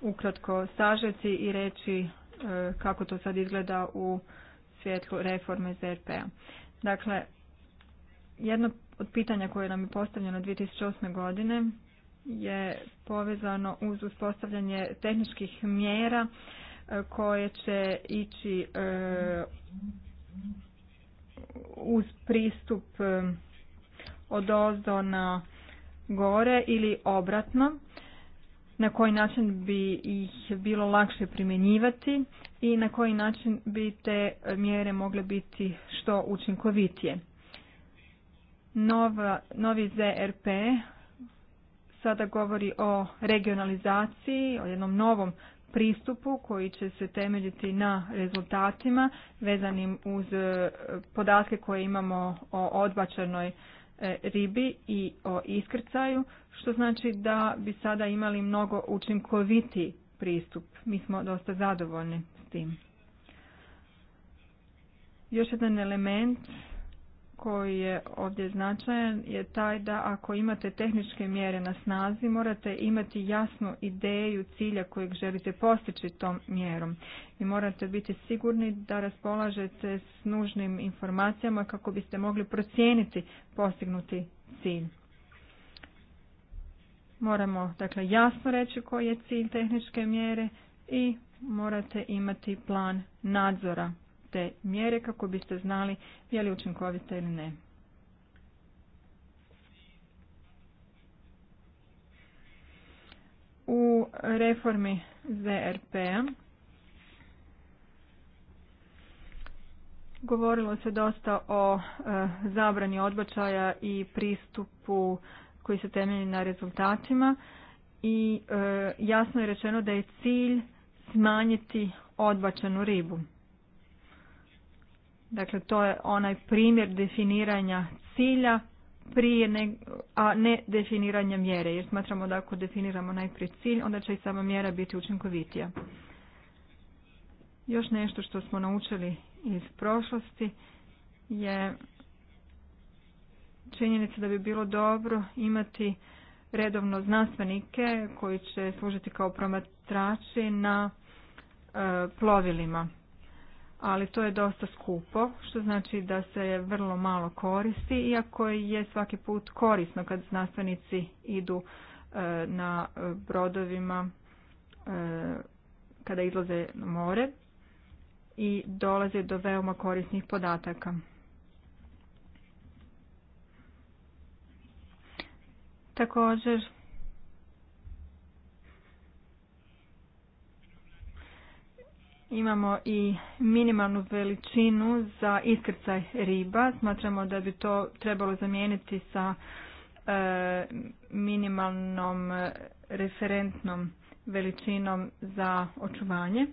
Speaker 2: ukratko sažeti i reći e, kako to sad izgleda u svjetlu reforme ZRP-a. Dakle, jedno od pitanja koje nam je postavljeno 2008. godine je povezano uz uspostavljanje tehničkih mjera e, koje će ići e, uz pristup e, od na gore ili obratno na koji način bi ih bilo lakše primjenjivati i na koji način bi te mjere mogle biti što učinkovitije. Nova, novi ZRP sada govori o regionalizaciji, o jednom novom pristupu koji će se temeljiti na rezultatima vezanim uz podatke koje imamo o odbačenoj E, ribi i o iskrcaju, što znači da bi sada imali mnogo učinkoviti pristup. Mi smo dosta zadovoljni s tim. Još jedan element koji je ovdje značajan je taj da ako imate tehničke mjere na snazi morate imati jasnu ideju cilja kojeg želite postići tom mjerom i morate biti sigurni da raspolažete s nužnim informacijama kako biste mogli procijeniti postignuti cilj. Moramo dakle jasno reći koji je cilj tehničke mjere i morate imati plan nadzora te mjere kako biste znali je li učinkovita ili ne. U reformi ZRP-a govorilo se dosta o e, zabrani odbačaja i pristupu koji se temelji na rezultatima i e, jasno je rečeno da je cilj smanjiti odbačanu ribu. Dakle, to je onaj primjer definiranja cilja prije ne, a ne definiranja mjere, jer smatramo da ako definiramo najprije cilj, onda će i sama mjera biti učinkovitija. Još nešto što smo naučili iz prošlosti je činjenica da bi bilo dobro imati redovno znanstvenike koji će služiti kao promatrači na e, plovilima ali to je dosta skupo, što znači da se vrlo malo koristi, iako je svaki put korisno kad znanstvenici idu e, na e, brodovima e, kada izlaze na more i dolaze do veoma korisnih podataka. Također imamo i minimalnu veličinu za iskrcaj riba. Smatramo da bi to trebalo zamijeniti sa e, minimalnom e, referentnom veličinom za očuvanje.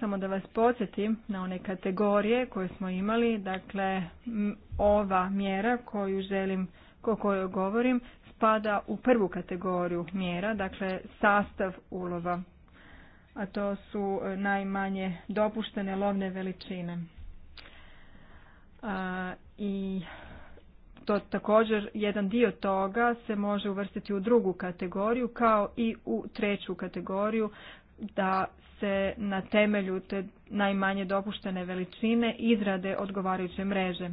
Speaker 2: Samo da vas podsjetim na one kategorije koje smo imali, dakle ova mjera koju želim o kojoj govorim spada u prvu kategoriju mjera, dakle sastav ulova, a to su e, najmanje dopuštene lovne veličine. I to također jedan dio toga se može uvrstiti u drugu kategoriju kao i u treću kategoriju da se na temelju te najmanje dopuštene veličine izrade odgovarajuće mreže.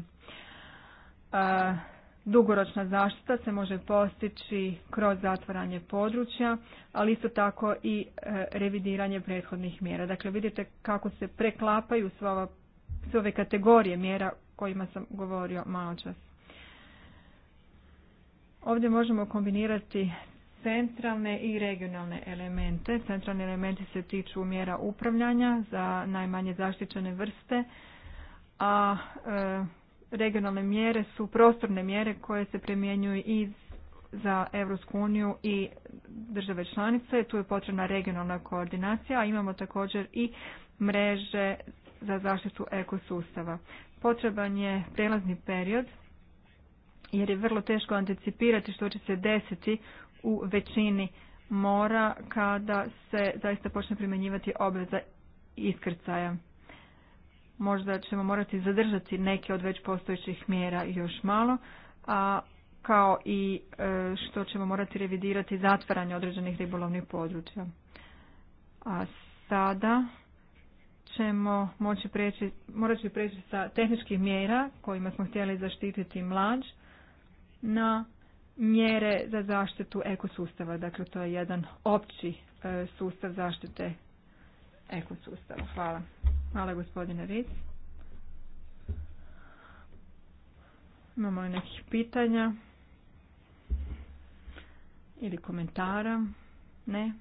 Speaker 2: Dugoročna zaštita se može postići kroz zatvaranje područja, ali isto tako i e, revidiranje prethodnih mjera. Dakle, vidite kako se preklapaju sve ove, kategorije mjera kojima sam govorio malo čas. Ovdje možemo kombinirati centralne i regionalne elemente. Centralni elementi se tiču mjera upravljanja za najmanje zaštićene vrste, a e, regionalne mjere su prostorne mjere koje se primjenjuju i za Europsku uniju i države članice. Tu je potrebna regionalna koordinacija, a imamo također i mreže za zaštitu ekosustava. Potreban je prelazni period jer je vrlo teško anticipirati što će se desiti u većini mora kada se zaista počne primjenjivati obveza iskrcaja možda ćemo morati zadržati neke od već postojećih mjera još malo, a kao i e, što ćemo morati revidirati zatvaranje određenih ribolovnih područja. A sada ćemo moći preći, morat preći sa tehničkih mjera kojima smo htjeli zaštititi mlađ na mjere za zaštitu ekosustava. Dakle, to je jedan opći e, sustav zaštite ekosustava. Hvala. Hvala gospodine Ric. Imamo li nekih pitanja ili komentara? Ne.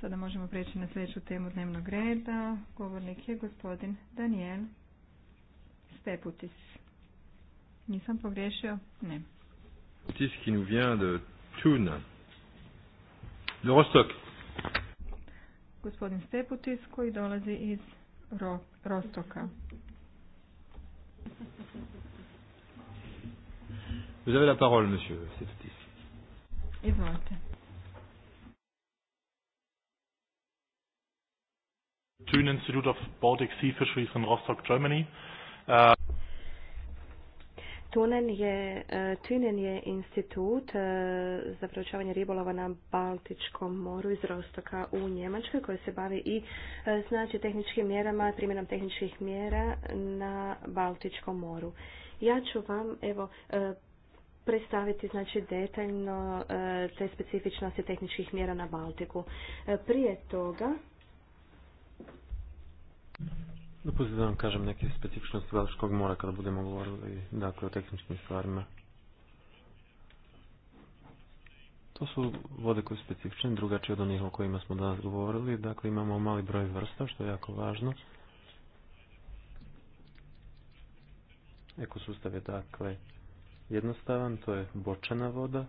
Speaker 2: Sada možemo prijeći na sljedeću temu dnevnog reda. Govornik je gospodin Daniel Steputis. Nisam pogriješio? Ne.
Speaker 4: Steputis qui de Rostok.
Speaker 2: Gospodin Steputis koji dolazi iz Ro Rostoka.
Speaker 4: Vous avez la parole, monsieur Steputis. Izvolite. Thun Institute of Baltic Sea Fisheries in Rostock, Germany. Uh...
Speaker 3: Tunen je, e, Tunen je institut e, za proučavanje ribolova na Baltičkom moru iz Rostoka u Njemačkoj koji se bavi i e, znači tehničkim mjerama, primjenom tehničkih mjera na Baltičkom moru. Ja ću vam evo predstaviti znači detaljno te specifičnosti tehničkih mjera na Baltiku. Prije toga
Speaker 4: Dopustite da vam kažem neke specifičnosti Velškog mora kada budemo govorili dakle, o tehničkim stvarima. To su vode koje su specifične, drugačije od onih o kojima smo danas govorili. Dakle, imamo mali broj vrsta, što je jako važno. Ekosustav je dakle jednostavan, to je bočana voda.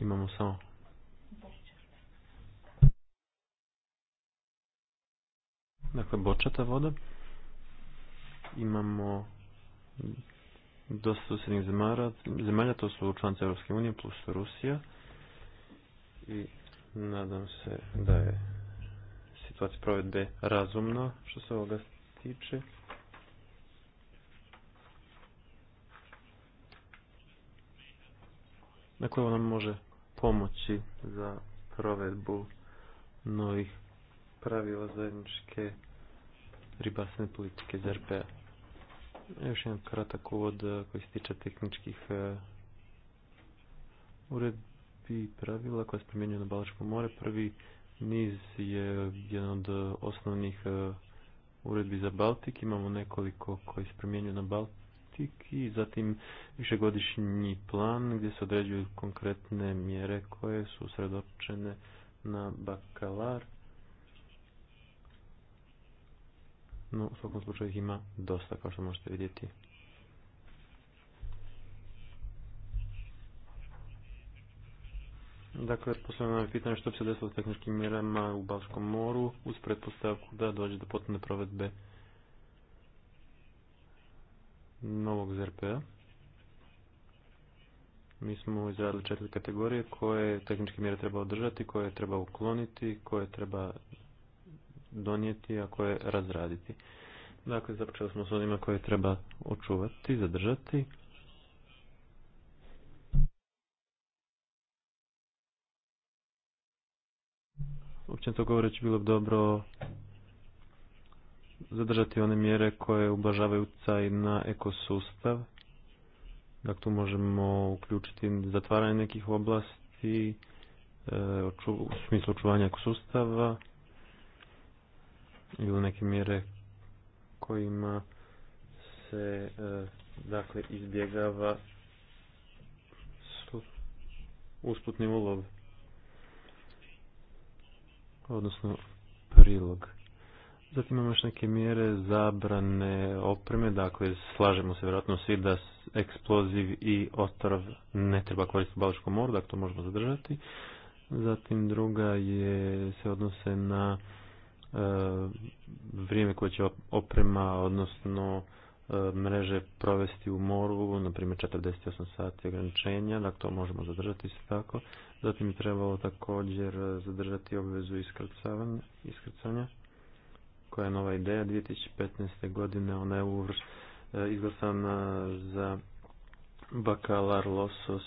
Speaker 4: Imamo samo dakle bočata voda imamo dosta susjednih zemalja, to su članice Europske unije plus Rusija i nadam se da je situacija provedbe razumna što se ovoga tiče. Na koje nam može pomoći za provedbu novih pravila zajedničke ribasne politike ZRP-a. Još jedan kratak uvod e, koji se tiče tehničkih e, uredbi i pravila koja se primjenjuju na Balačko more. Prvi niz je jedan od e, osnovnih uredbi za Baltik. Imamo nekoliko koji se primjenjuju na Baltik i zatim višegodišnji plan gdje se određuju konkretne mjere koje su sredočene na bakalar no u svakom slučaju ih ima dosta kao što možete vidjeti. Dakle, posljedno je pitanje što bi se desilo s tehničkim mjerama u Balskom moru uz pretpostavku da dođe do potpune provedbe novog ZRP-a. Mi smo izradili četiri kategorije koje tehničke mjere treba održati, koje treba ukloniti, koje treba donijeti, a koje razraditi. Dakle, započeli smo s onima koje treba očuvati, zadržati. to govoreći bilo bi dobro zadržati one mjere koje ublažavaju utjecaj na ekosustav. Dakle, tu možemo uključiti zatvaranje nekih oblasti, e, u smislu očuvanja ekosustava, ili neke mjere kojima se e, dakle izbjegava usputni ulov odnosno prilog. Zatim imamo još neke mjere zabrane opreme, dakle slažemo se vjerojatno svi da eksploziv i otrov ne treba koristiti u Baličkom moru, dakle to možemo zadržati. Zatim druga je, se odnose na E, vrijeme koje će oprema, odnosno e, mreže provesti u moru, na primjer 48 sati ograničenja, dakle to možemo zadržati se tako. Zatim je trebalo također e, zadržati obvezu iskrcavanja, iskrcanja koja je nova ideja 2015. godine, ona je uvrš, izglasana za bakalar, losos,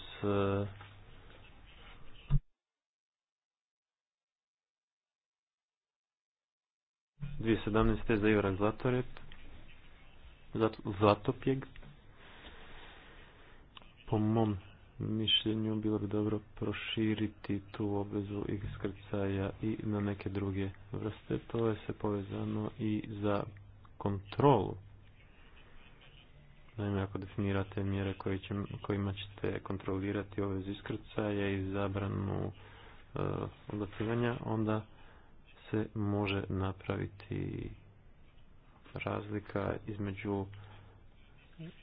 Speaker 4: 2017. za Ivara Zlatorep, Zlatopjeg. Po mom mišljenju bilo bi dobro proširiti tu obvezu iskrcaja i na neke druge vrste. To je se povezano i za kontrolu. Naime, ako definirate mjere koje će, kojima ćete kontrolirati obvezu iskrcaja i zabranu e, onda se može napraviti razlika između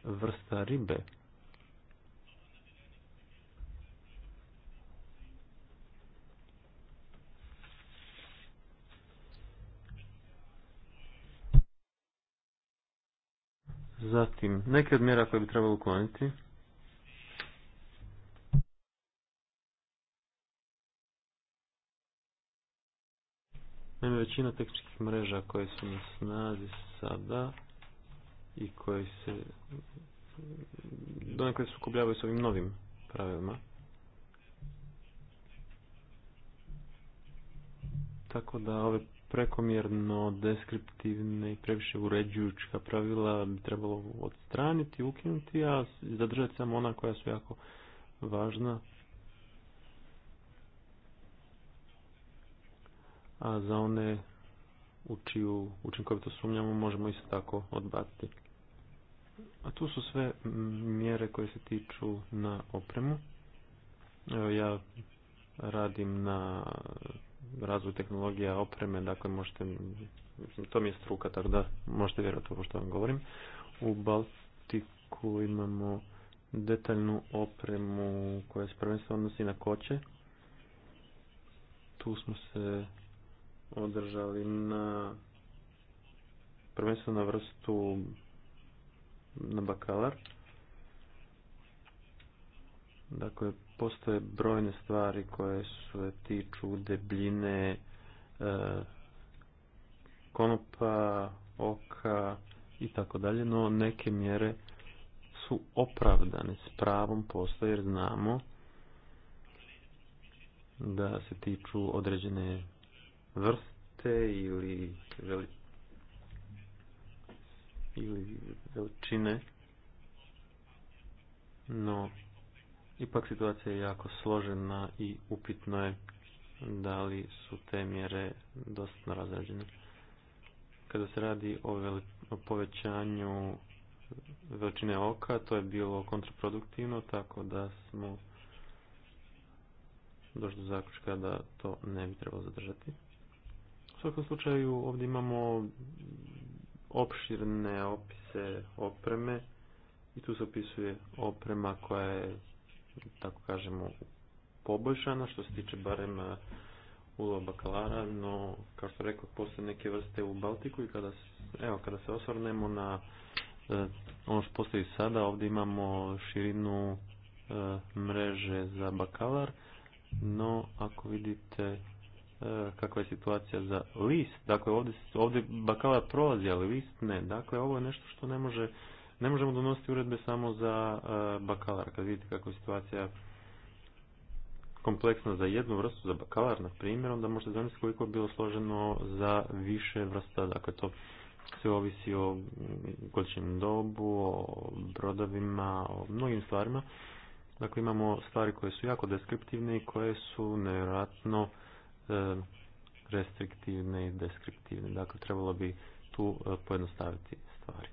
Speaker 4: vrsta ribe. Zatim, neke od mjera koje bi trebalo ukloniti većina tehničkih mreža koje su na snazi sada i koje se donekle sukobljavaju s ovim novim pravilima. Tako da ove prekomjerno deskriptivne i previše uređujuća pravila bi trebalo odstraniti, ukinuti, a zadržati samo ona koja su jako važna a za one u čiju učinkovito sumnjamo možemo isto tako odbaciti. A tu su sve mjere koje se tiču na opremu. Evo ja radim na razvoju tehnologija opreme, dakle možete, mislim, to mi je struka, tako da možete vjerovati ovo što vam govorim. U Baltiku imamo detaljnu opremu koja se prvenstveno odnosi na koće. Tu smo se održali na prvenstveno na vrstu na bakalar. Dakle, postoje brojne stvari koje se tiču debljine, e, konopa, oka i tako dalje, no neke mjere su opravdane s pravom postoje jer znamo da se tiču određene vrste ili ili veličine, no ipak situacija je jako složena i upitno je da li su te mjere dostatno razrađene. Kada se radi o, veli, o povećanju veličine oka, to je bilo kontraproduktivno, tako da smo došli do zaključka da to ne bi trebalo zadržati svakom slučaju ovdje imamo opširne opise opreme i tu se opisuje oprema koja je, tako kažemo, poboljšana što se tiče barem e, ulova bakalara, no kao što rekao postoje neke vrste u Baltiku i kada, evo, kada se osvrnemo na e, ono što postoji sada, ovdje imamo širinu e, mreže za bakalar, no ako vidite E, kakva je situacija za list. Dakle, ovdje, ovdje bakala prolazi, ali list ne. Dakle, ovo je nešto što ne može, ne možemo donositi uredbe samo za e, bakalar. Kad vidite kako je situacija kompleksna za jednu vrstu, za bakalar, na primjer, onda možete zamisliti koliko je bilo složeno za više vrsta. Dakle, to sve ovisi o godičnjem dobu, o brodovima, o mnogim stvarima. Dakle, imamo stvari koje su jako deskriptivne i koje su nevjerojatno E, restriktivne i deskriptivne. Dakle, trebalo bi tu e, pojednostaviti stvari.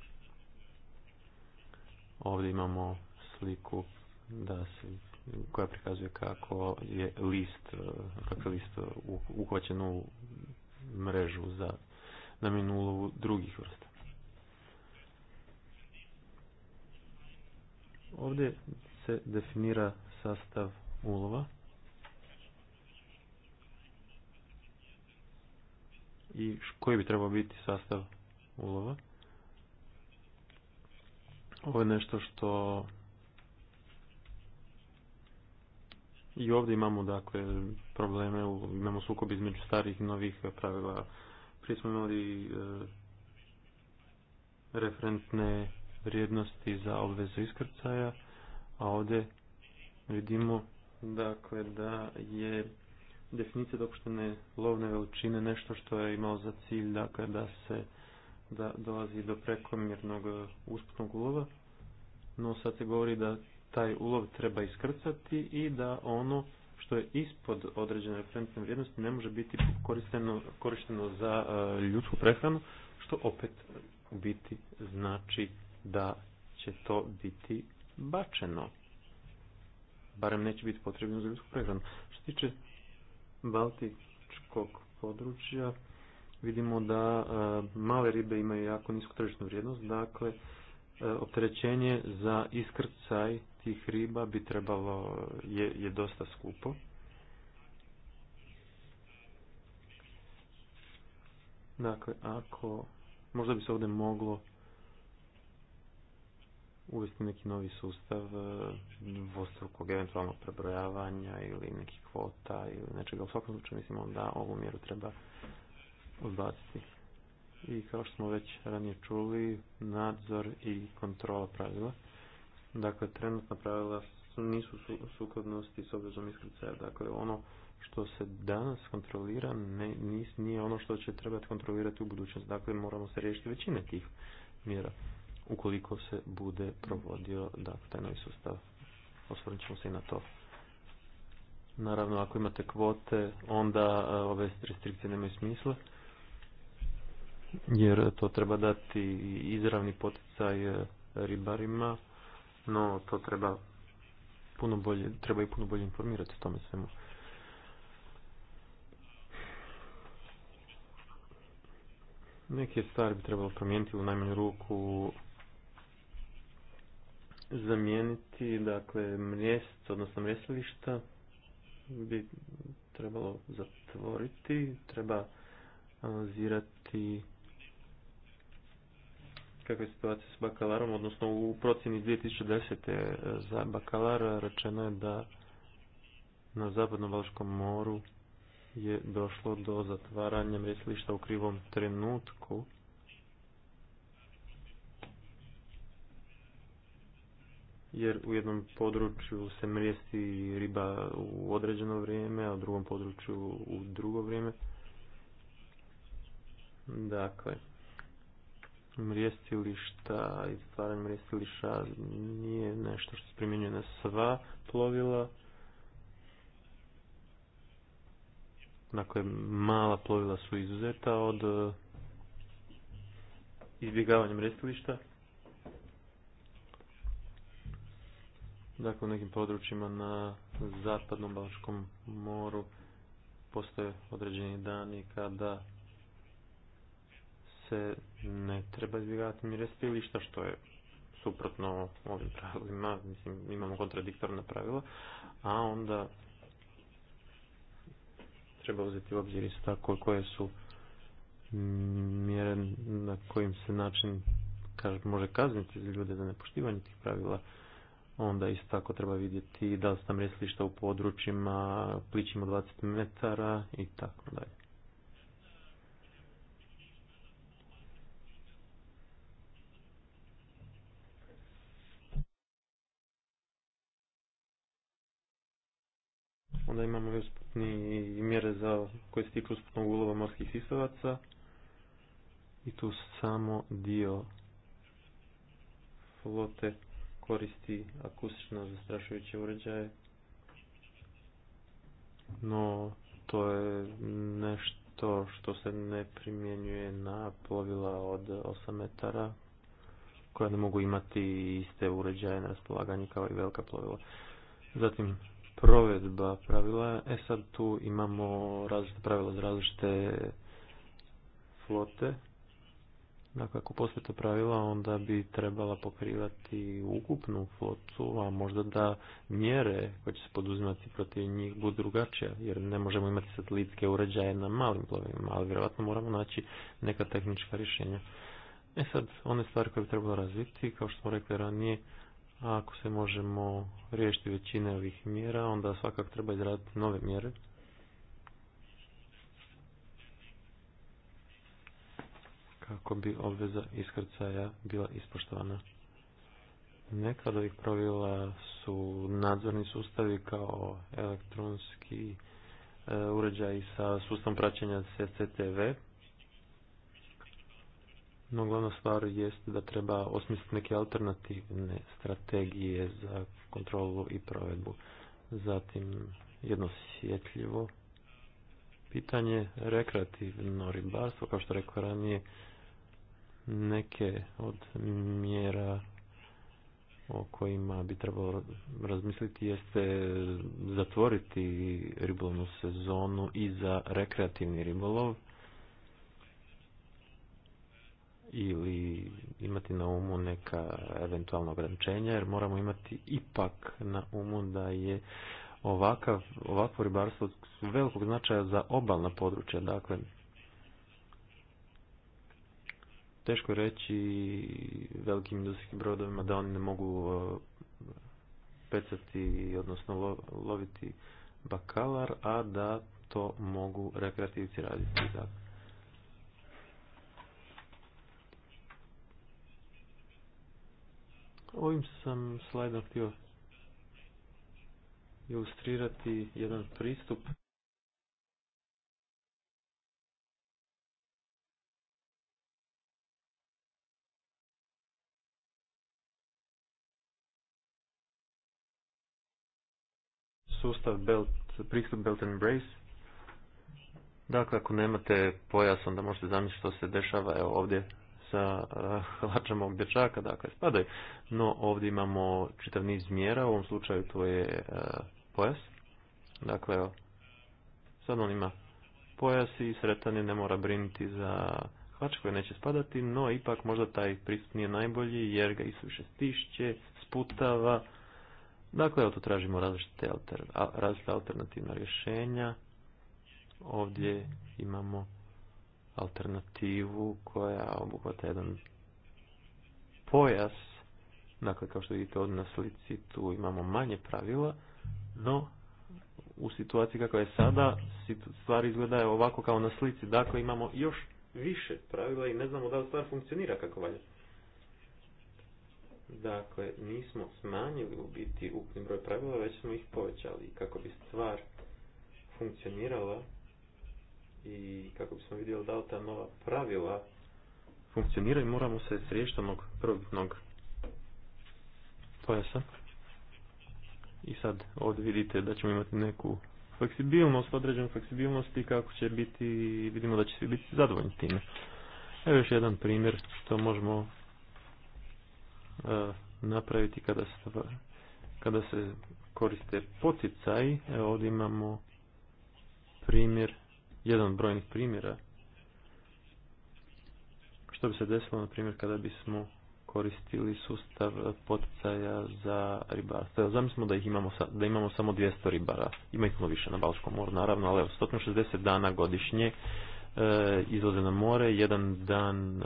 Speaker 4: Ovdje imamo sliku da se, koja prikazuje kako je list, e, kako list uhvaćen u mrežu za na ulovu drugih vrsta. Ovdje se definira sastav ulova. i koji bi trebao biti sastav ulova. Ovo je nešto što i ovdje imamo dakle probleme, imamo sukob između starih i novih pravila. Prije smo imali e, referentne vrijednosti za obvezu iskrcaja, a ovdje vidimo dakle da je definicija dopuštene lovne veličine nešto što je imao za cilj dakle, da se da dolazi do prekomjernog e, usputnog ulova, no sad se govori da taj ulov treba iskrcati i da ono što je ispod određene referentne vrijednosti ne može biti korišteno, korišteno za e, ljudsku prehranu, što opet u biti znači da će to biti bačeno. Barem neće biti potrebno za ljudsku prehranu. Što se tiče Baltičkog područja vidimo da e, male ribe imaju jako nisku tržišnu vrijednost, dakle e, opterećenje za iskrcaj tih riba bi trebalo, je, je dosta skupo. Dakle, ako možda bi se ovdje moglo uvesti neki novi sustav e, dvostrukog eventualnog prebrojavanja ili nekih kvota ili nečega. U svakom slučaju mislimo da ovu mjeru treba odbaciti. I kao što smo već ranije čuli, nadzor i kontrola pravila. Dakle, trenutna pravila nisu su sukladnosti s obvezom iskrcaja. Dakle, ono što se danas kontrolira ne, nije ono što će trebati kontrolirati u budućnosti. Dakle, moramo se riješiti većine tih mjera ukoliko se bude provodio da dakle, taj novi sustav. Osvrnit ćemo se i na to. Naravno, ako imate kvote, onda e, ove restrikcije nemaju smisla, jer to treba dati izravni poticaj e, ribarima, no to treba puno bolje, treba i puno bolje informirati o tome svemu. Neke stvari bi trebalo promijeniti u najmanju ruku zamijeniti dakle mjest, odnosno mjestilišta bi trebalo zatvoriti, treba analizirati kakva je situacija s bakalarom, odnosno u procjeni 2010. E, za bakalara rečeno je da na zapadnom Balškom moru je došlo do zatvaranja mjestilišta u krivom trenutku jer u jednom području se mrijesti riba u određeno vrijeme, a u drugom području u drugo vrijeme. Dakle, mrijestilišta i stvaranje mrijestiliša nije nešto što se primjenjuje na sva plovila. Dakle, mala plovila su izuzeta od e, izbjegavanja mrijestilišta. Dakle, u nekim područjima na zapadnom Balškom moru postoje određeni dani kada se ne treba izbjegavati mjestilišta, što je suprotno ovim pravilima, mislim, imamo kontradiktorna pravila, a onda treba uzeti u obzir isto tako koje su mjere na kojim se način može kazniti ljude za nepoštivanje tih pravila onda isto tako treba vidjeti da li su resilišta u područjima plićima 20 metara i tako dalje. Onda imamo i usputni mjere za koje se tiču usputnog ulova morskih sisavaca. I tu samo dio flote koristi akustično zastrašujuće uređaje, no to je nešto što se ne primjenjuje na plovila od 8 metara koja ne mogu imati iste uređaje na raspolaganju kao i velika plovila. Zatim provedba pravila, e sad tu imamo različite pravila za različite flote, Dakle, ako postoje ta pravila, onda bi trebala pokrivati ukupnu flotu, a možda da mjere koje će se poduzimati protiv njih budu drugačije, jer ne možemo imati satelitske uređaje na malim plovima, ali vjerojatno moramo naći neka tehnička rješenja. E sad, one stvari koje bi trebalo razviti, kao što smo rekli ranije, ako se možemo riješiti većine ovih mjera, onda svakako treba izraditi nove mjere, kako bi obveza iskrcaja bila ispoštovana. Neka od ovih pravila su nadzorni sustavi kao elektronski e, uređaj sa sustavom praćenja CCTV. No glavna stvar jest da treba osmisliti neke alternativne strategije za kontrolu i provedbu. Zatim jedno sjetljivo pitanje rekreativno ribarstvo, kao što rekao ranije, neke od mjera o kojima bi trebalo razmisliti jeste zatvoriti ribolovnu sezonu i za rekreativni ribolov ili imati na umu neka eventualna ograničenja jer moramo imati ipak na umu da je ovakav, ovakvo ribarstvo velikog značaja za obalna područja. Dakle, teško je reći velikim industrijskim brodovima da oni ne mogu e, pecati, odnosno loviti bakalar, a da to mogu rekreativci raditi. Ovim sam slajdom htio ilustrirati jedan pristup sustav belt, pristup Belt and Brace. Dakle, ako nemate pojas, onda možete zamisliti što se dešava evo, ovdje sa hlačama eh, <laughs> ovog dječaka, dakle, spadaj. No, ovdje imamo čitav niz mjera, u ovom slučaju to je eh, pojas. Dakle, evo, sad on ima pojas i sretan ne mora brinuti za hlače koje neće spadati, no ipak možda taj pristup nije najbolji jer ga isuviše stišće, sputava, Dakle, evo tražimo različite, alter, različite alternativna rješenja. Ovdje imamo alternativu koja obuhvata jedan pojas. Dakle, kao što vidite ovdje na slici, tu imamo manje pravila, no u situaciji kakva je sada, stvar izgleda ovako kao na slici. Dakle, imamo još više pravila i ne znamo da li stvar funkcionira kako valja. Dakle, nismo smanjili u biti ukupni broj pravila, već smo ih povećali. Kako bi stvar funkcionirala i kako bismo vidjeli da li ta nova pravila i moramo se sriješiti onog prvobitnog pojasa. I sad ovdje vidite da ćemo imati neku fleksibilnost, određenu fleksibilnost i kako će biti, vidimo da će svi biti zadovoljni time. Evo još jedan primjer što možemo E, napraviti kada se, kada se koriste poticaji. Evo ovdje imamo primjer, jedan od brojnih primjera. Što bi se desilo, na primjer, kada bismo koristili sustav poticaja za ribarstvo. Zamislimo da ih imamo, da imamo samo 200 ribara. Ima ih više na Balskom moru, naravno, ali 160 dana godišnje e, izlaze na more, jedan dan e,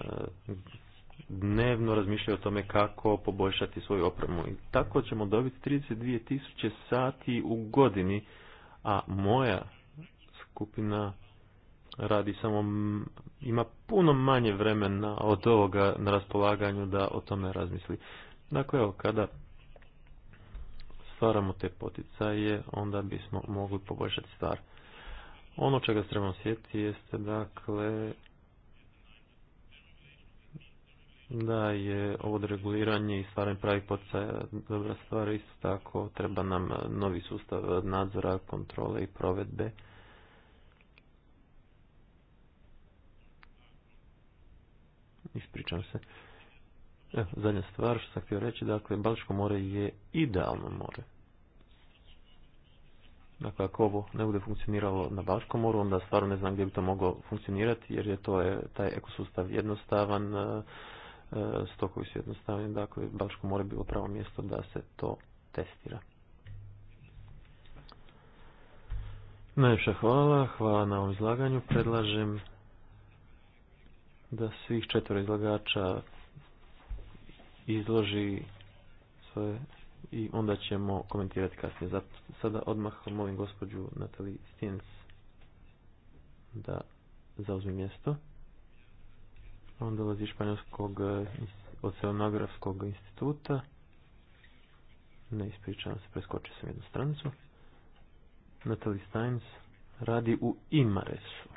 Speaker 4: dnevno razmišljaju o tome kako poboljšati svoju opremu. I tako ćemo dobiti 32.000 sati u godini, a moja skupina radi samo, ima puno manje vremena od ovoga na raspolaganju da o tome razmisli. Dakle, evo, kada stvaramo te poticaje, onda bismo mogli poboljšati stvar. Ono čega se trebamo sjetiti jeste, dakle, da je ovo reguliranje i stvaranje pravih poticaja dobra stvar. Isto tako treba nam novi sustav nadzora, kontrole i provedbe. Ispričam se. Evo, zadnja stvar što sam htio reći, dakle, Balčko more je idealno more. Dakle, ako ovo ne bude funkcioniralo na Baškom moru, onda stvarno ne znam gdje bi to moglo funkcionirati, jer je to je, taj ekosustav jednostavan, e, E, stokovi su jednostavni, dakle Balško more bilo pravo mjesto da se to testira. Najljepša hvala, hvala na ovom izlaganju. Predlažem da svih četvora izlagača izloži svoje i onda ćemo komentirati kasnije. sada odmah molim gospođu Natali Stins da zauzmi mjesto. On dolazi iz Španjolskog eh, oceanografskog instituta. Ne ispričavam se, preskočio sam jednu stranicu. Natalie Steins radi u Imaresu.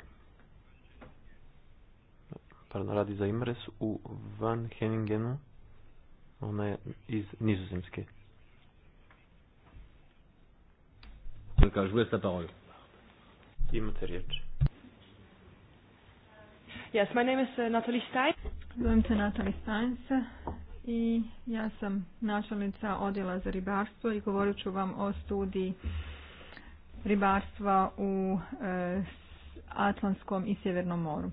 Speaker 4: Pardon, radi za Imaresu u Van Heningenu. Ona je iz Nizozemske. je Imate riječ.
Speaker 2: Yes, my name is uh, Stein. Zovem se Natalie Stein i ja sam načelnica odjela za ribarstvo i govorit ću vam o studiji ribarstva u e, Atlantskom i Sjevernom moru.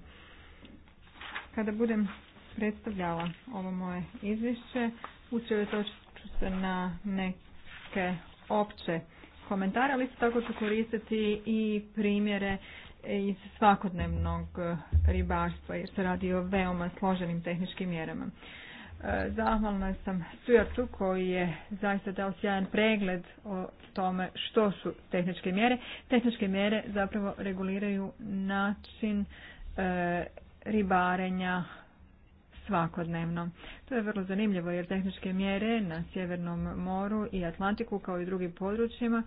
Speaker 2: Kada budem predstavljala ovo moje izvješće, usredotočit ću se na neke opće komentare, ali isto tako ću koristiti i primjere iz svakodnevnog e, ribarstva jer se radi o veoma složenim tehničkim mjerama. E, zahvalna sam Stuartu koji je zaista dao sjajan pregled o tome što su tehničke mjere. Tehničke mjere zapravo reguliraju način e, ribarenja svakodnevno. To je vrlo zanimljivo jer tehničke mjere na Sjevernom moru i Atlantiku kao i drugim područjima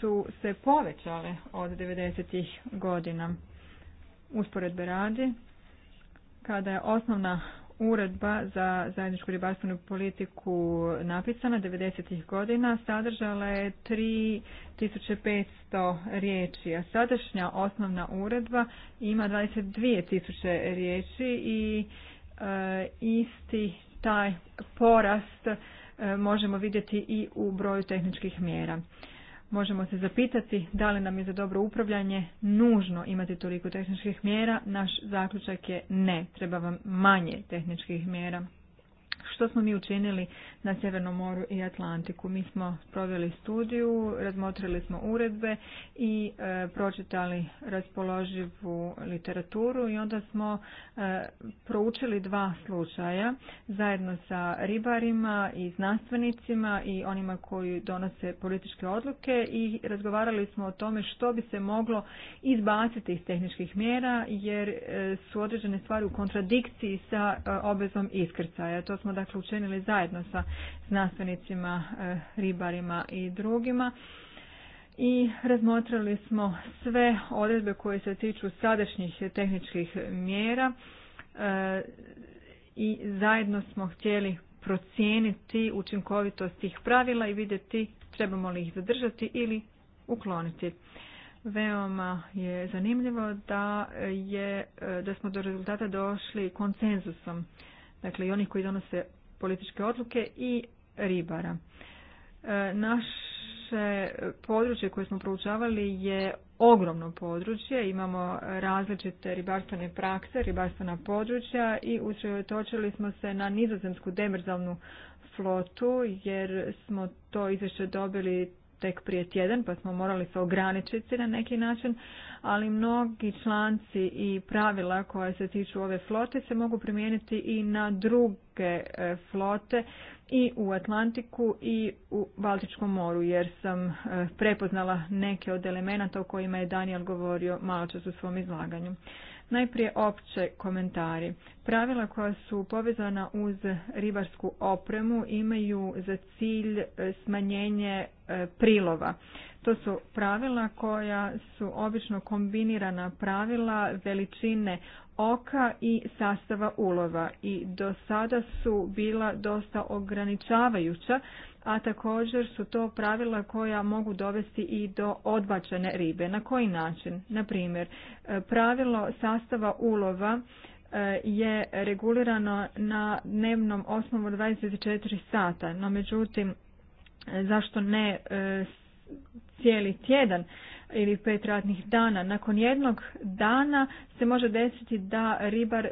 Speaker 2: su se povećale od 90 godina. Usporedbe radi, kada je osnovna uredba za zajedničku ribarstvenu politiku napisana 90 godina sadržala je 3500 riječi, a sadašnja osnovna uredba ima 22.000 riječi i e, isti taj porast e, možemo vidjeti i u broju tehničkih mjera. Možemo se zapitati da li nam je za dobro upravljanje nužno imati toliko tehničkih mjera. Naš zaključak je ne, treba vam manje tehničkih mjera što smo mi učinili na Sjevernom moru i Atlantiku. Mi smo proveli studiju, razmotrili smo uredbe i e, pročitali raspoloživu literaturu i onda smo e, proučili dva slučaja zajedno sa ribarima i znanstvenicima i onima koji donose političke odluke i razgovarali smo o tome što bi se moglo izbaciti iz tehničkih mjera jer e, su određene stvari u kontradikciji sa obvezom iskrcaja. To smo da dakle dakle učinili zajedno sa znanstvenicima, e, ribarima i drugima i razmotrili smo sve odredbe koje se tiču sadašnjih tehničkih mjera e, i zajedno smo htjeli procijeniti učinkovitost tih pravila i vidjeti trebamo li ih zadržati ili ukloniti. Veoma je zanimljivo da, je, e, da smo do rezultata došli konsenzusom dakle i onih koji donose političke odluke i ribara. E, naše područje koje smo proučavali je ogromno područje, imamo različite ribarstvene prakse, ribarstvena područja i usredotočili smo se na nizozemsku demerzalnu flotu jer smo to izvješće dobili tek prije tjedan pa smo morali se ograničiti na neki način, ali mnogi članci i pravila koja se tiču ove flote se mogu primijeniti i na druge e, flote i u Atlantiku i u Baltičkom moru jer sam e, prepoznala neke od elemenata o kojima je Daniel govorio malo čas u svom izlaganju. Najprije opće komentari. Pravila koja su povezana uz ribarsku opremu imaju za cilj e, smanjenje e, prilova. To su pravila koja su obično kombinirana pravila veličine oka i sastava ulova i do sada su bila dosta ograničavajuća a također su to pravila koja mogu dovesti i do odbačene ribe. Na koji način? Na primjer, e, pravilo sastava ulova e, je regulirano na dnevnom osnovu 24 sata, no međutim, e, zašto ne cijeli tjedan ili pet ratnih dana. Nakon jednog dana se može desiti da ribar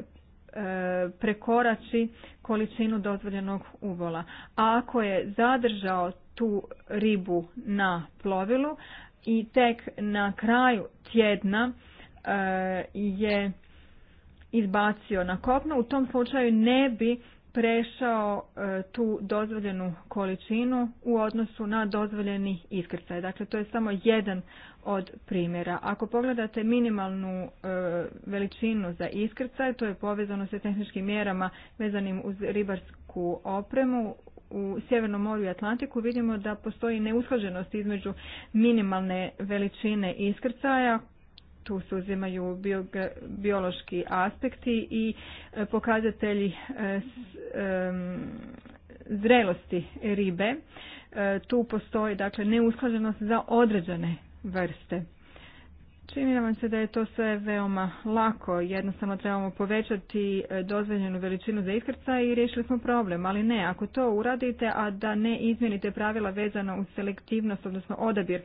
Speaker 2: E, prekorači količinu dozvoljenog uvola. A ako je zadržao tu ribu na plovilu i tek na kraju tjedna e, je izbacio na kopno, u tom slučaju ne bi prešao e, tu dozvoljenu količinu u odnosu na dozvoljeni iskrcaj. Dakle, to je samo jedan od primjera. Ako pogledate minimalnu e, veličinu za iskrcaj, to je povezano sa tehničkim mjerama vezanim uz ribarsku opremu, u Sjevernom moru i Atlantiku vidimo da postoji neusklađenost između minimalne veličine iskrcaja tu se uzimaju biološki aspekti i e, pokazatelji e, e, zrelosti ribe. Tu postoji dakle neusklađenost za određene vrste. Čini nam se da je to sve veoma lako, jednostavno trebamo povećati dozvoljenu veličinu za iskrca i riješili smo problem, ali ne, ako to uradite, a da ne izmijenite pravila vezano uz selektivnost, odnosno odabir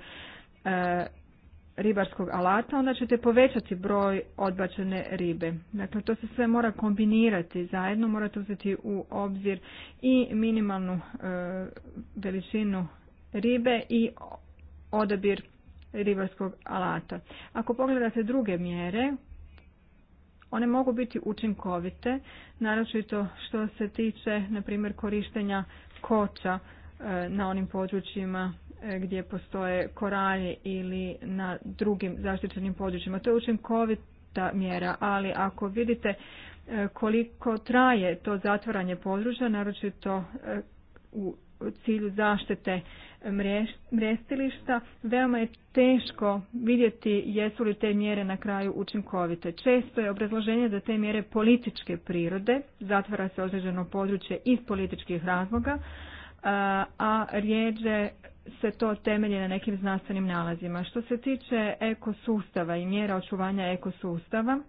Speaker 2: ribarskog alata, onda ćete povećati broj odbačene ribe. Dakle, to se sve mora kombinirati zajedno, morate uzeti u obzir i minimalnu e, veličinu ribe i odabir ribarskog alata. Ako pogledate druge mjere, one mogu biti učinkovite, naročito što se tiče, na primjer, korištenja koča e, na onim područjima E, gdje postoje koralje ili na drugim zaštićenim područjima. To je učinkovita mjera, ali ako vidite e, koliko traje to zatvaranje područja, naročito e, u cilju zaštite mrestilišta, veoma je teško vidjeti jesu li te mjere na kraju učinkovite. Često je obrazloženje da te mjere političke prirode, zatvara se određeno područje iz političkih razloga, a rijeđe se to temelji na nekim znanstvenim nalazima. Što se tiče ekosustava i mjera očuvanja ekosustava,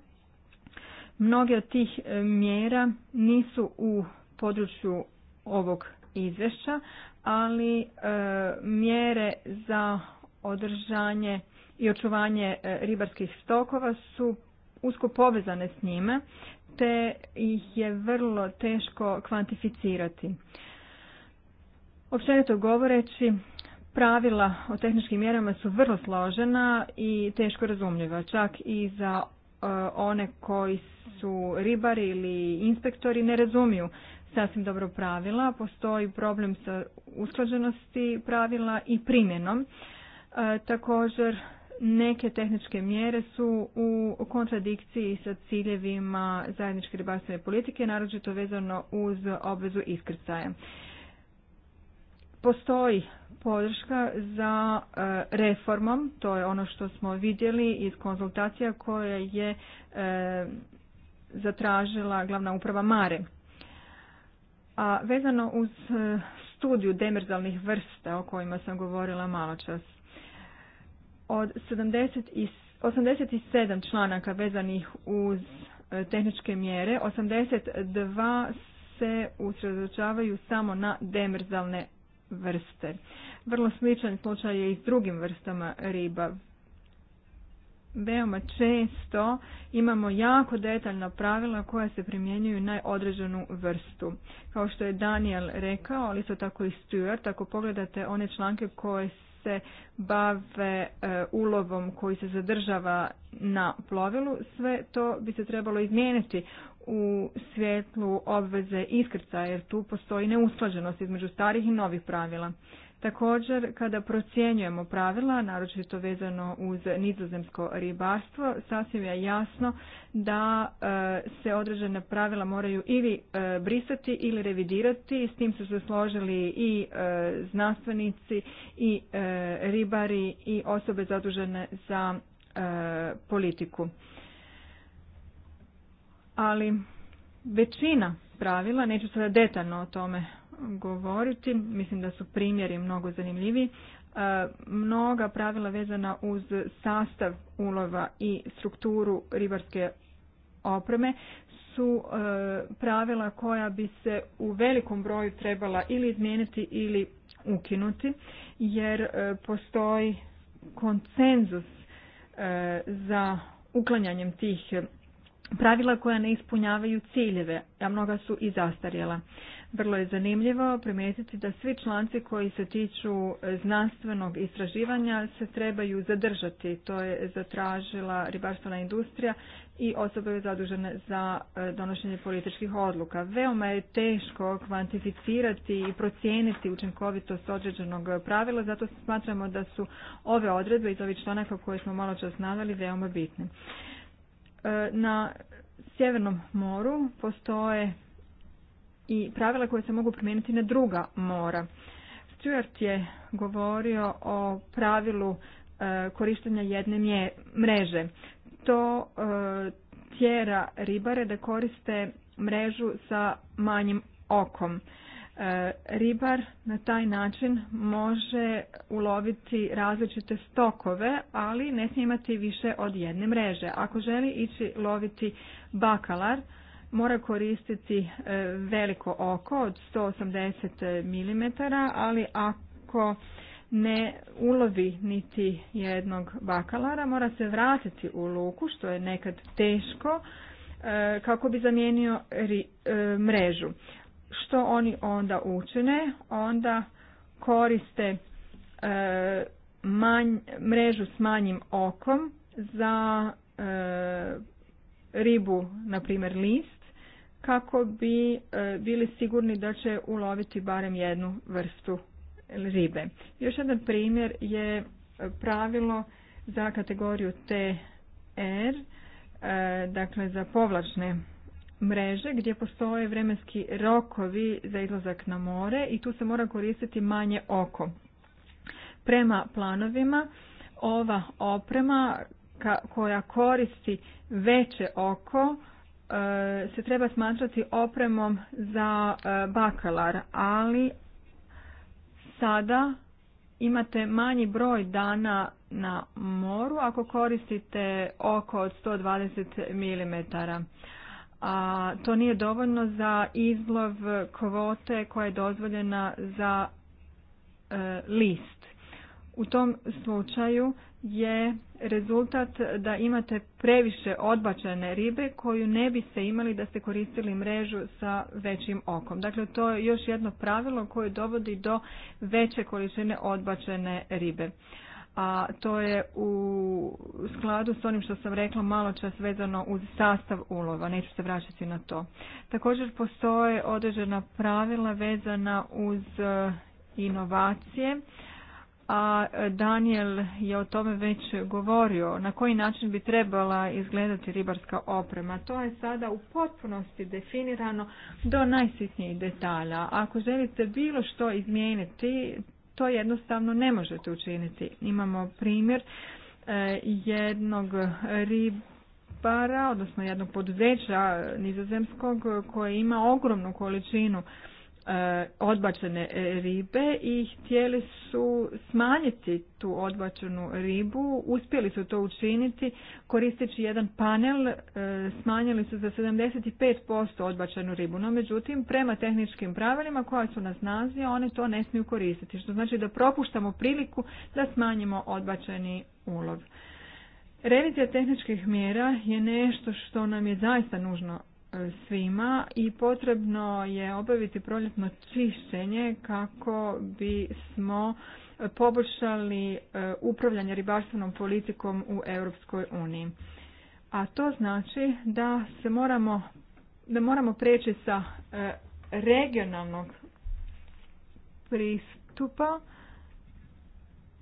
Speaker 2: mnoge od tih e, mjera nisu u području ovog izvješća, ali e, mjere za održanje i očuvanje e, ribarskih stokova su usko povezane s njime, te ih je vrlo teško kvantificirati. Općenito govoreći, pravila o tehničkim mjerama su vrlo složena i teško razumljiva, čak i za e, one koji su ribari ili inspektori ne razumiju sasvim dobro pravila, postoji problem sa usklađenosti pravila i primjenom. E, također neke tehničke mjere su u kontradikciji sa ciljevima zajedničke ribarstvene politike, naročito vezano uz obvezu iskrcaja postoji podrška za e, reformom, to je ono što smo vidjeli iz konzultacija koje je e, zatražila glavna uprava Mare. A vezano uz e, studiju demerzalnih vrsta o kojima sam govorila malo čas, od 87 članaka vezanih uz tehničke mjere, 82 se usredočavaju samo na demerzalne vrste. Vrlo sličan slučaj je i s drugim vrstama riba. Veoma često imamo jako detaljna pravila koja se primjenjuju na određenu vrstu. Kao što je Daniel rekao, ali isto tako i Stuart, ako pogledate one članke koje se bave e, ulovom koji se zadržava na plovilu, sve to bi se trebalo izmijeniti u svjetlu obveze iskrca jer tu postoji neusklađenost između starih i novih pravila. Također, kada procjenjujemo pravila, naročito vezano uz nizozemsko ribarstvo, sasvim je jasno da e, se određene pravila moraju ili e, brisati ili revidirati. S tim su se složili i e, znanstvenici i ribari i osobe zadužene za politiku ali većina pravila, neću sada detaljno o tome govoriti, mislim da su primjeri mnogo zanimljiviji, e, mnoga pravila vezana uz sastav ulova i strukturu ribarske opreme su e, pravila koja bi se u velikom broju trebala ili izmijeniti ili ukinuti jer e, postoji konsenzus za uklanjanjem tih pravila koja ne ispunjavaju ciljeve, a mnoga su i zastarjela. Vrlo je zanimljivo primijetiti da svi članci koji se tiču znanstvenog istraživanja se trebaju zadržati. To je zatražila ribarstvena industrija i osobe zadužene za e, donošenje političkih odluka. Veoma je teško kvantificirati i procijeniti učinkovitost određenog pravila, zato smatramo da su ove odredbe iz ovih članaka koje smo malo čas naveli veoma bitne. E, na Sjevernom moru postoje i pravila koje se mogu primijeniti na druga mora. Stuart je govorio o pravilu e, korištenja jedne mreže. To e, tjera ribare da koriste mrežu sa manjim okom. E, ribar na taj način može uloviti različite stokove, ali ne smije imati više od jedne mreže. Ako želi ići loviti bakalar, mora koristiti e, veliko oko od 180 mm, ali ako ne ulovi niti jednog bakalara, mora se vratiti u luku, što je nekad teško, e, kako bi zamijenio mrežu što oni onda učine? Onda koriste e, mrežu s manjim okom za e, ribu, na primjer list, kako bi e, bili sigurni da će uloviti barem jednu vrstu ribe. Još jedan primjer je pravilo za kategoriju TR, dakle za povlačne mreže gdje postoje vremenski rokovi za izlazak na more i tu se mora koristiti manje oko. Prema planovima ova oprema koja koristi veće oko e, se treba smatrati opremom za e, bakalar, ali sada imate manji broj dana na moru ako koristite oko od 120 mm a to nije dovoljno za izlov kvote koja je dozvoljena za e, list. U tom slučaju je rezultat da imate previše odbačene ribe koju ne bi se imali da ste koristili mrežu sa većim okom. Dakle, to je još jedno pravilo koje dovodi do veće količine odbačene ribe a to je u skladu s onim što sam rekla malo čas vezano uz sastav ulova, neću se vraćati na to. Također postoje određena pravila vezana uz e, inovacije, a e, Daniel je o tome već govorio na koji način bi trebala izgledati ribarska oprema. To je sada u potpunosti definirano do najsitnijih detalja. Ako želite bilo što izmijeniti, to jednostavno ne možete učiniti. Imamo primjer e, jednog ribara, odnosno jednog poduzeća nizozemskog koje ima ogromnu količinu E, odbačene ribe i htjeli su smanjiti tu odbačenu ribu. Uspjeli su to učiniti koristeći jedan panel, e, smanjili su za 75% odbačenu ribu. No međutim, prema tehničkim pravilima koja su na snazi, one to ne smiju koristiti, što znači da propuštamo priliku da smanjimo odbačeni ulov. Revizija tehničkih mjera je nešto što nam je zaista nužno svima i potrebno je obaviti proljetno čišćenje kako bi smo poboljšali e, upravljanje ribarstvenom politikom u Europskoj uniji. A to znači da se moramo da moramo preći sa e, regionalnog pristupa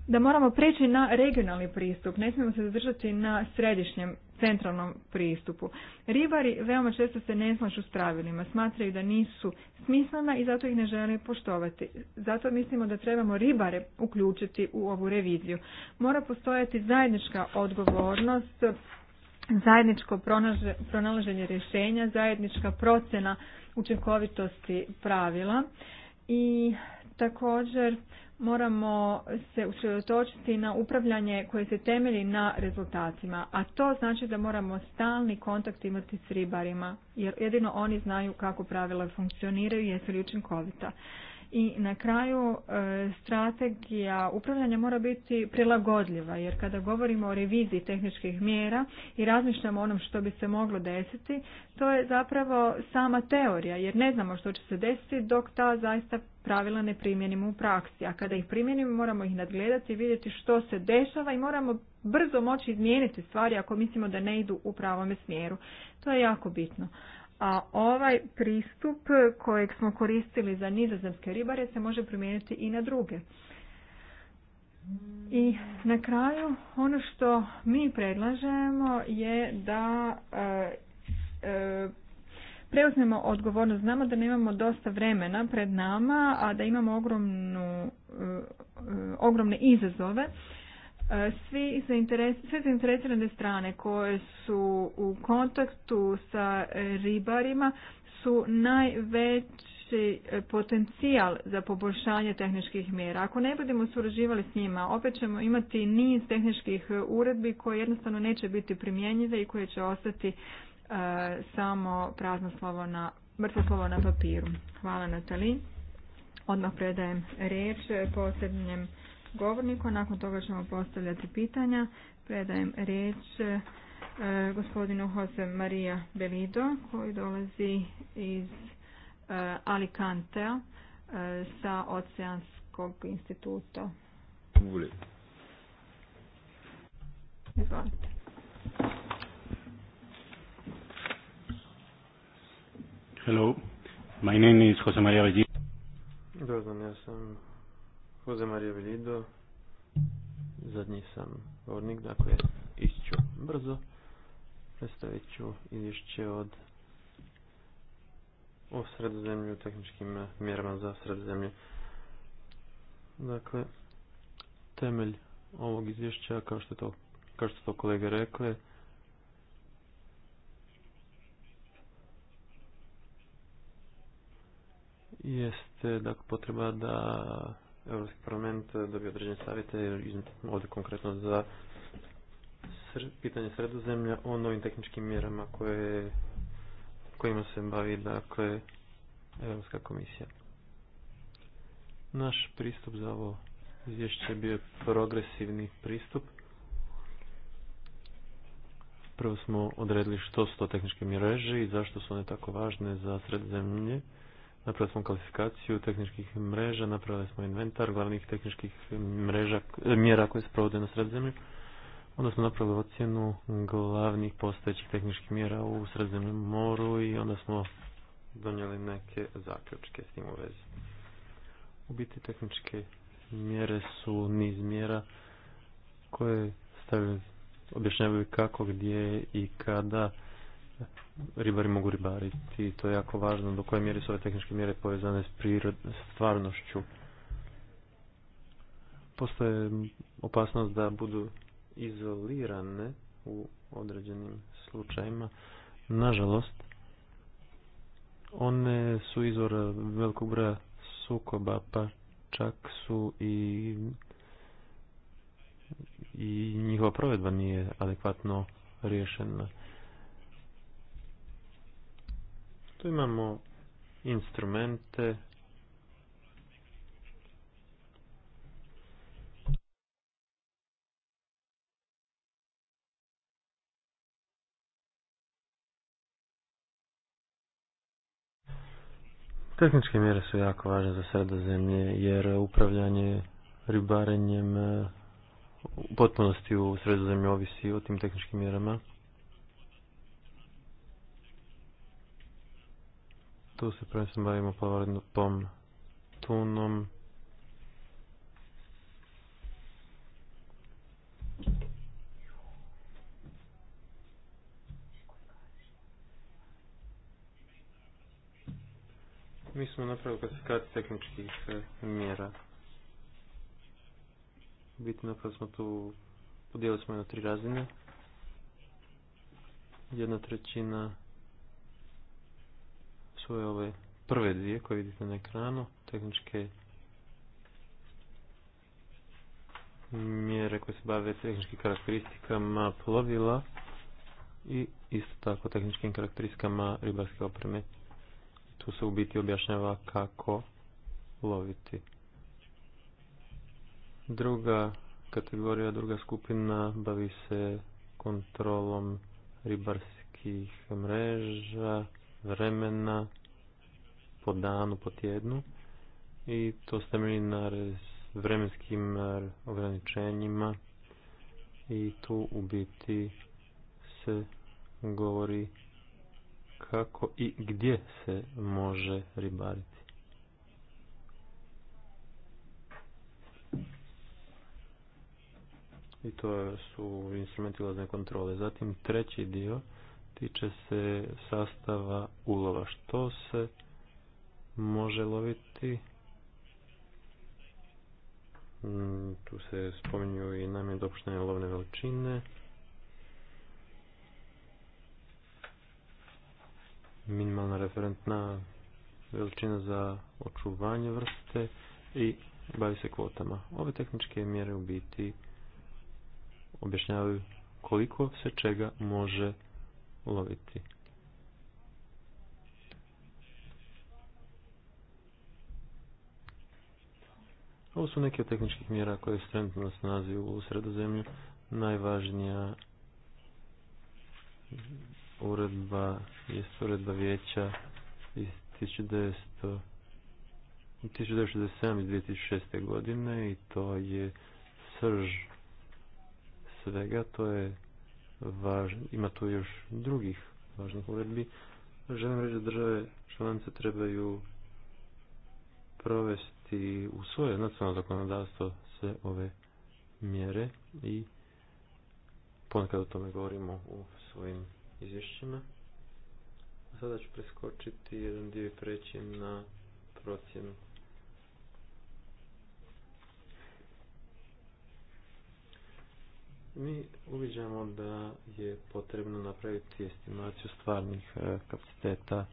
Speaker 2: da moramo preći na regionalni pristup, ne smijemo se zadržati na središnjem centralnom pristupu. Ribari veoma često se ne slažu s pravilima, smatraju da nisu smislena i zato ih ne žele poštovati. Zato mislimo da trebamo ribare uključiti u ovu reviziju. Mora postojati zajednička odgovornost, zajedničko pronalaženje rješenja, zajednička procjena učinkovitosti pravila i Također moramo se usredotočiti na upravljanje koje se temelji na rezultatima, a to znači da moramo stalni kontakt imati s ribarima, jer jedino oni znaju kako pravila funkcioniraju i jesu li učinkovita. I na kraju e, strategija upravljanja mora biti prilagodljiva jer kada govorimo o reviziji tehničkih mjera i razmišljamo o onom što bi se moglo desiti, to je zapravo sama teorija jer ne znamo što će se desiti dok ta zaista pravila ne primjenimo u praksi. A kada ih primjenimo moramo ih nadgledati i vidjeti što se dešava i moramo brzo moći izmijeniti stvari ako mislimo da ne idu u pravome smjeru. To je jako bitno a ovaj pristup kojeg smo koristili za nizozemske ribare se može primijeniti i na druge. I na kraju ono što mi predlažemo je da e, e preuzmemo odgovornost. Znamo da nemamo dosta vremena pred nama, a da imamo ogromnu, e, e, ogromne izazove svi zainteres, sve zainteresirane strane koje su u kontaktu sa ribarima su najveći e, potencijal za poboljšanje tehničkih mjera. Ako ne budemo surađivali s njima, opet ćemo imati niz tehničkih e, uredbi koje jednostavno neće biti primjenjive i koje će ostati e, samo prazno slovo na, mrtvo slovo na papiru. Hvala Natali. Odmah predajem riječ posljednjem govorniku, nakon toga ćemo postavljati pitanja. Predajem riječ e, gospodinu Jose Marija Belido koji dolazi iz e, Alicante e, sa Oceanskog instituta.
Speaker 4: Izvolite. Hello, my name is Jose Maria Belido. ja sam Jose Mario Velido, zadnji sam govornik, dakle išću brzo. Predstavit ću izvješće od o sredozemlju, tehničkim mjerama za sredozemlje. Dakle, temelj ovog izvješća, kao što to, kao što to kolege rekle, jeste dakle, potreba da Europski parlament dobio određene savjete ovdje konkretno za pitanje sredozemlja o novim tehničkim mjerama koje, kojima se bavi dakle Europska komisija. Naš pristup za ovo izvješće bio progresivni pristup. Prvo smo odredili što su to tehničke mjereže i zašto su one tako važne za sredozemlje. Napravili smo kvalifikaciju tehničkih mreža, napravili smo inventar glavnih tehničkih mreža, eh, mjera koje se provode na sredzemlju. Onda smo napravili ocjenu glavnih postojećih tehničkih mjera u sredzemljem moru i onda smo donijeli neke zaključke s tim u vezi. U biti tehničke mjere su niz mjera koje stavljaju objašnjavaju kako, gdje i kada ribari mogu ribariti i to je jako važno do koje mjere su ove tehničke mjere povezane s, prirod, stvarnošću. Postoje opasnost da budu izolirane u određenim slučajima. Nažalost, one su izvor velikog broja sukoba, pa čak su i i njihova provedba nije adekvatno riješena. imamo instrumente Tehničke mjere su jako važne za sredozemlje jer upravljanje ribarenjem eh, u potpunosti u sredozemlju ovisi o tim tehničkim mjerama. Tu se prvenstveno bavimo tom tunom. Mi smo napravili klasifikaciju tehničkih eh, mjera. Bitno kada smo tu, podijelili smo na tri razine. Jedna trećina su ove prve dvije koje vidite na ekranu, tehničke mjere koje se bave tehničkim karakteristikama plovila i isto tako tehničkim karakteristikama ribarske opreme. Tu se u biti objašnjava kako loviti. Druga kategorija, druga skupina bavi se kontrolom ribarskih mreža, vremena po danu, po tjednu i to se na vremenskim eh, ograničenjima i tu u biti se govori kako i gdje se može ribariti. I to su instrumenti ulazne kontrole. Zatim treći dio tiče se sastava ulova. Što se može loviti? Mm, tu se spominju i je dopuštene lovne veličine. Minimalna referentna veličina za očuvanje vrste i bavi se kvotama. Ove tehničke mjere u biti objašnjavaju koliko se čega može loviti. Ovo su neke od tehničkih mjera koje se trenutno na snazi u sredozemlju. Najvažnija uredba je uredba vijeća iz 1967 i 2006. godine i to je srž svega, to je ima tu još drugih važnih uredbi. Želim reći da države članice trebaju provesti u svoje nacionalno zakonodavstvo sve ove mjere i ponekad o tome govorimo u svojim izvješćima. Sada ću preskočiti jedan dio i preći na procjenu mi uviđamo da je potrebno napraviti estimaciju stvarnih e, kapaciteta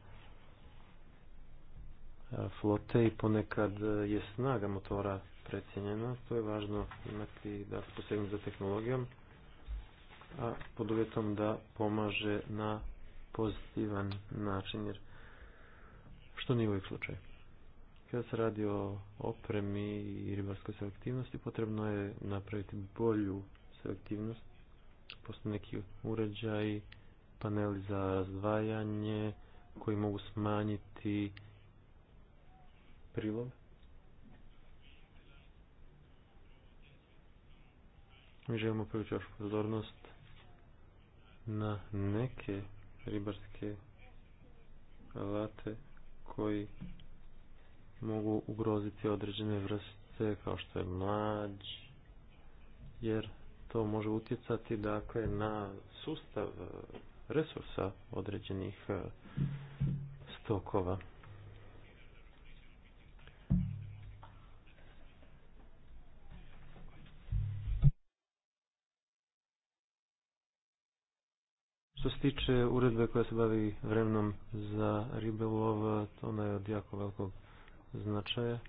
Speaker 4: e, flote i ponekad je snaga motora precijenjena. To je važno imati da posebno za tehnologijom, a pod uvjetom da pomaže na pozitivan način, jer što nije uvijek slučaj. Kada se radi o opremi i ribarskoj selektivnosti, potrebno je napraviti bolju selektivnost. Postoje neki uređaj, paneli za razdvajanje koji mogu smanjiti prilog. Mi želimo privući pozornost na neke ribarske alate koji mogu ugroziti određene vrste kao što je mlađ jer to može utjecati dakle na sustav e, resursa određenih e, stokova. Što se tiče uredbe koja se bavi vremenom za to ona je od jako velikog značaja.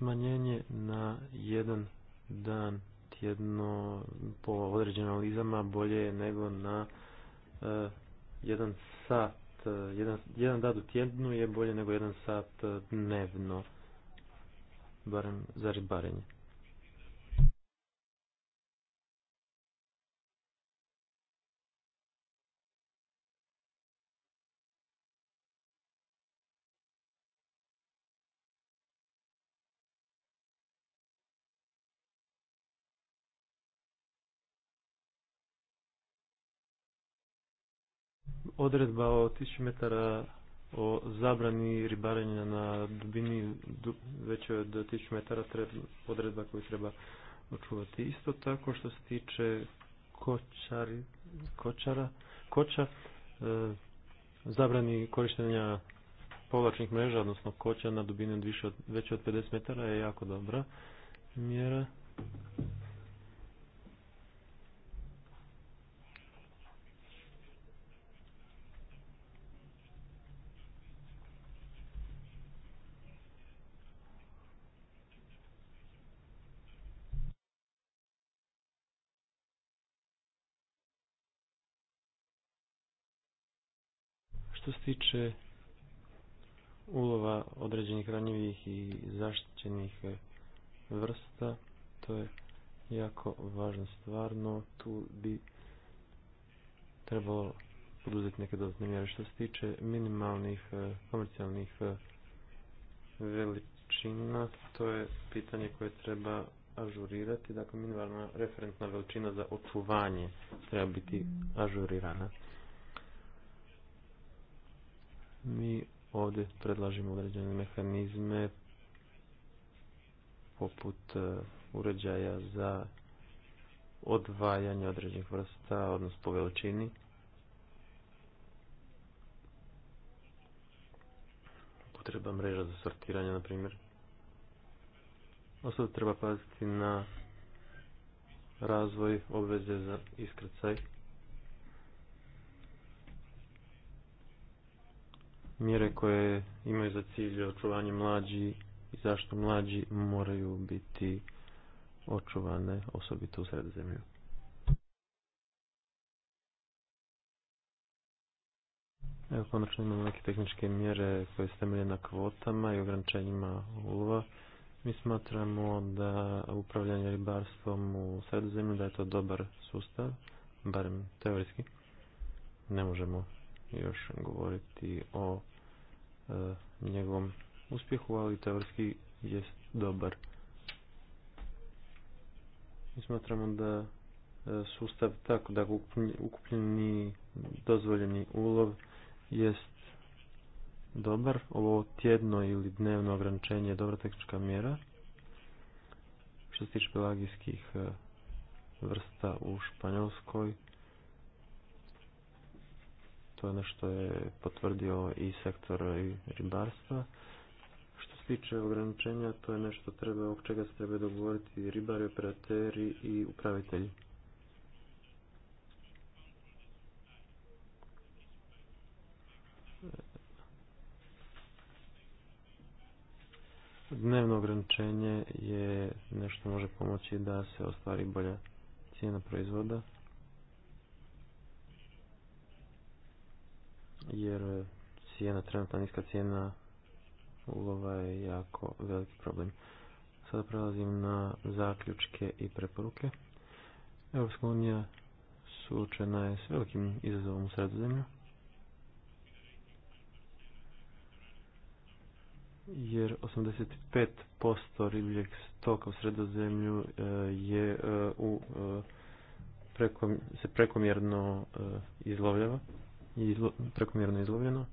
Speaker 4: smanjenje na jedan dan tjedno po određenim analizama bolje je nego na eh, jedan sat, eh, jedan, jedan dan u tjednu je bolje nego jedan sat eh, dnevno, barem za ribarenje. Odredba o 1000 metara o zabrani ribarenja na dubini veće od 1000 metara treba, odredba koju treba očuvati. Isto tako što se tiče kočari, kočara, koča, e, zabrani korištenja povlačnih mreža, odnosno koća na dubini više od, veće od 50 metara je jako dobra mjera. Što se tiče ulova određenih ranjivih i zaštićenih vrsta, to je jako važna stvar, no tu bi trebalo poduzeti neke dodatne mjere. Što se tiče minimalnih e, komercijalnih e, veličina, to je pitanje koje treba ažurirati, dakle minimalna referentna veličina za očuvanje treba biti ažurirana. Mi ovdje predlažimo određene mehanizme poput e, uređaja za odvajanje određenih vrsta, odnos po veličini. Potreba mreža za sortiranje, na primjer. Osobno treba paziti na razvoj obveze za iskrcaj. mjere koje imaju za cilj očuvanje mlađi i zašto mlađi moraju biti očuvane, osobito u sredozemlju. Evo, konačno imamo neke tehničke mjere koje se temelje na kvotama i ograničenjima ulova. Mi smatramo da upravljanje ribarstvom u sredozemlju da je to dobar sustav, barem teorijski. Ne možemo još govoriti o E, njegovom uspjehu, ali teorski je dobar. Mi smatramo da e, sustav tako da ukupljeni dozvoljeni ulov jest dobar. Ovo tjedno ili dnevno ograničenje je dobra tehnička mjera. Što se tiče pelagijskih e, vrsta u Španjolskoj, to je ono što je potvrdio i sektor ribarstva. Što se tiče ograničenja, to je nešto treba, ovog čega se treba dogovoriti ribari, operateri i upravitelji. Dnevno ograničenje je nešto može pomoći da se ostvari bolja cijena proizvoda. jer e, cijena, trenutna niska cijena ulova je jako veliki problem. Sada prelazim na zaključke i preporuke. Europska unija suočena je s velikim izazovom u sredozemlju. Jer 85% ribljeg stoka u sredozemlju e, je e, u, se prekomjerno izlovljava izlo, prekomjerno izlovljeno.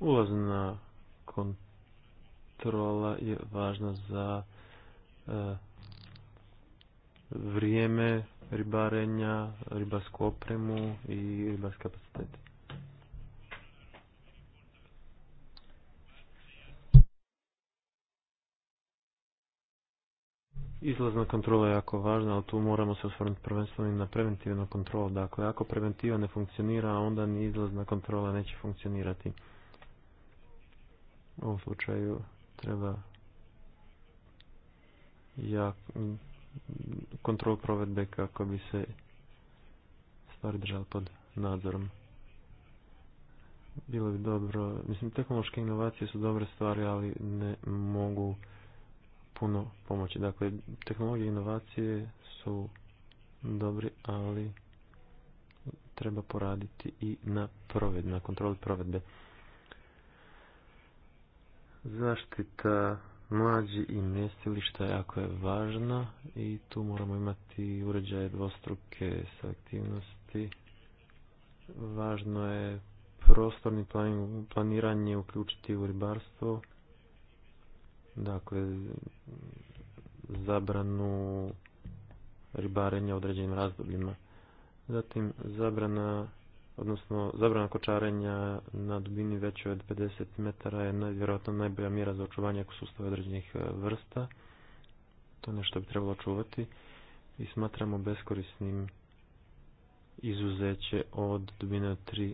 Speaker 4: Ulazna kontrola je važna za e, vrijeme ribarenja, ribarsku opremu i ribarske kapacitete. Izlazna kontrola je jako važna, ali tu moramo se osvrnuti prvenstveno i na preventivnu kontrolu. Dakle, ako preventiva ne funkcionira, onda ni izlazna kontrola neće funkcionirati. U ovom slučaju treba jak, kontrol provedbe kako bi se stvari držali pod nadzorom. Bilo bi dobro, mislim, tehnološke inovacije su dobre stvari, ali ne mogu puno pomoći. Dakle, tehnologije i inovacije su dobri, ali treba poraditi i na proved, na kontroli provedbe. Zaštita mlađi i mjestilišta jako je važna i tu moramo imati uređaje dvostruke aktivnosti. Važno je prostorni planiranje uključiti u ribarstvo dakle, zabranu ribarenja određenim razdobljima. Zatim zabrana, odnosno zabrana kočarenja na dubini veće od 50 metara je vjerojatno najbolja mjera za očuvanje ekosustava određenih e, vrsta. To je nešto bi trebalo čuvati i smatramo beskorisnim izuzeće od dubine od 3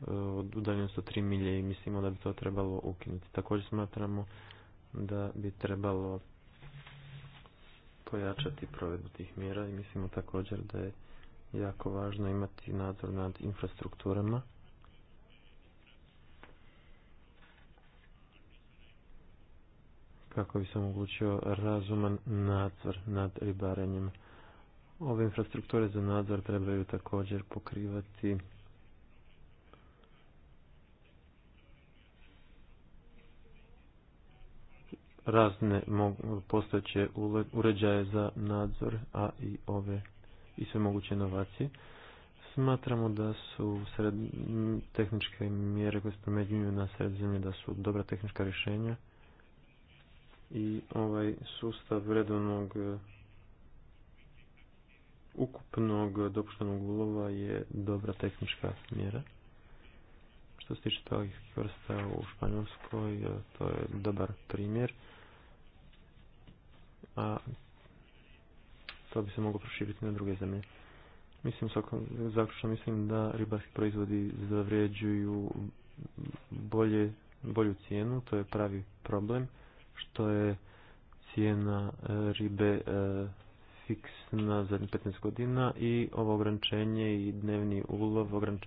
Speaker 4: Eh, udaljenost od 3 milje i mislimo da bi to trebalo ukinuti. Također smatramo da bi trebalo pojačati provedbu tih mjera i mislimo također da je jako važno imati nadzor nad infrastrukturama. kako bi se omogućio razuman nadzor nad ribarenjem. Ove infrastrukture za nadzor trebaju također pokrivati razne postojeće uređaje za nadzor, a i ove i sve moguće inovacije. Smatramo da su sred, tehničke mjere koje se primjenjuju na zemlje da su dobra tehnička rješenja i ovaj sustav redovnog e, ukupnog dopuštenog ulova je dobra tehnička mjera. Što se tiče tog vrsta u Španjolskoj, e, to je dobar primjer a to bi se moglo proširiti na druge zemlje. Mislim, zaključno mislim da ribarski proizvodi zavređuju bolje, bolju cijenu, to je pravi problem, što je cijena e, ribe e, fiksna zadnjih 15 godina i ovo ograničenje i dnevni ulov ogranič...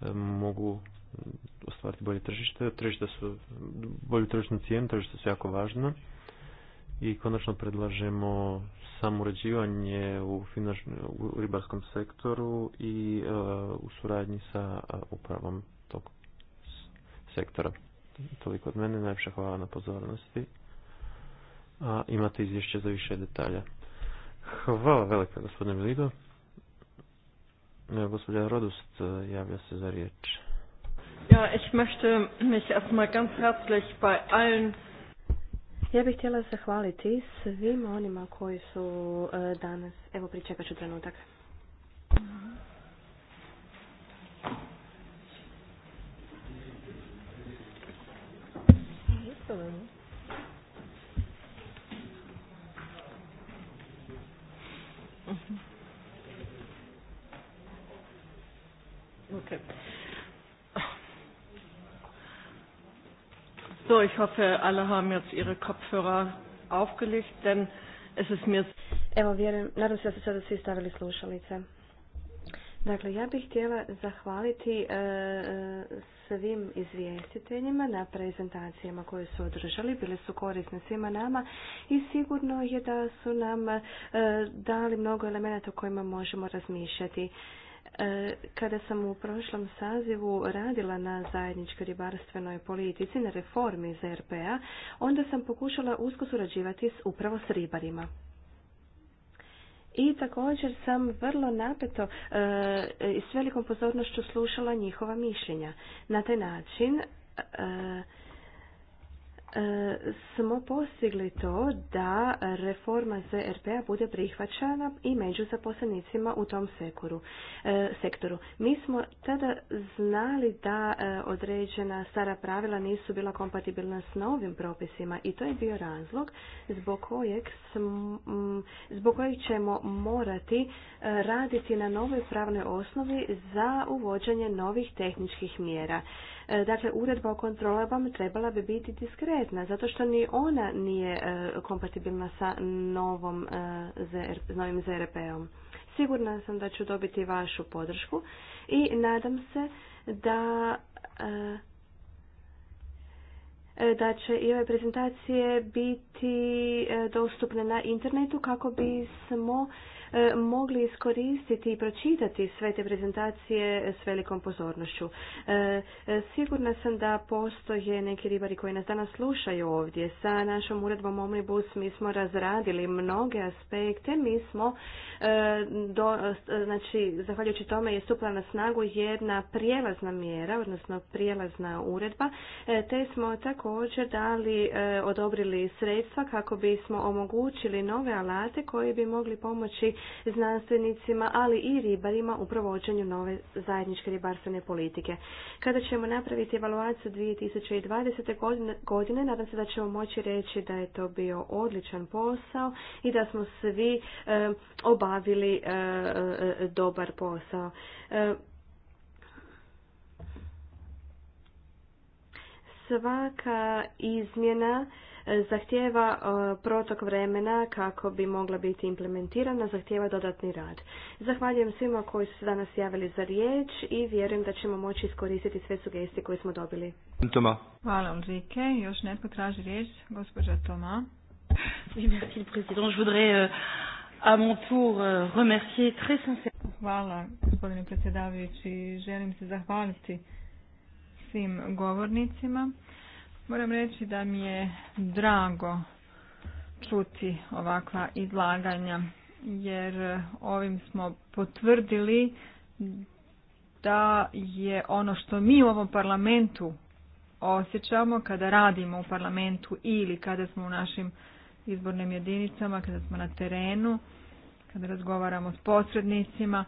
Speaker 4: E, mogu ostvariti bolje tržište. tržište su, bolju tržišnu cijenu, tržište su jako važno i konačno predlažemo samoređivanje u, u ribarskom sektoru i uh, u suradnji sa uh, upravom tog sektora. Toliko od mene, najpša hvala na pozornosti. A imate izvješće za više detalja. Hvala velika gospodine Milido. Gospodina Rodust uh, javlja se za riječ.
Speaker 2: Ja, ich möchte mich erstmal ganz herzlich bei allen ja bih htjela zahvaliti svima onima
Speaker 3: koji su e, danas, evo pričekat ću trenutak.
Speaker 4: Hvala.
Speaker 2: So, ich hoffe, alle haben jetzt ihre Kopfhörer aufgelegt, denn es ist mir... Evo, vjerujem, nadam se da ste sada svi stavili slušalice. Dakle, ja bih
Speaker 3: htjela zahvaliti e, e, svim izvjestiteljima na prezentacijama koje su održali. Bile su korisne svima nama i sigurno je da su nam e, dali mnogo elemenata o kojima možemo razmišljati. E, kada sam u prošlom sazivu radila na zajedničkoj ribarstvenoj politici, na reformi za RPA, onda sam pokušala usko surađivati s, upravo s ribarima. I također sam vrlo napeto e, i s velikom pozornošću slušala njihova mišljenja. Na taj način e, E, smo postigli to da reforma ZRP-a bude prihvaćana i među zaposlenicima u tom e, sektoru. Mi smo tada znali da e, određena stara pravila nisu bila kompatibilna s novim propisima i to je bio razlog zbog kojeg, zbog kojeg ćemo morati raditi na novoj pravnoj osnovi za uvođenje novih tehničkih mjera. E, dakle, uredba o kontrolama trebala bi biti diskretna, zato što ni ona nije e, kompatibilna sa novom, e, novim ZRP-om. Sigurna sam da ću dobiti vašu podršku i nadam se da da će i ove prezentacije biti dostupne na internetu kako bismo E, mogli iskoristiti i pročitati sve te prezentacije s velikom pozornošću. E, e, sigurna sam da postoje neki ribari koji nas danas slušaju ovdje. Sa našom uredbom Omnibus mi smo razradili mnoge aspekte. Mi smo, znači, zahvaljujući tome je stupila na snagu jedna prijelazna mjera, odnosno prijelazna uredba, te smo također dali, odobrili sredstva kako bismo omogućili nove alate koji bi mogli pomoći znanstvenicima, ali i ribarima u provođenju nove zajedničke ribarstvene politike. Kada ćemo napraviti evaluaciju 2020. godine, nadam se da ćemo moći reći da je to bio odličan posao i da smo svi e, obavili e, e, dobar posao. Svaka izmjena zahtjeva e, protok vremena kako bi mogla biti implementirana, zahtjeva dodatni rad. Zahvaljujem svima koji su se danas javili za riječ i vjerujem da ćemo moći iskoristiti sve sugestije koje smo dobili.
Speaker 2: Toma. Hvala Ulrike. Još netko traži riječ, gospođa Toma. le président. Je euh, euh, Hvala gospodine predsjedavajući. Želim se zahvaliti svim govornicima. Moram reći da mi je drago čuti ovakva izlaganja jer ovim smo potvrdili da je ono što mi u ovom parlamentu osjećamo kada radimo u parlamentu ili kada smo u našim izbornim jedinicama, kada smo na terenu, kada razgovaramo s posrednicima,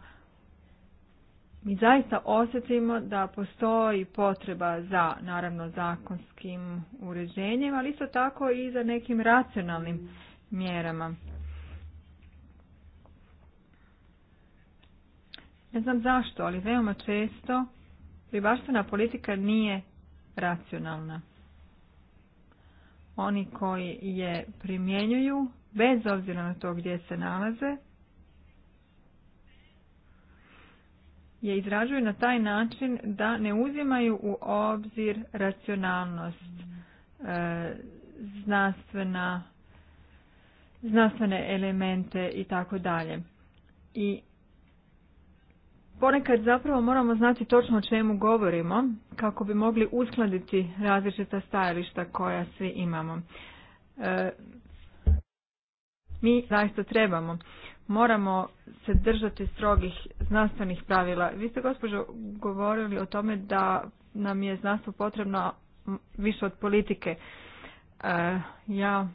Speaker 2: mi zaista osjetimo da postoji potreba za, naravno, zakonskim uređenjem, ali isto tako i za nekim racionalnim mjerama. Ne znam zašto, ali veoma često ribarstvena politika nije racionalna. Oni koji je primjenjuju, bez obzira na to gdje se nalaze, je izražuju na taj način da ne uzimaju u obzir racionalnost e, znanstvena znanstvene elemente i tako dalje. I ponekad zapravo moramo znati točno o čemu govorimo kako bi mogli uskladiti različita stajališta koja svi imamo. E, mi zaista trebamo moramo se držati strogih znanstvenih pravila. Vi ste, gospođo, govorili o tome da nam je znanstvo potrebno više od politike. E, ja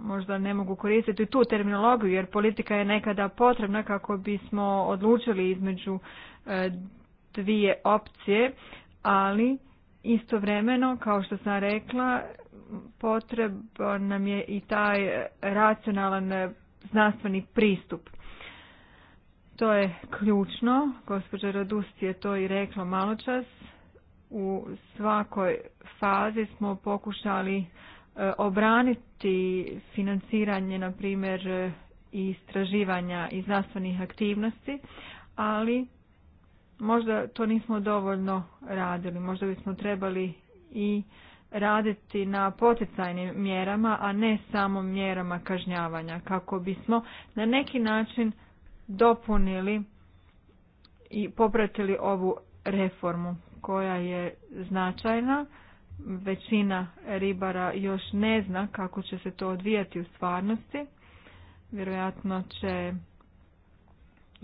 Speaker 2: možda ne mogu koristiti tu terminologiju, jer politika je nekada potrebna kako bismo odlučili između e, dvije opcije, ali istovremeno, kao što sam rekla, potreba nam je i taj racionalan znanstveni pristup. To je ključno, gospođa Radusti je to i rekla maločas, u svakoj fazi smo pokušali e, obraniti financiranje, na primjer, e, istraživanja i znanstvenih aktivnosti, ali možda to nismo dovoljno radili, možda bismo trebali i raditi na poticajnim mjerama, a ne samo mjerama kažnjavanja, kako bismo na neki način dopunili i popratili ovu reformu koja je značajna. Većina ribara još ne zna kako će se to odvijati u stvarnosti. Vjerojatno će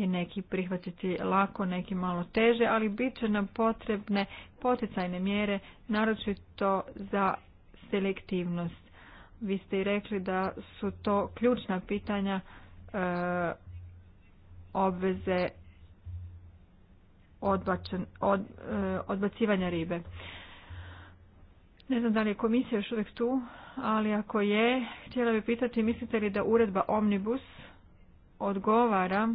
Speaker 2: neki prihvatiti lako, neki malo teže, ali bit će nam potrebne poticajne mjere, naročito za selektivnost. Vi ste i rekli da su to ključna pitanja e, obveze odbačen, od, e, odbacivanja ribe. Ne znam da li je komisija još uvijek tu, ali ako je, htjela bi pitati mislite li da uredba Omnibus odgovara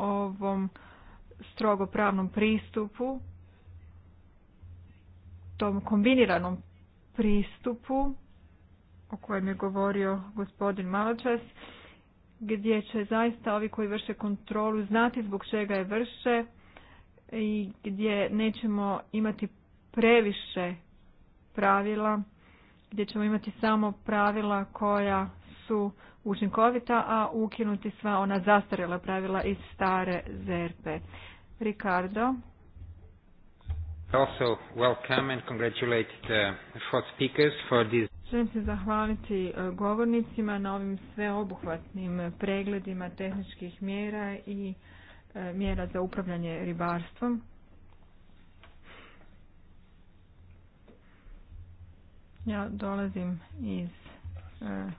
Speaker 2: ovom strogo pravnom pristupu, tom kombiniranom pristupu o kojem je govorio gospodin Maločas, gdje će zaista ovi koji vrše kontrolu znati zbog čega je vrše i gdje nećemo imati previše pravila, gdje ćemo imati samo pravila koja su učinkovita, a ukinuti sva ona zastarjela pravila iz stare ZRP. Ricardo.
Speaker 4: welcome and congratulate the speakers for this.
Speaker 2: Želim se zahvaliti e, govornicima na ovim sveobuhvatnim pregledima tehničkih mjera i e, mjera za upravljanje ribarstvom. Ja dolazim iz e,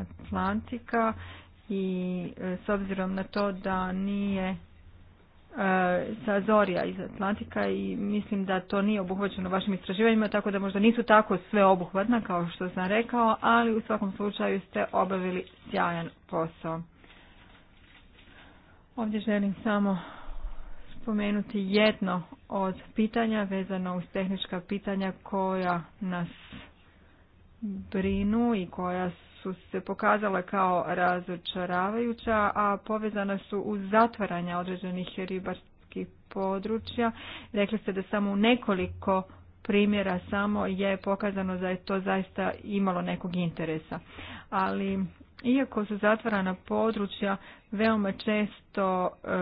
Speaker 2: Atlantika i e, s obzirom na to da nije e, sa Zorija iz Atlantika i mislim da to nije obuhvaćeno vašim istraživanjima, tako da možda nisu tako sve obuhvatna kao što sam rekao, ali u svakom slučaju ste obavili sjajan posao. Ovdje želim samo spomenuti jedno od pitanja vezano uz tehnička pitanja koja nas brinu i koja su se pokazala kao razočaravajuća, a povezana su uz zatvaranja određenih ribarskih područja. Rekli ste da samo u nekoliko primjera samo je pokazano da je to zaista imalo nekog interesa. Ali iako su zatvarana područja veoma često e,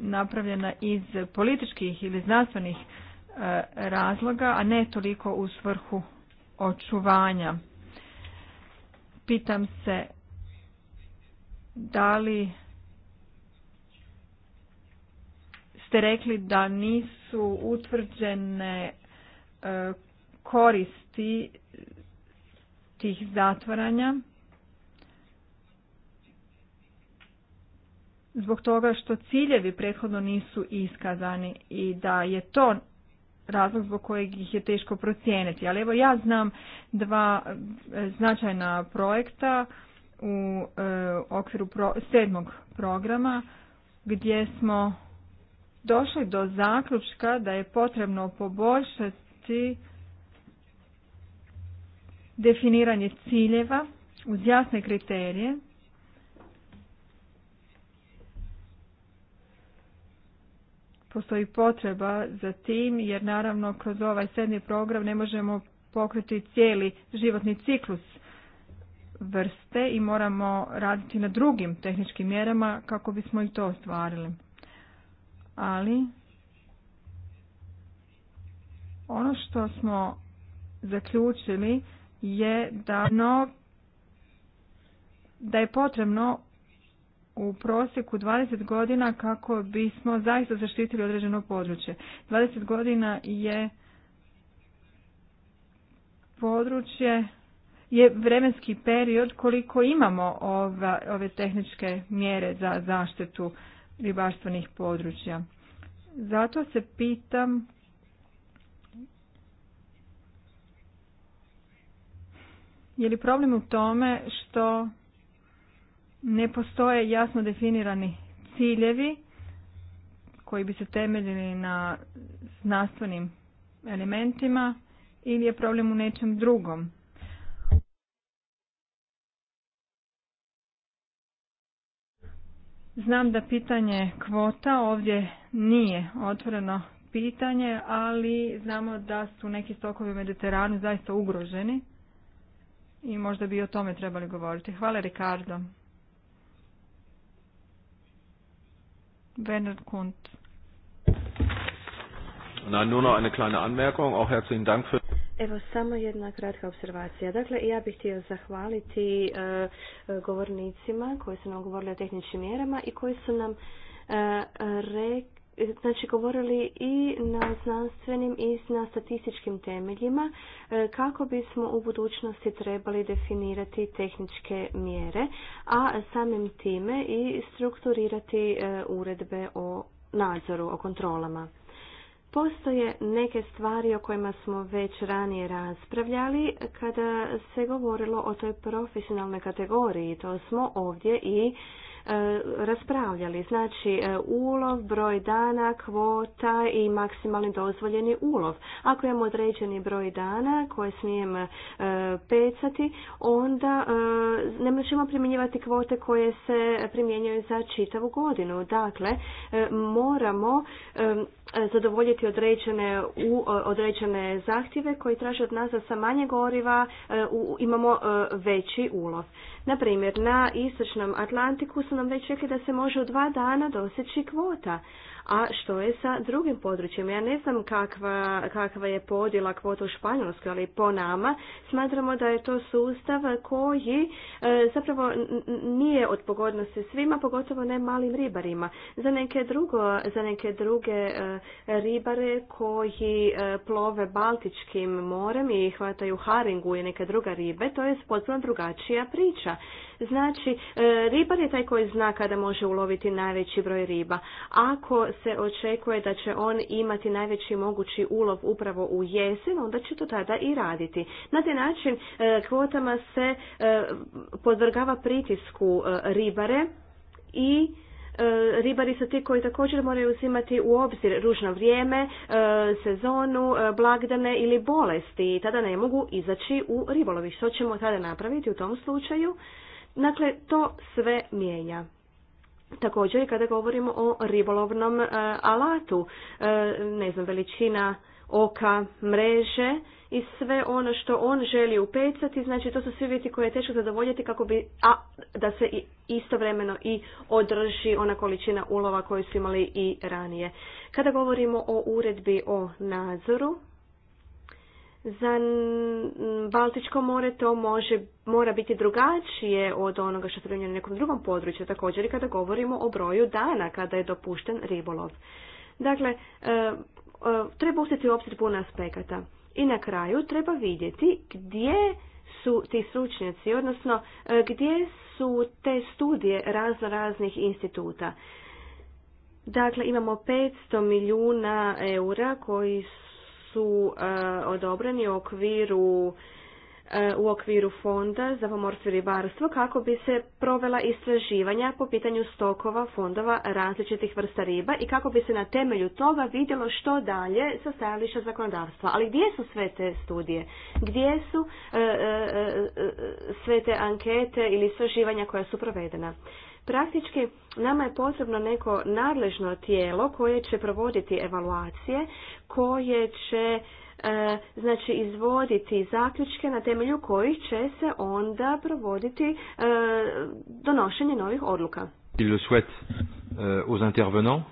Speaker 2: napravljena iz političkih ili znanstvenih e, razloga, a ne toliko u svrhu očuvanja Pitam se da li ste rekli da nisu utvrđene e, koristi tih zatvaranja zbog toga što ciljevi prethodno nisu iskazani i da je to razlog zbog kojeg ih je teško procijeniti. Ali evo ja znam dva e, značajna projekta u e, okviru sedmog programa gdje smo došli do zaključka da je potrebno poboljšati definiranje ciljeva uz jasne kriterije postoji potreba za tim jer naravno kroz ovaj sedmi program ne možemo pokriti cijeli životni ciklus vrste i moramo raditi na drugim tehničkim mjerama kako bismo i to ostvarili. Ali ono što smo zaključili je da, no, da je potrebno u prosjeku 20 godina kako bismo zaista zaštitili određeno područje. 20 godina je područje je vremenski period koliko imamo ove ove tehničke mjere za zaštitu ribarstvenih područja. Zato se pitam je li problem u tome što ne postoje jasno definirani ciljevi koji bi se temeljili na znanstvenim elementima ili je problem u nečem drugom. Znam da pitanje kvota ovdje nije otvoreno pitanje, ali znamo da su neki stokovi u Mediteranu zaista ugroženi i možda bi o tome trebali govoriti. Hvala Ricardo. Bernhard Kunt.
Speaker 4: Na, nur noch eine kleine Anmerkung. Auch herzlichen Dank für
Speaker 3: Evo, samo jedna kratka observacija. Dakle, ja bih htio zahvaliti e, e, govornicima koji su nam govorili o tehničkim mjerama i koji su nam e, rekli znači govorili i na znanstvenim i na statističkim temeljima e, kako bismo u budućnosti trebali definirati tehničke mjere, a samim time i strukturirati e, uredbe o nadzoru, o kontrolama. Postoje neke stvari o kojima smo već ranije raspravljali kada se govorilo o toj profesionalnoj kategoriji. To smo ovdje i E, raspravljali. Znači, e, ulov, broj dana, kvota i maksimalni dozvoljeni ulov. Ako imamo određeni broj dana koje smijem e, pecati, onda ne možemo primjenjivati kvote koje se primjenjuju za čitavu godinu. Dakle, moramo zadovoljiti određene, određene zahtjeve koji traže od nas da sa manje goriva imamo veći ulov primjer na Istočnom Atlantiku su nam već rekli da se može u dva dana doseći kvota, a što je sa drugim područjima? Ja ne znam kakva, kakva je podjela kvota u Španjolskoj, ali po nama smatramo da je to sustav koji e, zapravo nije od pogodnosti svima, pogotovo ne malim ribarima. Za neke, drugo, za neke druge e, ribare koji e, plove Baltičkim morem i hvataju haringu i neke druga ribe, to je potpuno drugačija priča. Znači, e, ribar je taj koji zna kada može uloviti najveći broj riba. Ako se očekuje da će on imati najveći mogući ulov upravo u jesen, onda će to tada i raditi. Na taj način e, kvotama se e, podvrgava pritisku ribare i ribari su ti koji također moraju uzimati u obzir ružno vrijeme, sezonu, blagdane ili bolesti i tada ne mogu izaći u ribolovi. Što ćemo tada napraviti u tom slučaju? Dakle, to sve mijenja. Također kada govorimo o ribolovnom e, alatu, e, ne znam, veličina oka, mreže i sve ono što on želi upecati, znači to su svi uvjeti koje je teško zadovoljiti kako bi, a da se istovremeno i održi ona količina ulova koju su imali i ranije. Kada govorimo o uredbi o nadzoru, za Baltičko more to može, mora biti drugačije od onoga što se primljeno na nekom drugom području, također i kada govorimo o broju dana kada je dopušten ribolov. Dakle, e, e, treba uzeti u obzir puno aspekata. I na kraju treba vidjeti gdje su ti stručnjaci, odnosno e, gdje su te studije razno raznih instituta. Dakle, imamo 500 milijuna eura koji su e, odobreni u okviru e, u okviru fonda za pomorstvo i ribarstvo kako bi se provela istraživanja po pitanju stokova fondova različitih vrsta riba i kako bi se na temelju toga vidjelo što dalje sa stajališta zakonodavstva. Ali gdje su sve te studije? Gdje su e, sve te ankete ili istraživanja koja su provedena? Praktički nama je potrebno neko nadležno tijelo koje će provoditi evaluacije, koje će e, znači izvoditi zaključke na temelju kojih će se onda provoditi e, donošenje novih odluka.
Speaker 4: Il le souhaite euh, aux intervenants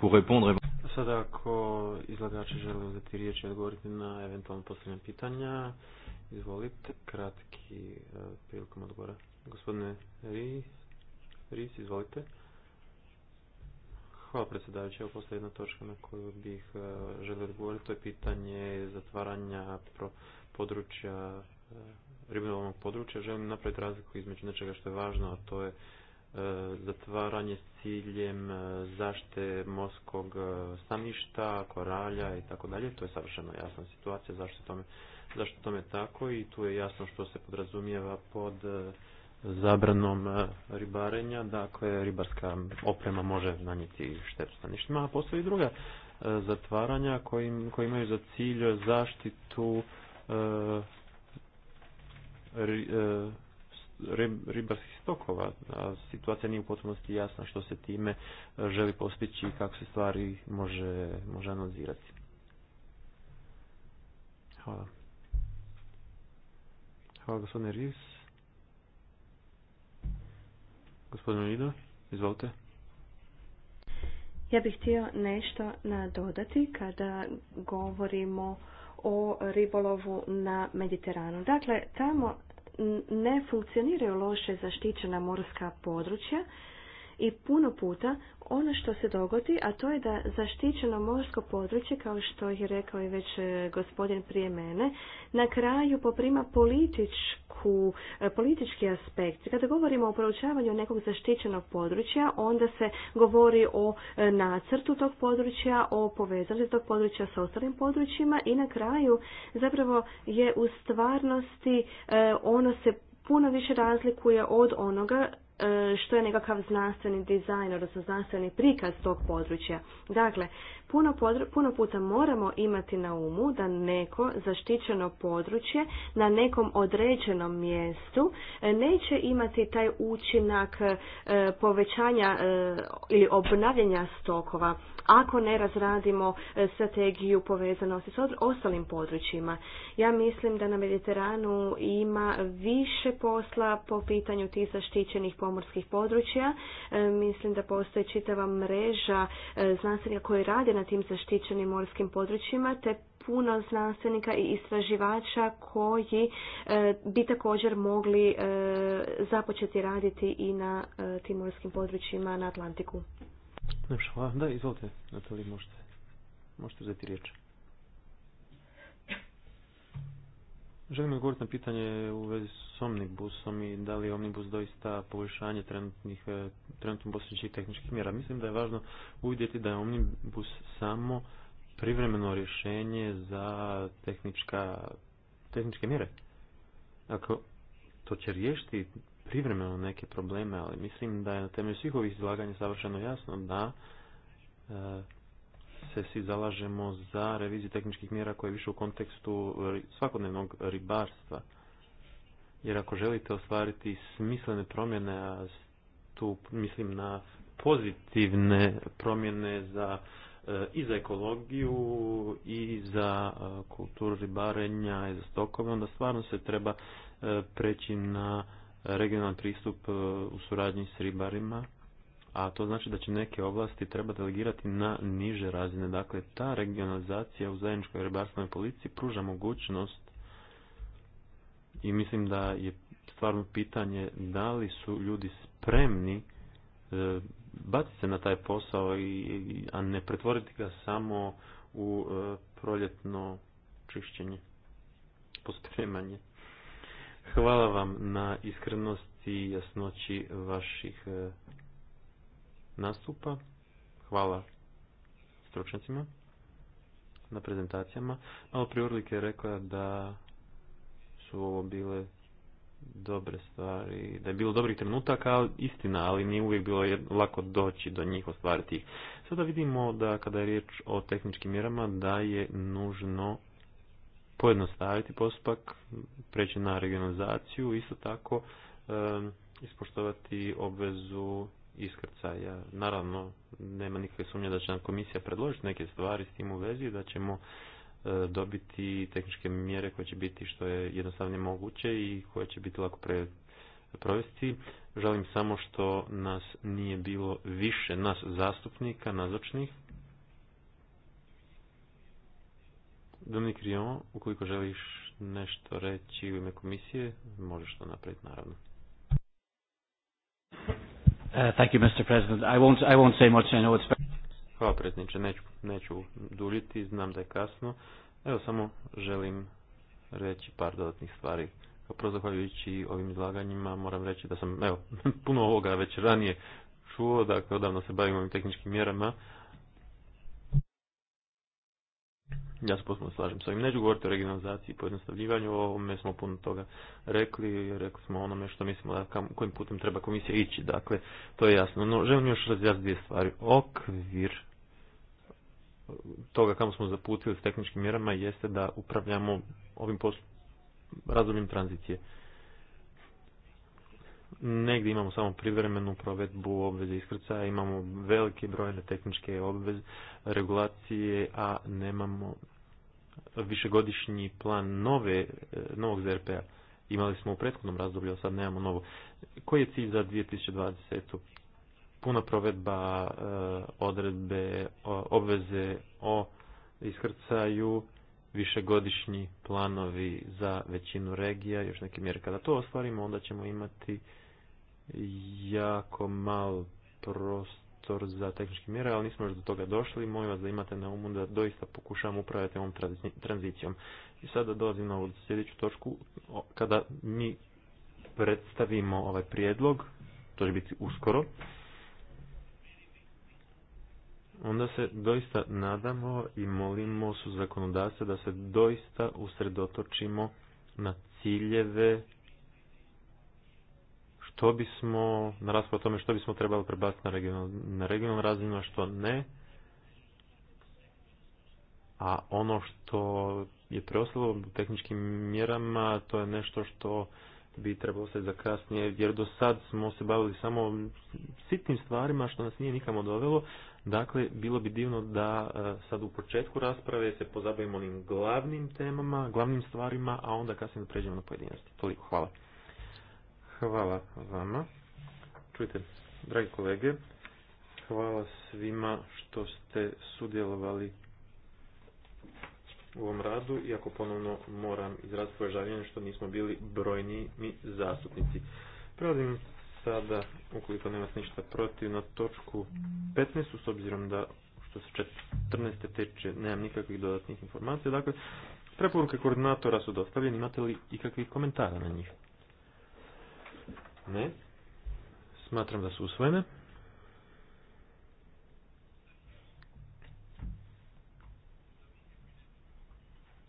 Speaker 4: pour répondre Sada ako izlagači žele uzeti riječ i odgovoriti na eventualno postavljena pitanja, izvolite kratki e, prilikom odgovora. Gospodine Ri, Ris, izvolite. Hvala predsjedavajući. Evo postoji jedna točka na koju bih e, želio odgovoriti. To je pitanje zatvaranja područja, e, ribolovnog područja. Želim napraviti razliku između nečega što je važno, a to je e, zatvaranje s ciljem zašte morskog staništa, koralja i tako dalje. To je savršeno jasna situacija zašto tome, zašto tome tako i tu je jasno što se podrazumijeva pod zabranom e, ribarenja, dakle ribarska oprema može nanijeti štetu staništima, a postoji i druga e, zatvaranja koji, imaju za cilj zaštitu e, ribarskih stokova. situacija nije u potpunosti jasna što se time želi postići i kako se stvari može, analizirati. Hvala. Hvala gospodine Rivs izvolite.
Speaker 3: Ja bih htio nešto nadodati kada govorimo o ribolovu na Mediteranu. Dakle, tamo ne funkcioniraju loše zaštićena morska područja i puno puta ono što se dogodi, a to je da zaštićeno morsko područje, kao što je rekao i već e, gospodin prije mene, na kraju poprima političku, e, politički aspekt. Kada govorimo o proučavanju nekog zaštićenog područja, onda se govori o e, nacrtu tog područja, o povezanosti tog područja s ostalim područjima i na kraju zapravo je u stvarnosti ono se puno više razlikuje od onoga E, što je nekakav znanstveni dizajn, odnosno znanstveni prikaz tog područja. Dakle, puno, puno puta moramo imati na umu da neko zaštićeno područje na nekom određenom mjestu e, neće imati taj učinak e, povećanja ili obnavljanja stokova ako ne razradimo strategiju povezanosti s ostalim područjima. Ja mislim da na Mediteranu ima više posla po pitanju tih zaštićenih morskih područja. E, mislim da postoji čitava mreža e, znanstvenika koji rade na tim zaštićenim morskim područjima, te puno znanstvenika i istraživača koji e, bi također mogli započeti raditi i na tim morskim područjima na Atlantiku.
Speaker 4: Da, izvolite, Natalija, možete, uzeti riječ. Želim odgovoriti na pitanje u vezi s Omnibusom i da li je Omnibus doista poboljšanje trenutnih, e, trenutno postojećih tehničkih mjera. Mislim da je važno uvidjeti da je Omnibus samo privremeno rješenje za tehnička, tehničke mjere. Ako to će riješiti privremeno neke probleme, ali mislim da je na temelju svih ovih izlaganja savršeno jasno da e, se svi zalažemo za reviziju tehničkih mjera koje je više u kontekstu e, svakodnevnog ribarstva. Jer ako želite ostvariti smislene promjene, a tu mislim na pozitivne promjene za e, i za ekologiju i za e, kulturu ribarenja i za stokove, onda stvarno se treba preći na regionalni pristup u suradnji s ribarima a to znači da će neke oblasti treba delegirati na niže razine. Dakle, ta regionalizacija u zajedničkoj ribarstvenoj policiji pruža mogućnost i mislim da je stvarno pitanje da li su ljudi spremni e, baciti se na taj posao, i, a ne pretvoriti ga samo u e, proljetno čišćenje, pospremanje. Hvala vam na iskrenosti i jasnoći vaših e, nastupa. Hvala stručnjacima na prezentacijama. Malo prije Orlik je rekla da su ovo bile dobre stvari, da je bilo dobrih trenutaka, istina, ali nije uvijek bilo lako doći do njih ostvariti Sada vidimo da kada je riječ o tehničkim mjerama, da je nužno pojednostaviti postupak, preći na regionalizaciju, isto tako ispoštovati obvezu iskrcaja. Naravno, nema nikakve sumnje da će nam komisija predložiti neke stvari s tim u vezi, da ćemo e, dobiti tehničke mjere koje će biti što je jednostavnije moguće i koje će biti lako provesti. Želim samo što nas nije bilo više, nas zastupnika, nazočnih. Dominik Rion, ukoliko želiš nešto reći u ime komisije, možeš to napraviti naravno.
Speaker 3: Uh, thank you, Mr. President. I won't, I won't say much. I know it's...
Speaker 4: Hvala predsjedniče, neću, neću duljiti, znam da je kasno. Evo samo želim reći par dodatnih stvari. Prvo zahvaljujući ovim izlaganjima moram reći da sam evo, <laughs> puno ovoga već ranije čuo, dakle odavno se bavim ovim tehničkim mjerama Ja se potpuno slažem s ovim. Neću govoriti o regionalizaciji i pojednostavljivanju, o ovome smo puno toga rekli, rekli smo onome što mislimo da kam, kojim putem treba komisija ići, dakle, to je jasno. No, želim još razjasniti dvije stvari. Okvir toga kamo smo zaputili s tehničkim mjerama jeste da upravljamo ovim razdobljem tranzicije. Negdje imamo samo privremenu provedbu obveze iskrca, imamo velike brojne tehničke obveze, regulacije, a nemamo višegodišnji plan nove, e, novog ZRP-a. Imali smo u prethodnom razdoblju, a sad nemamo novo. Koji je cilj za 2020. Puna provedba e, odredbe, obveze o iskrcaju, višegodišnji planovi za većinu regija, još neke mjere. Kada to ostvarimo, onda ćemo imati jako mal prostor to za tehnički mjere, ali nismo još do toga došli. Molim vas da imate na umu da doista pokušamo upravljati ovom tranzicijom. I sada dolazim na ovu sljedeću točku. Kada mi predstavimo ovaj prijedlog, to će biti uskoro, onda se doista nadamo i molimo su zakonodavce da se doista usredotočimo na ciljeve što bismo, na raspravu o tome što bismo trebali prebaciti na regionalnu na regional razinu, a što ne. A ono što je preostalo tehničkim mjerama, to je nešto što bi trebalo se za jer do sad smo se bavili samo sitnim stvarima što nas nije nikamo dovelo. Dakle, bilo bi divno da e, sad u početku rasprave se pozabavimo onim glavnim temama, glavnim stvarima, a onda kasnije pređemo na pojedinosti. Toliko, hvala. Hvala vama. Čujte, dragi kolege, hvala svima što ste sudjelovali u ovom radu, iako ponovno moram izraziti svoje žaljenje što nismo bili brojni mi zastupnici. Prelazim sada, ukoliko nema ništa protiv, na točku 15, s obzirom da što se 14. teče nemam nikakvih dodatnih informacija. Dakle, preporuke koordinatora su dostavljene, imate li ikakvih komentara na njih? Ne. Smatram da su usvojene.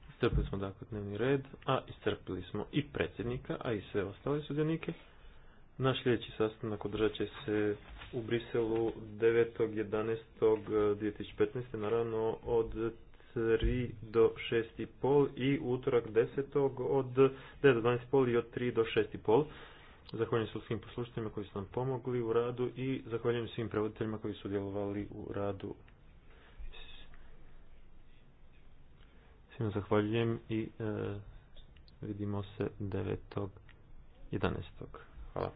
Speaker 4: Istrpili smo dakle dnevni red, a iscrpili smo i predsjednika, a i sve ostale sudionike. Naš sljedeći sastanak održat će se u Briselu 9.11.2015. naravno od 3 do 6.30 i utorak 10. od 9 do i od 3 do 6.30. Zahvaljujem se svim poslušateljima koji su nam pomogli u radu i zahvaljujem svim prevoditeljima koji su djelovali u radu. Svima zahvaljujem i e, vidimo se 11. Hvala.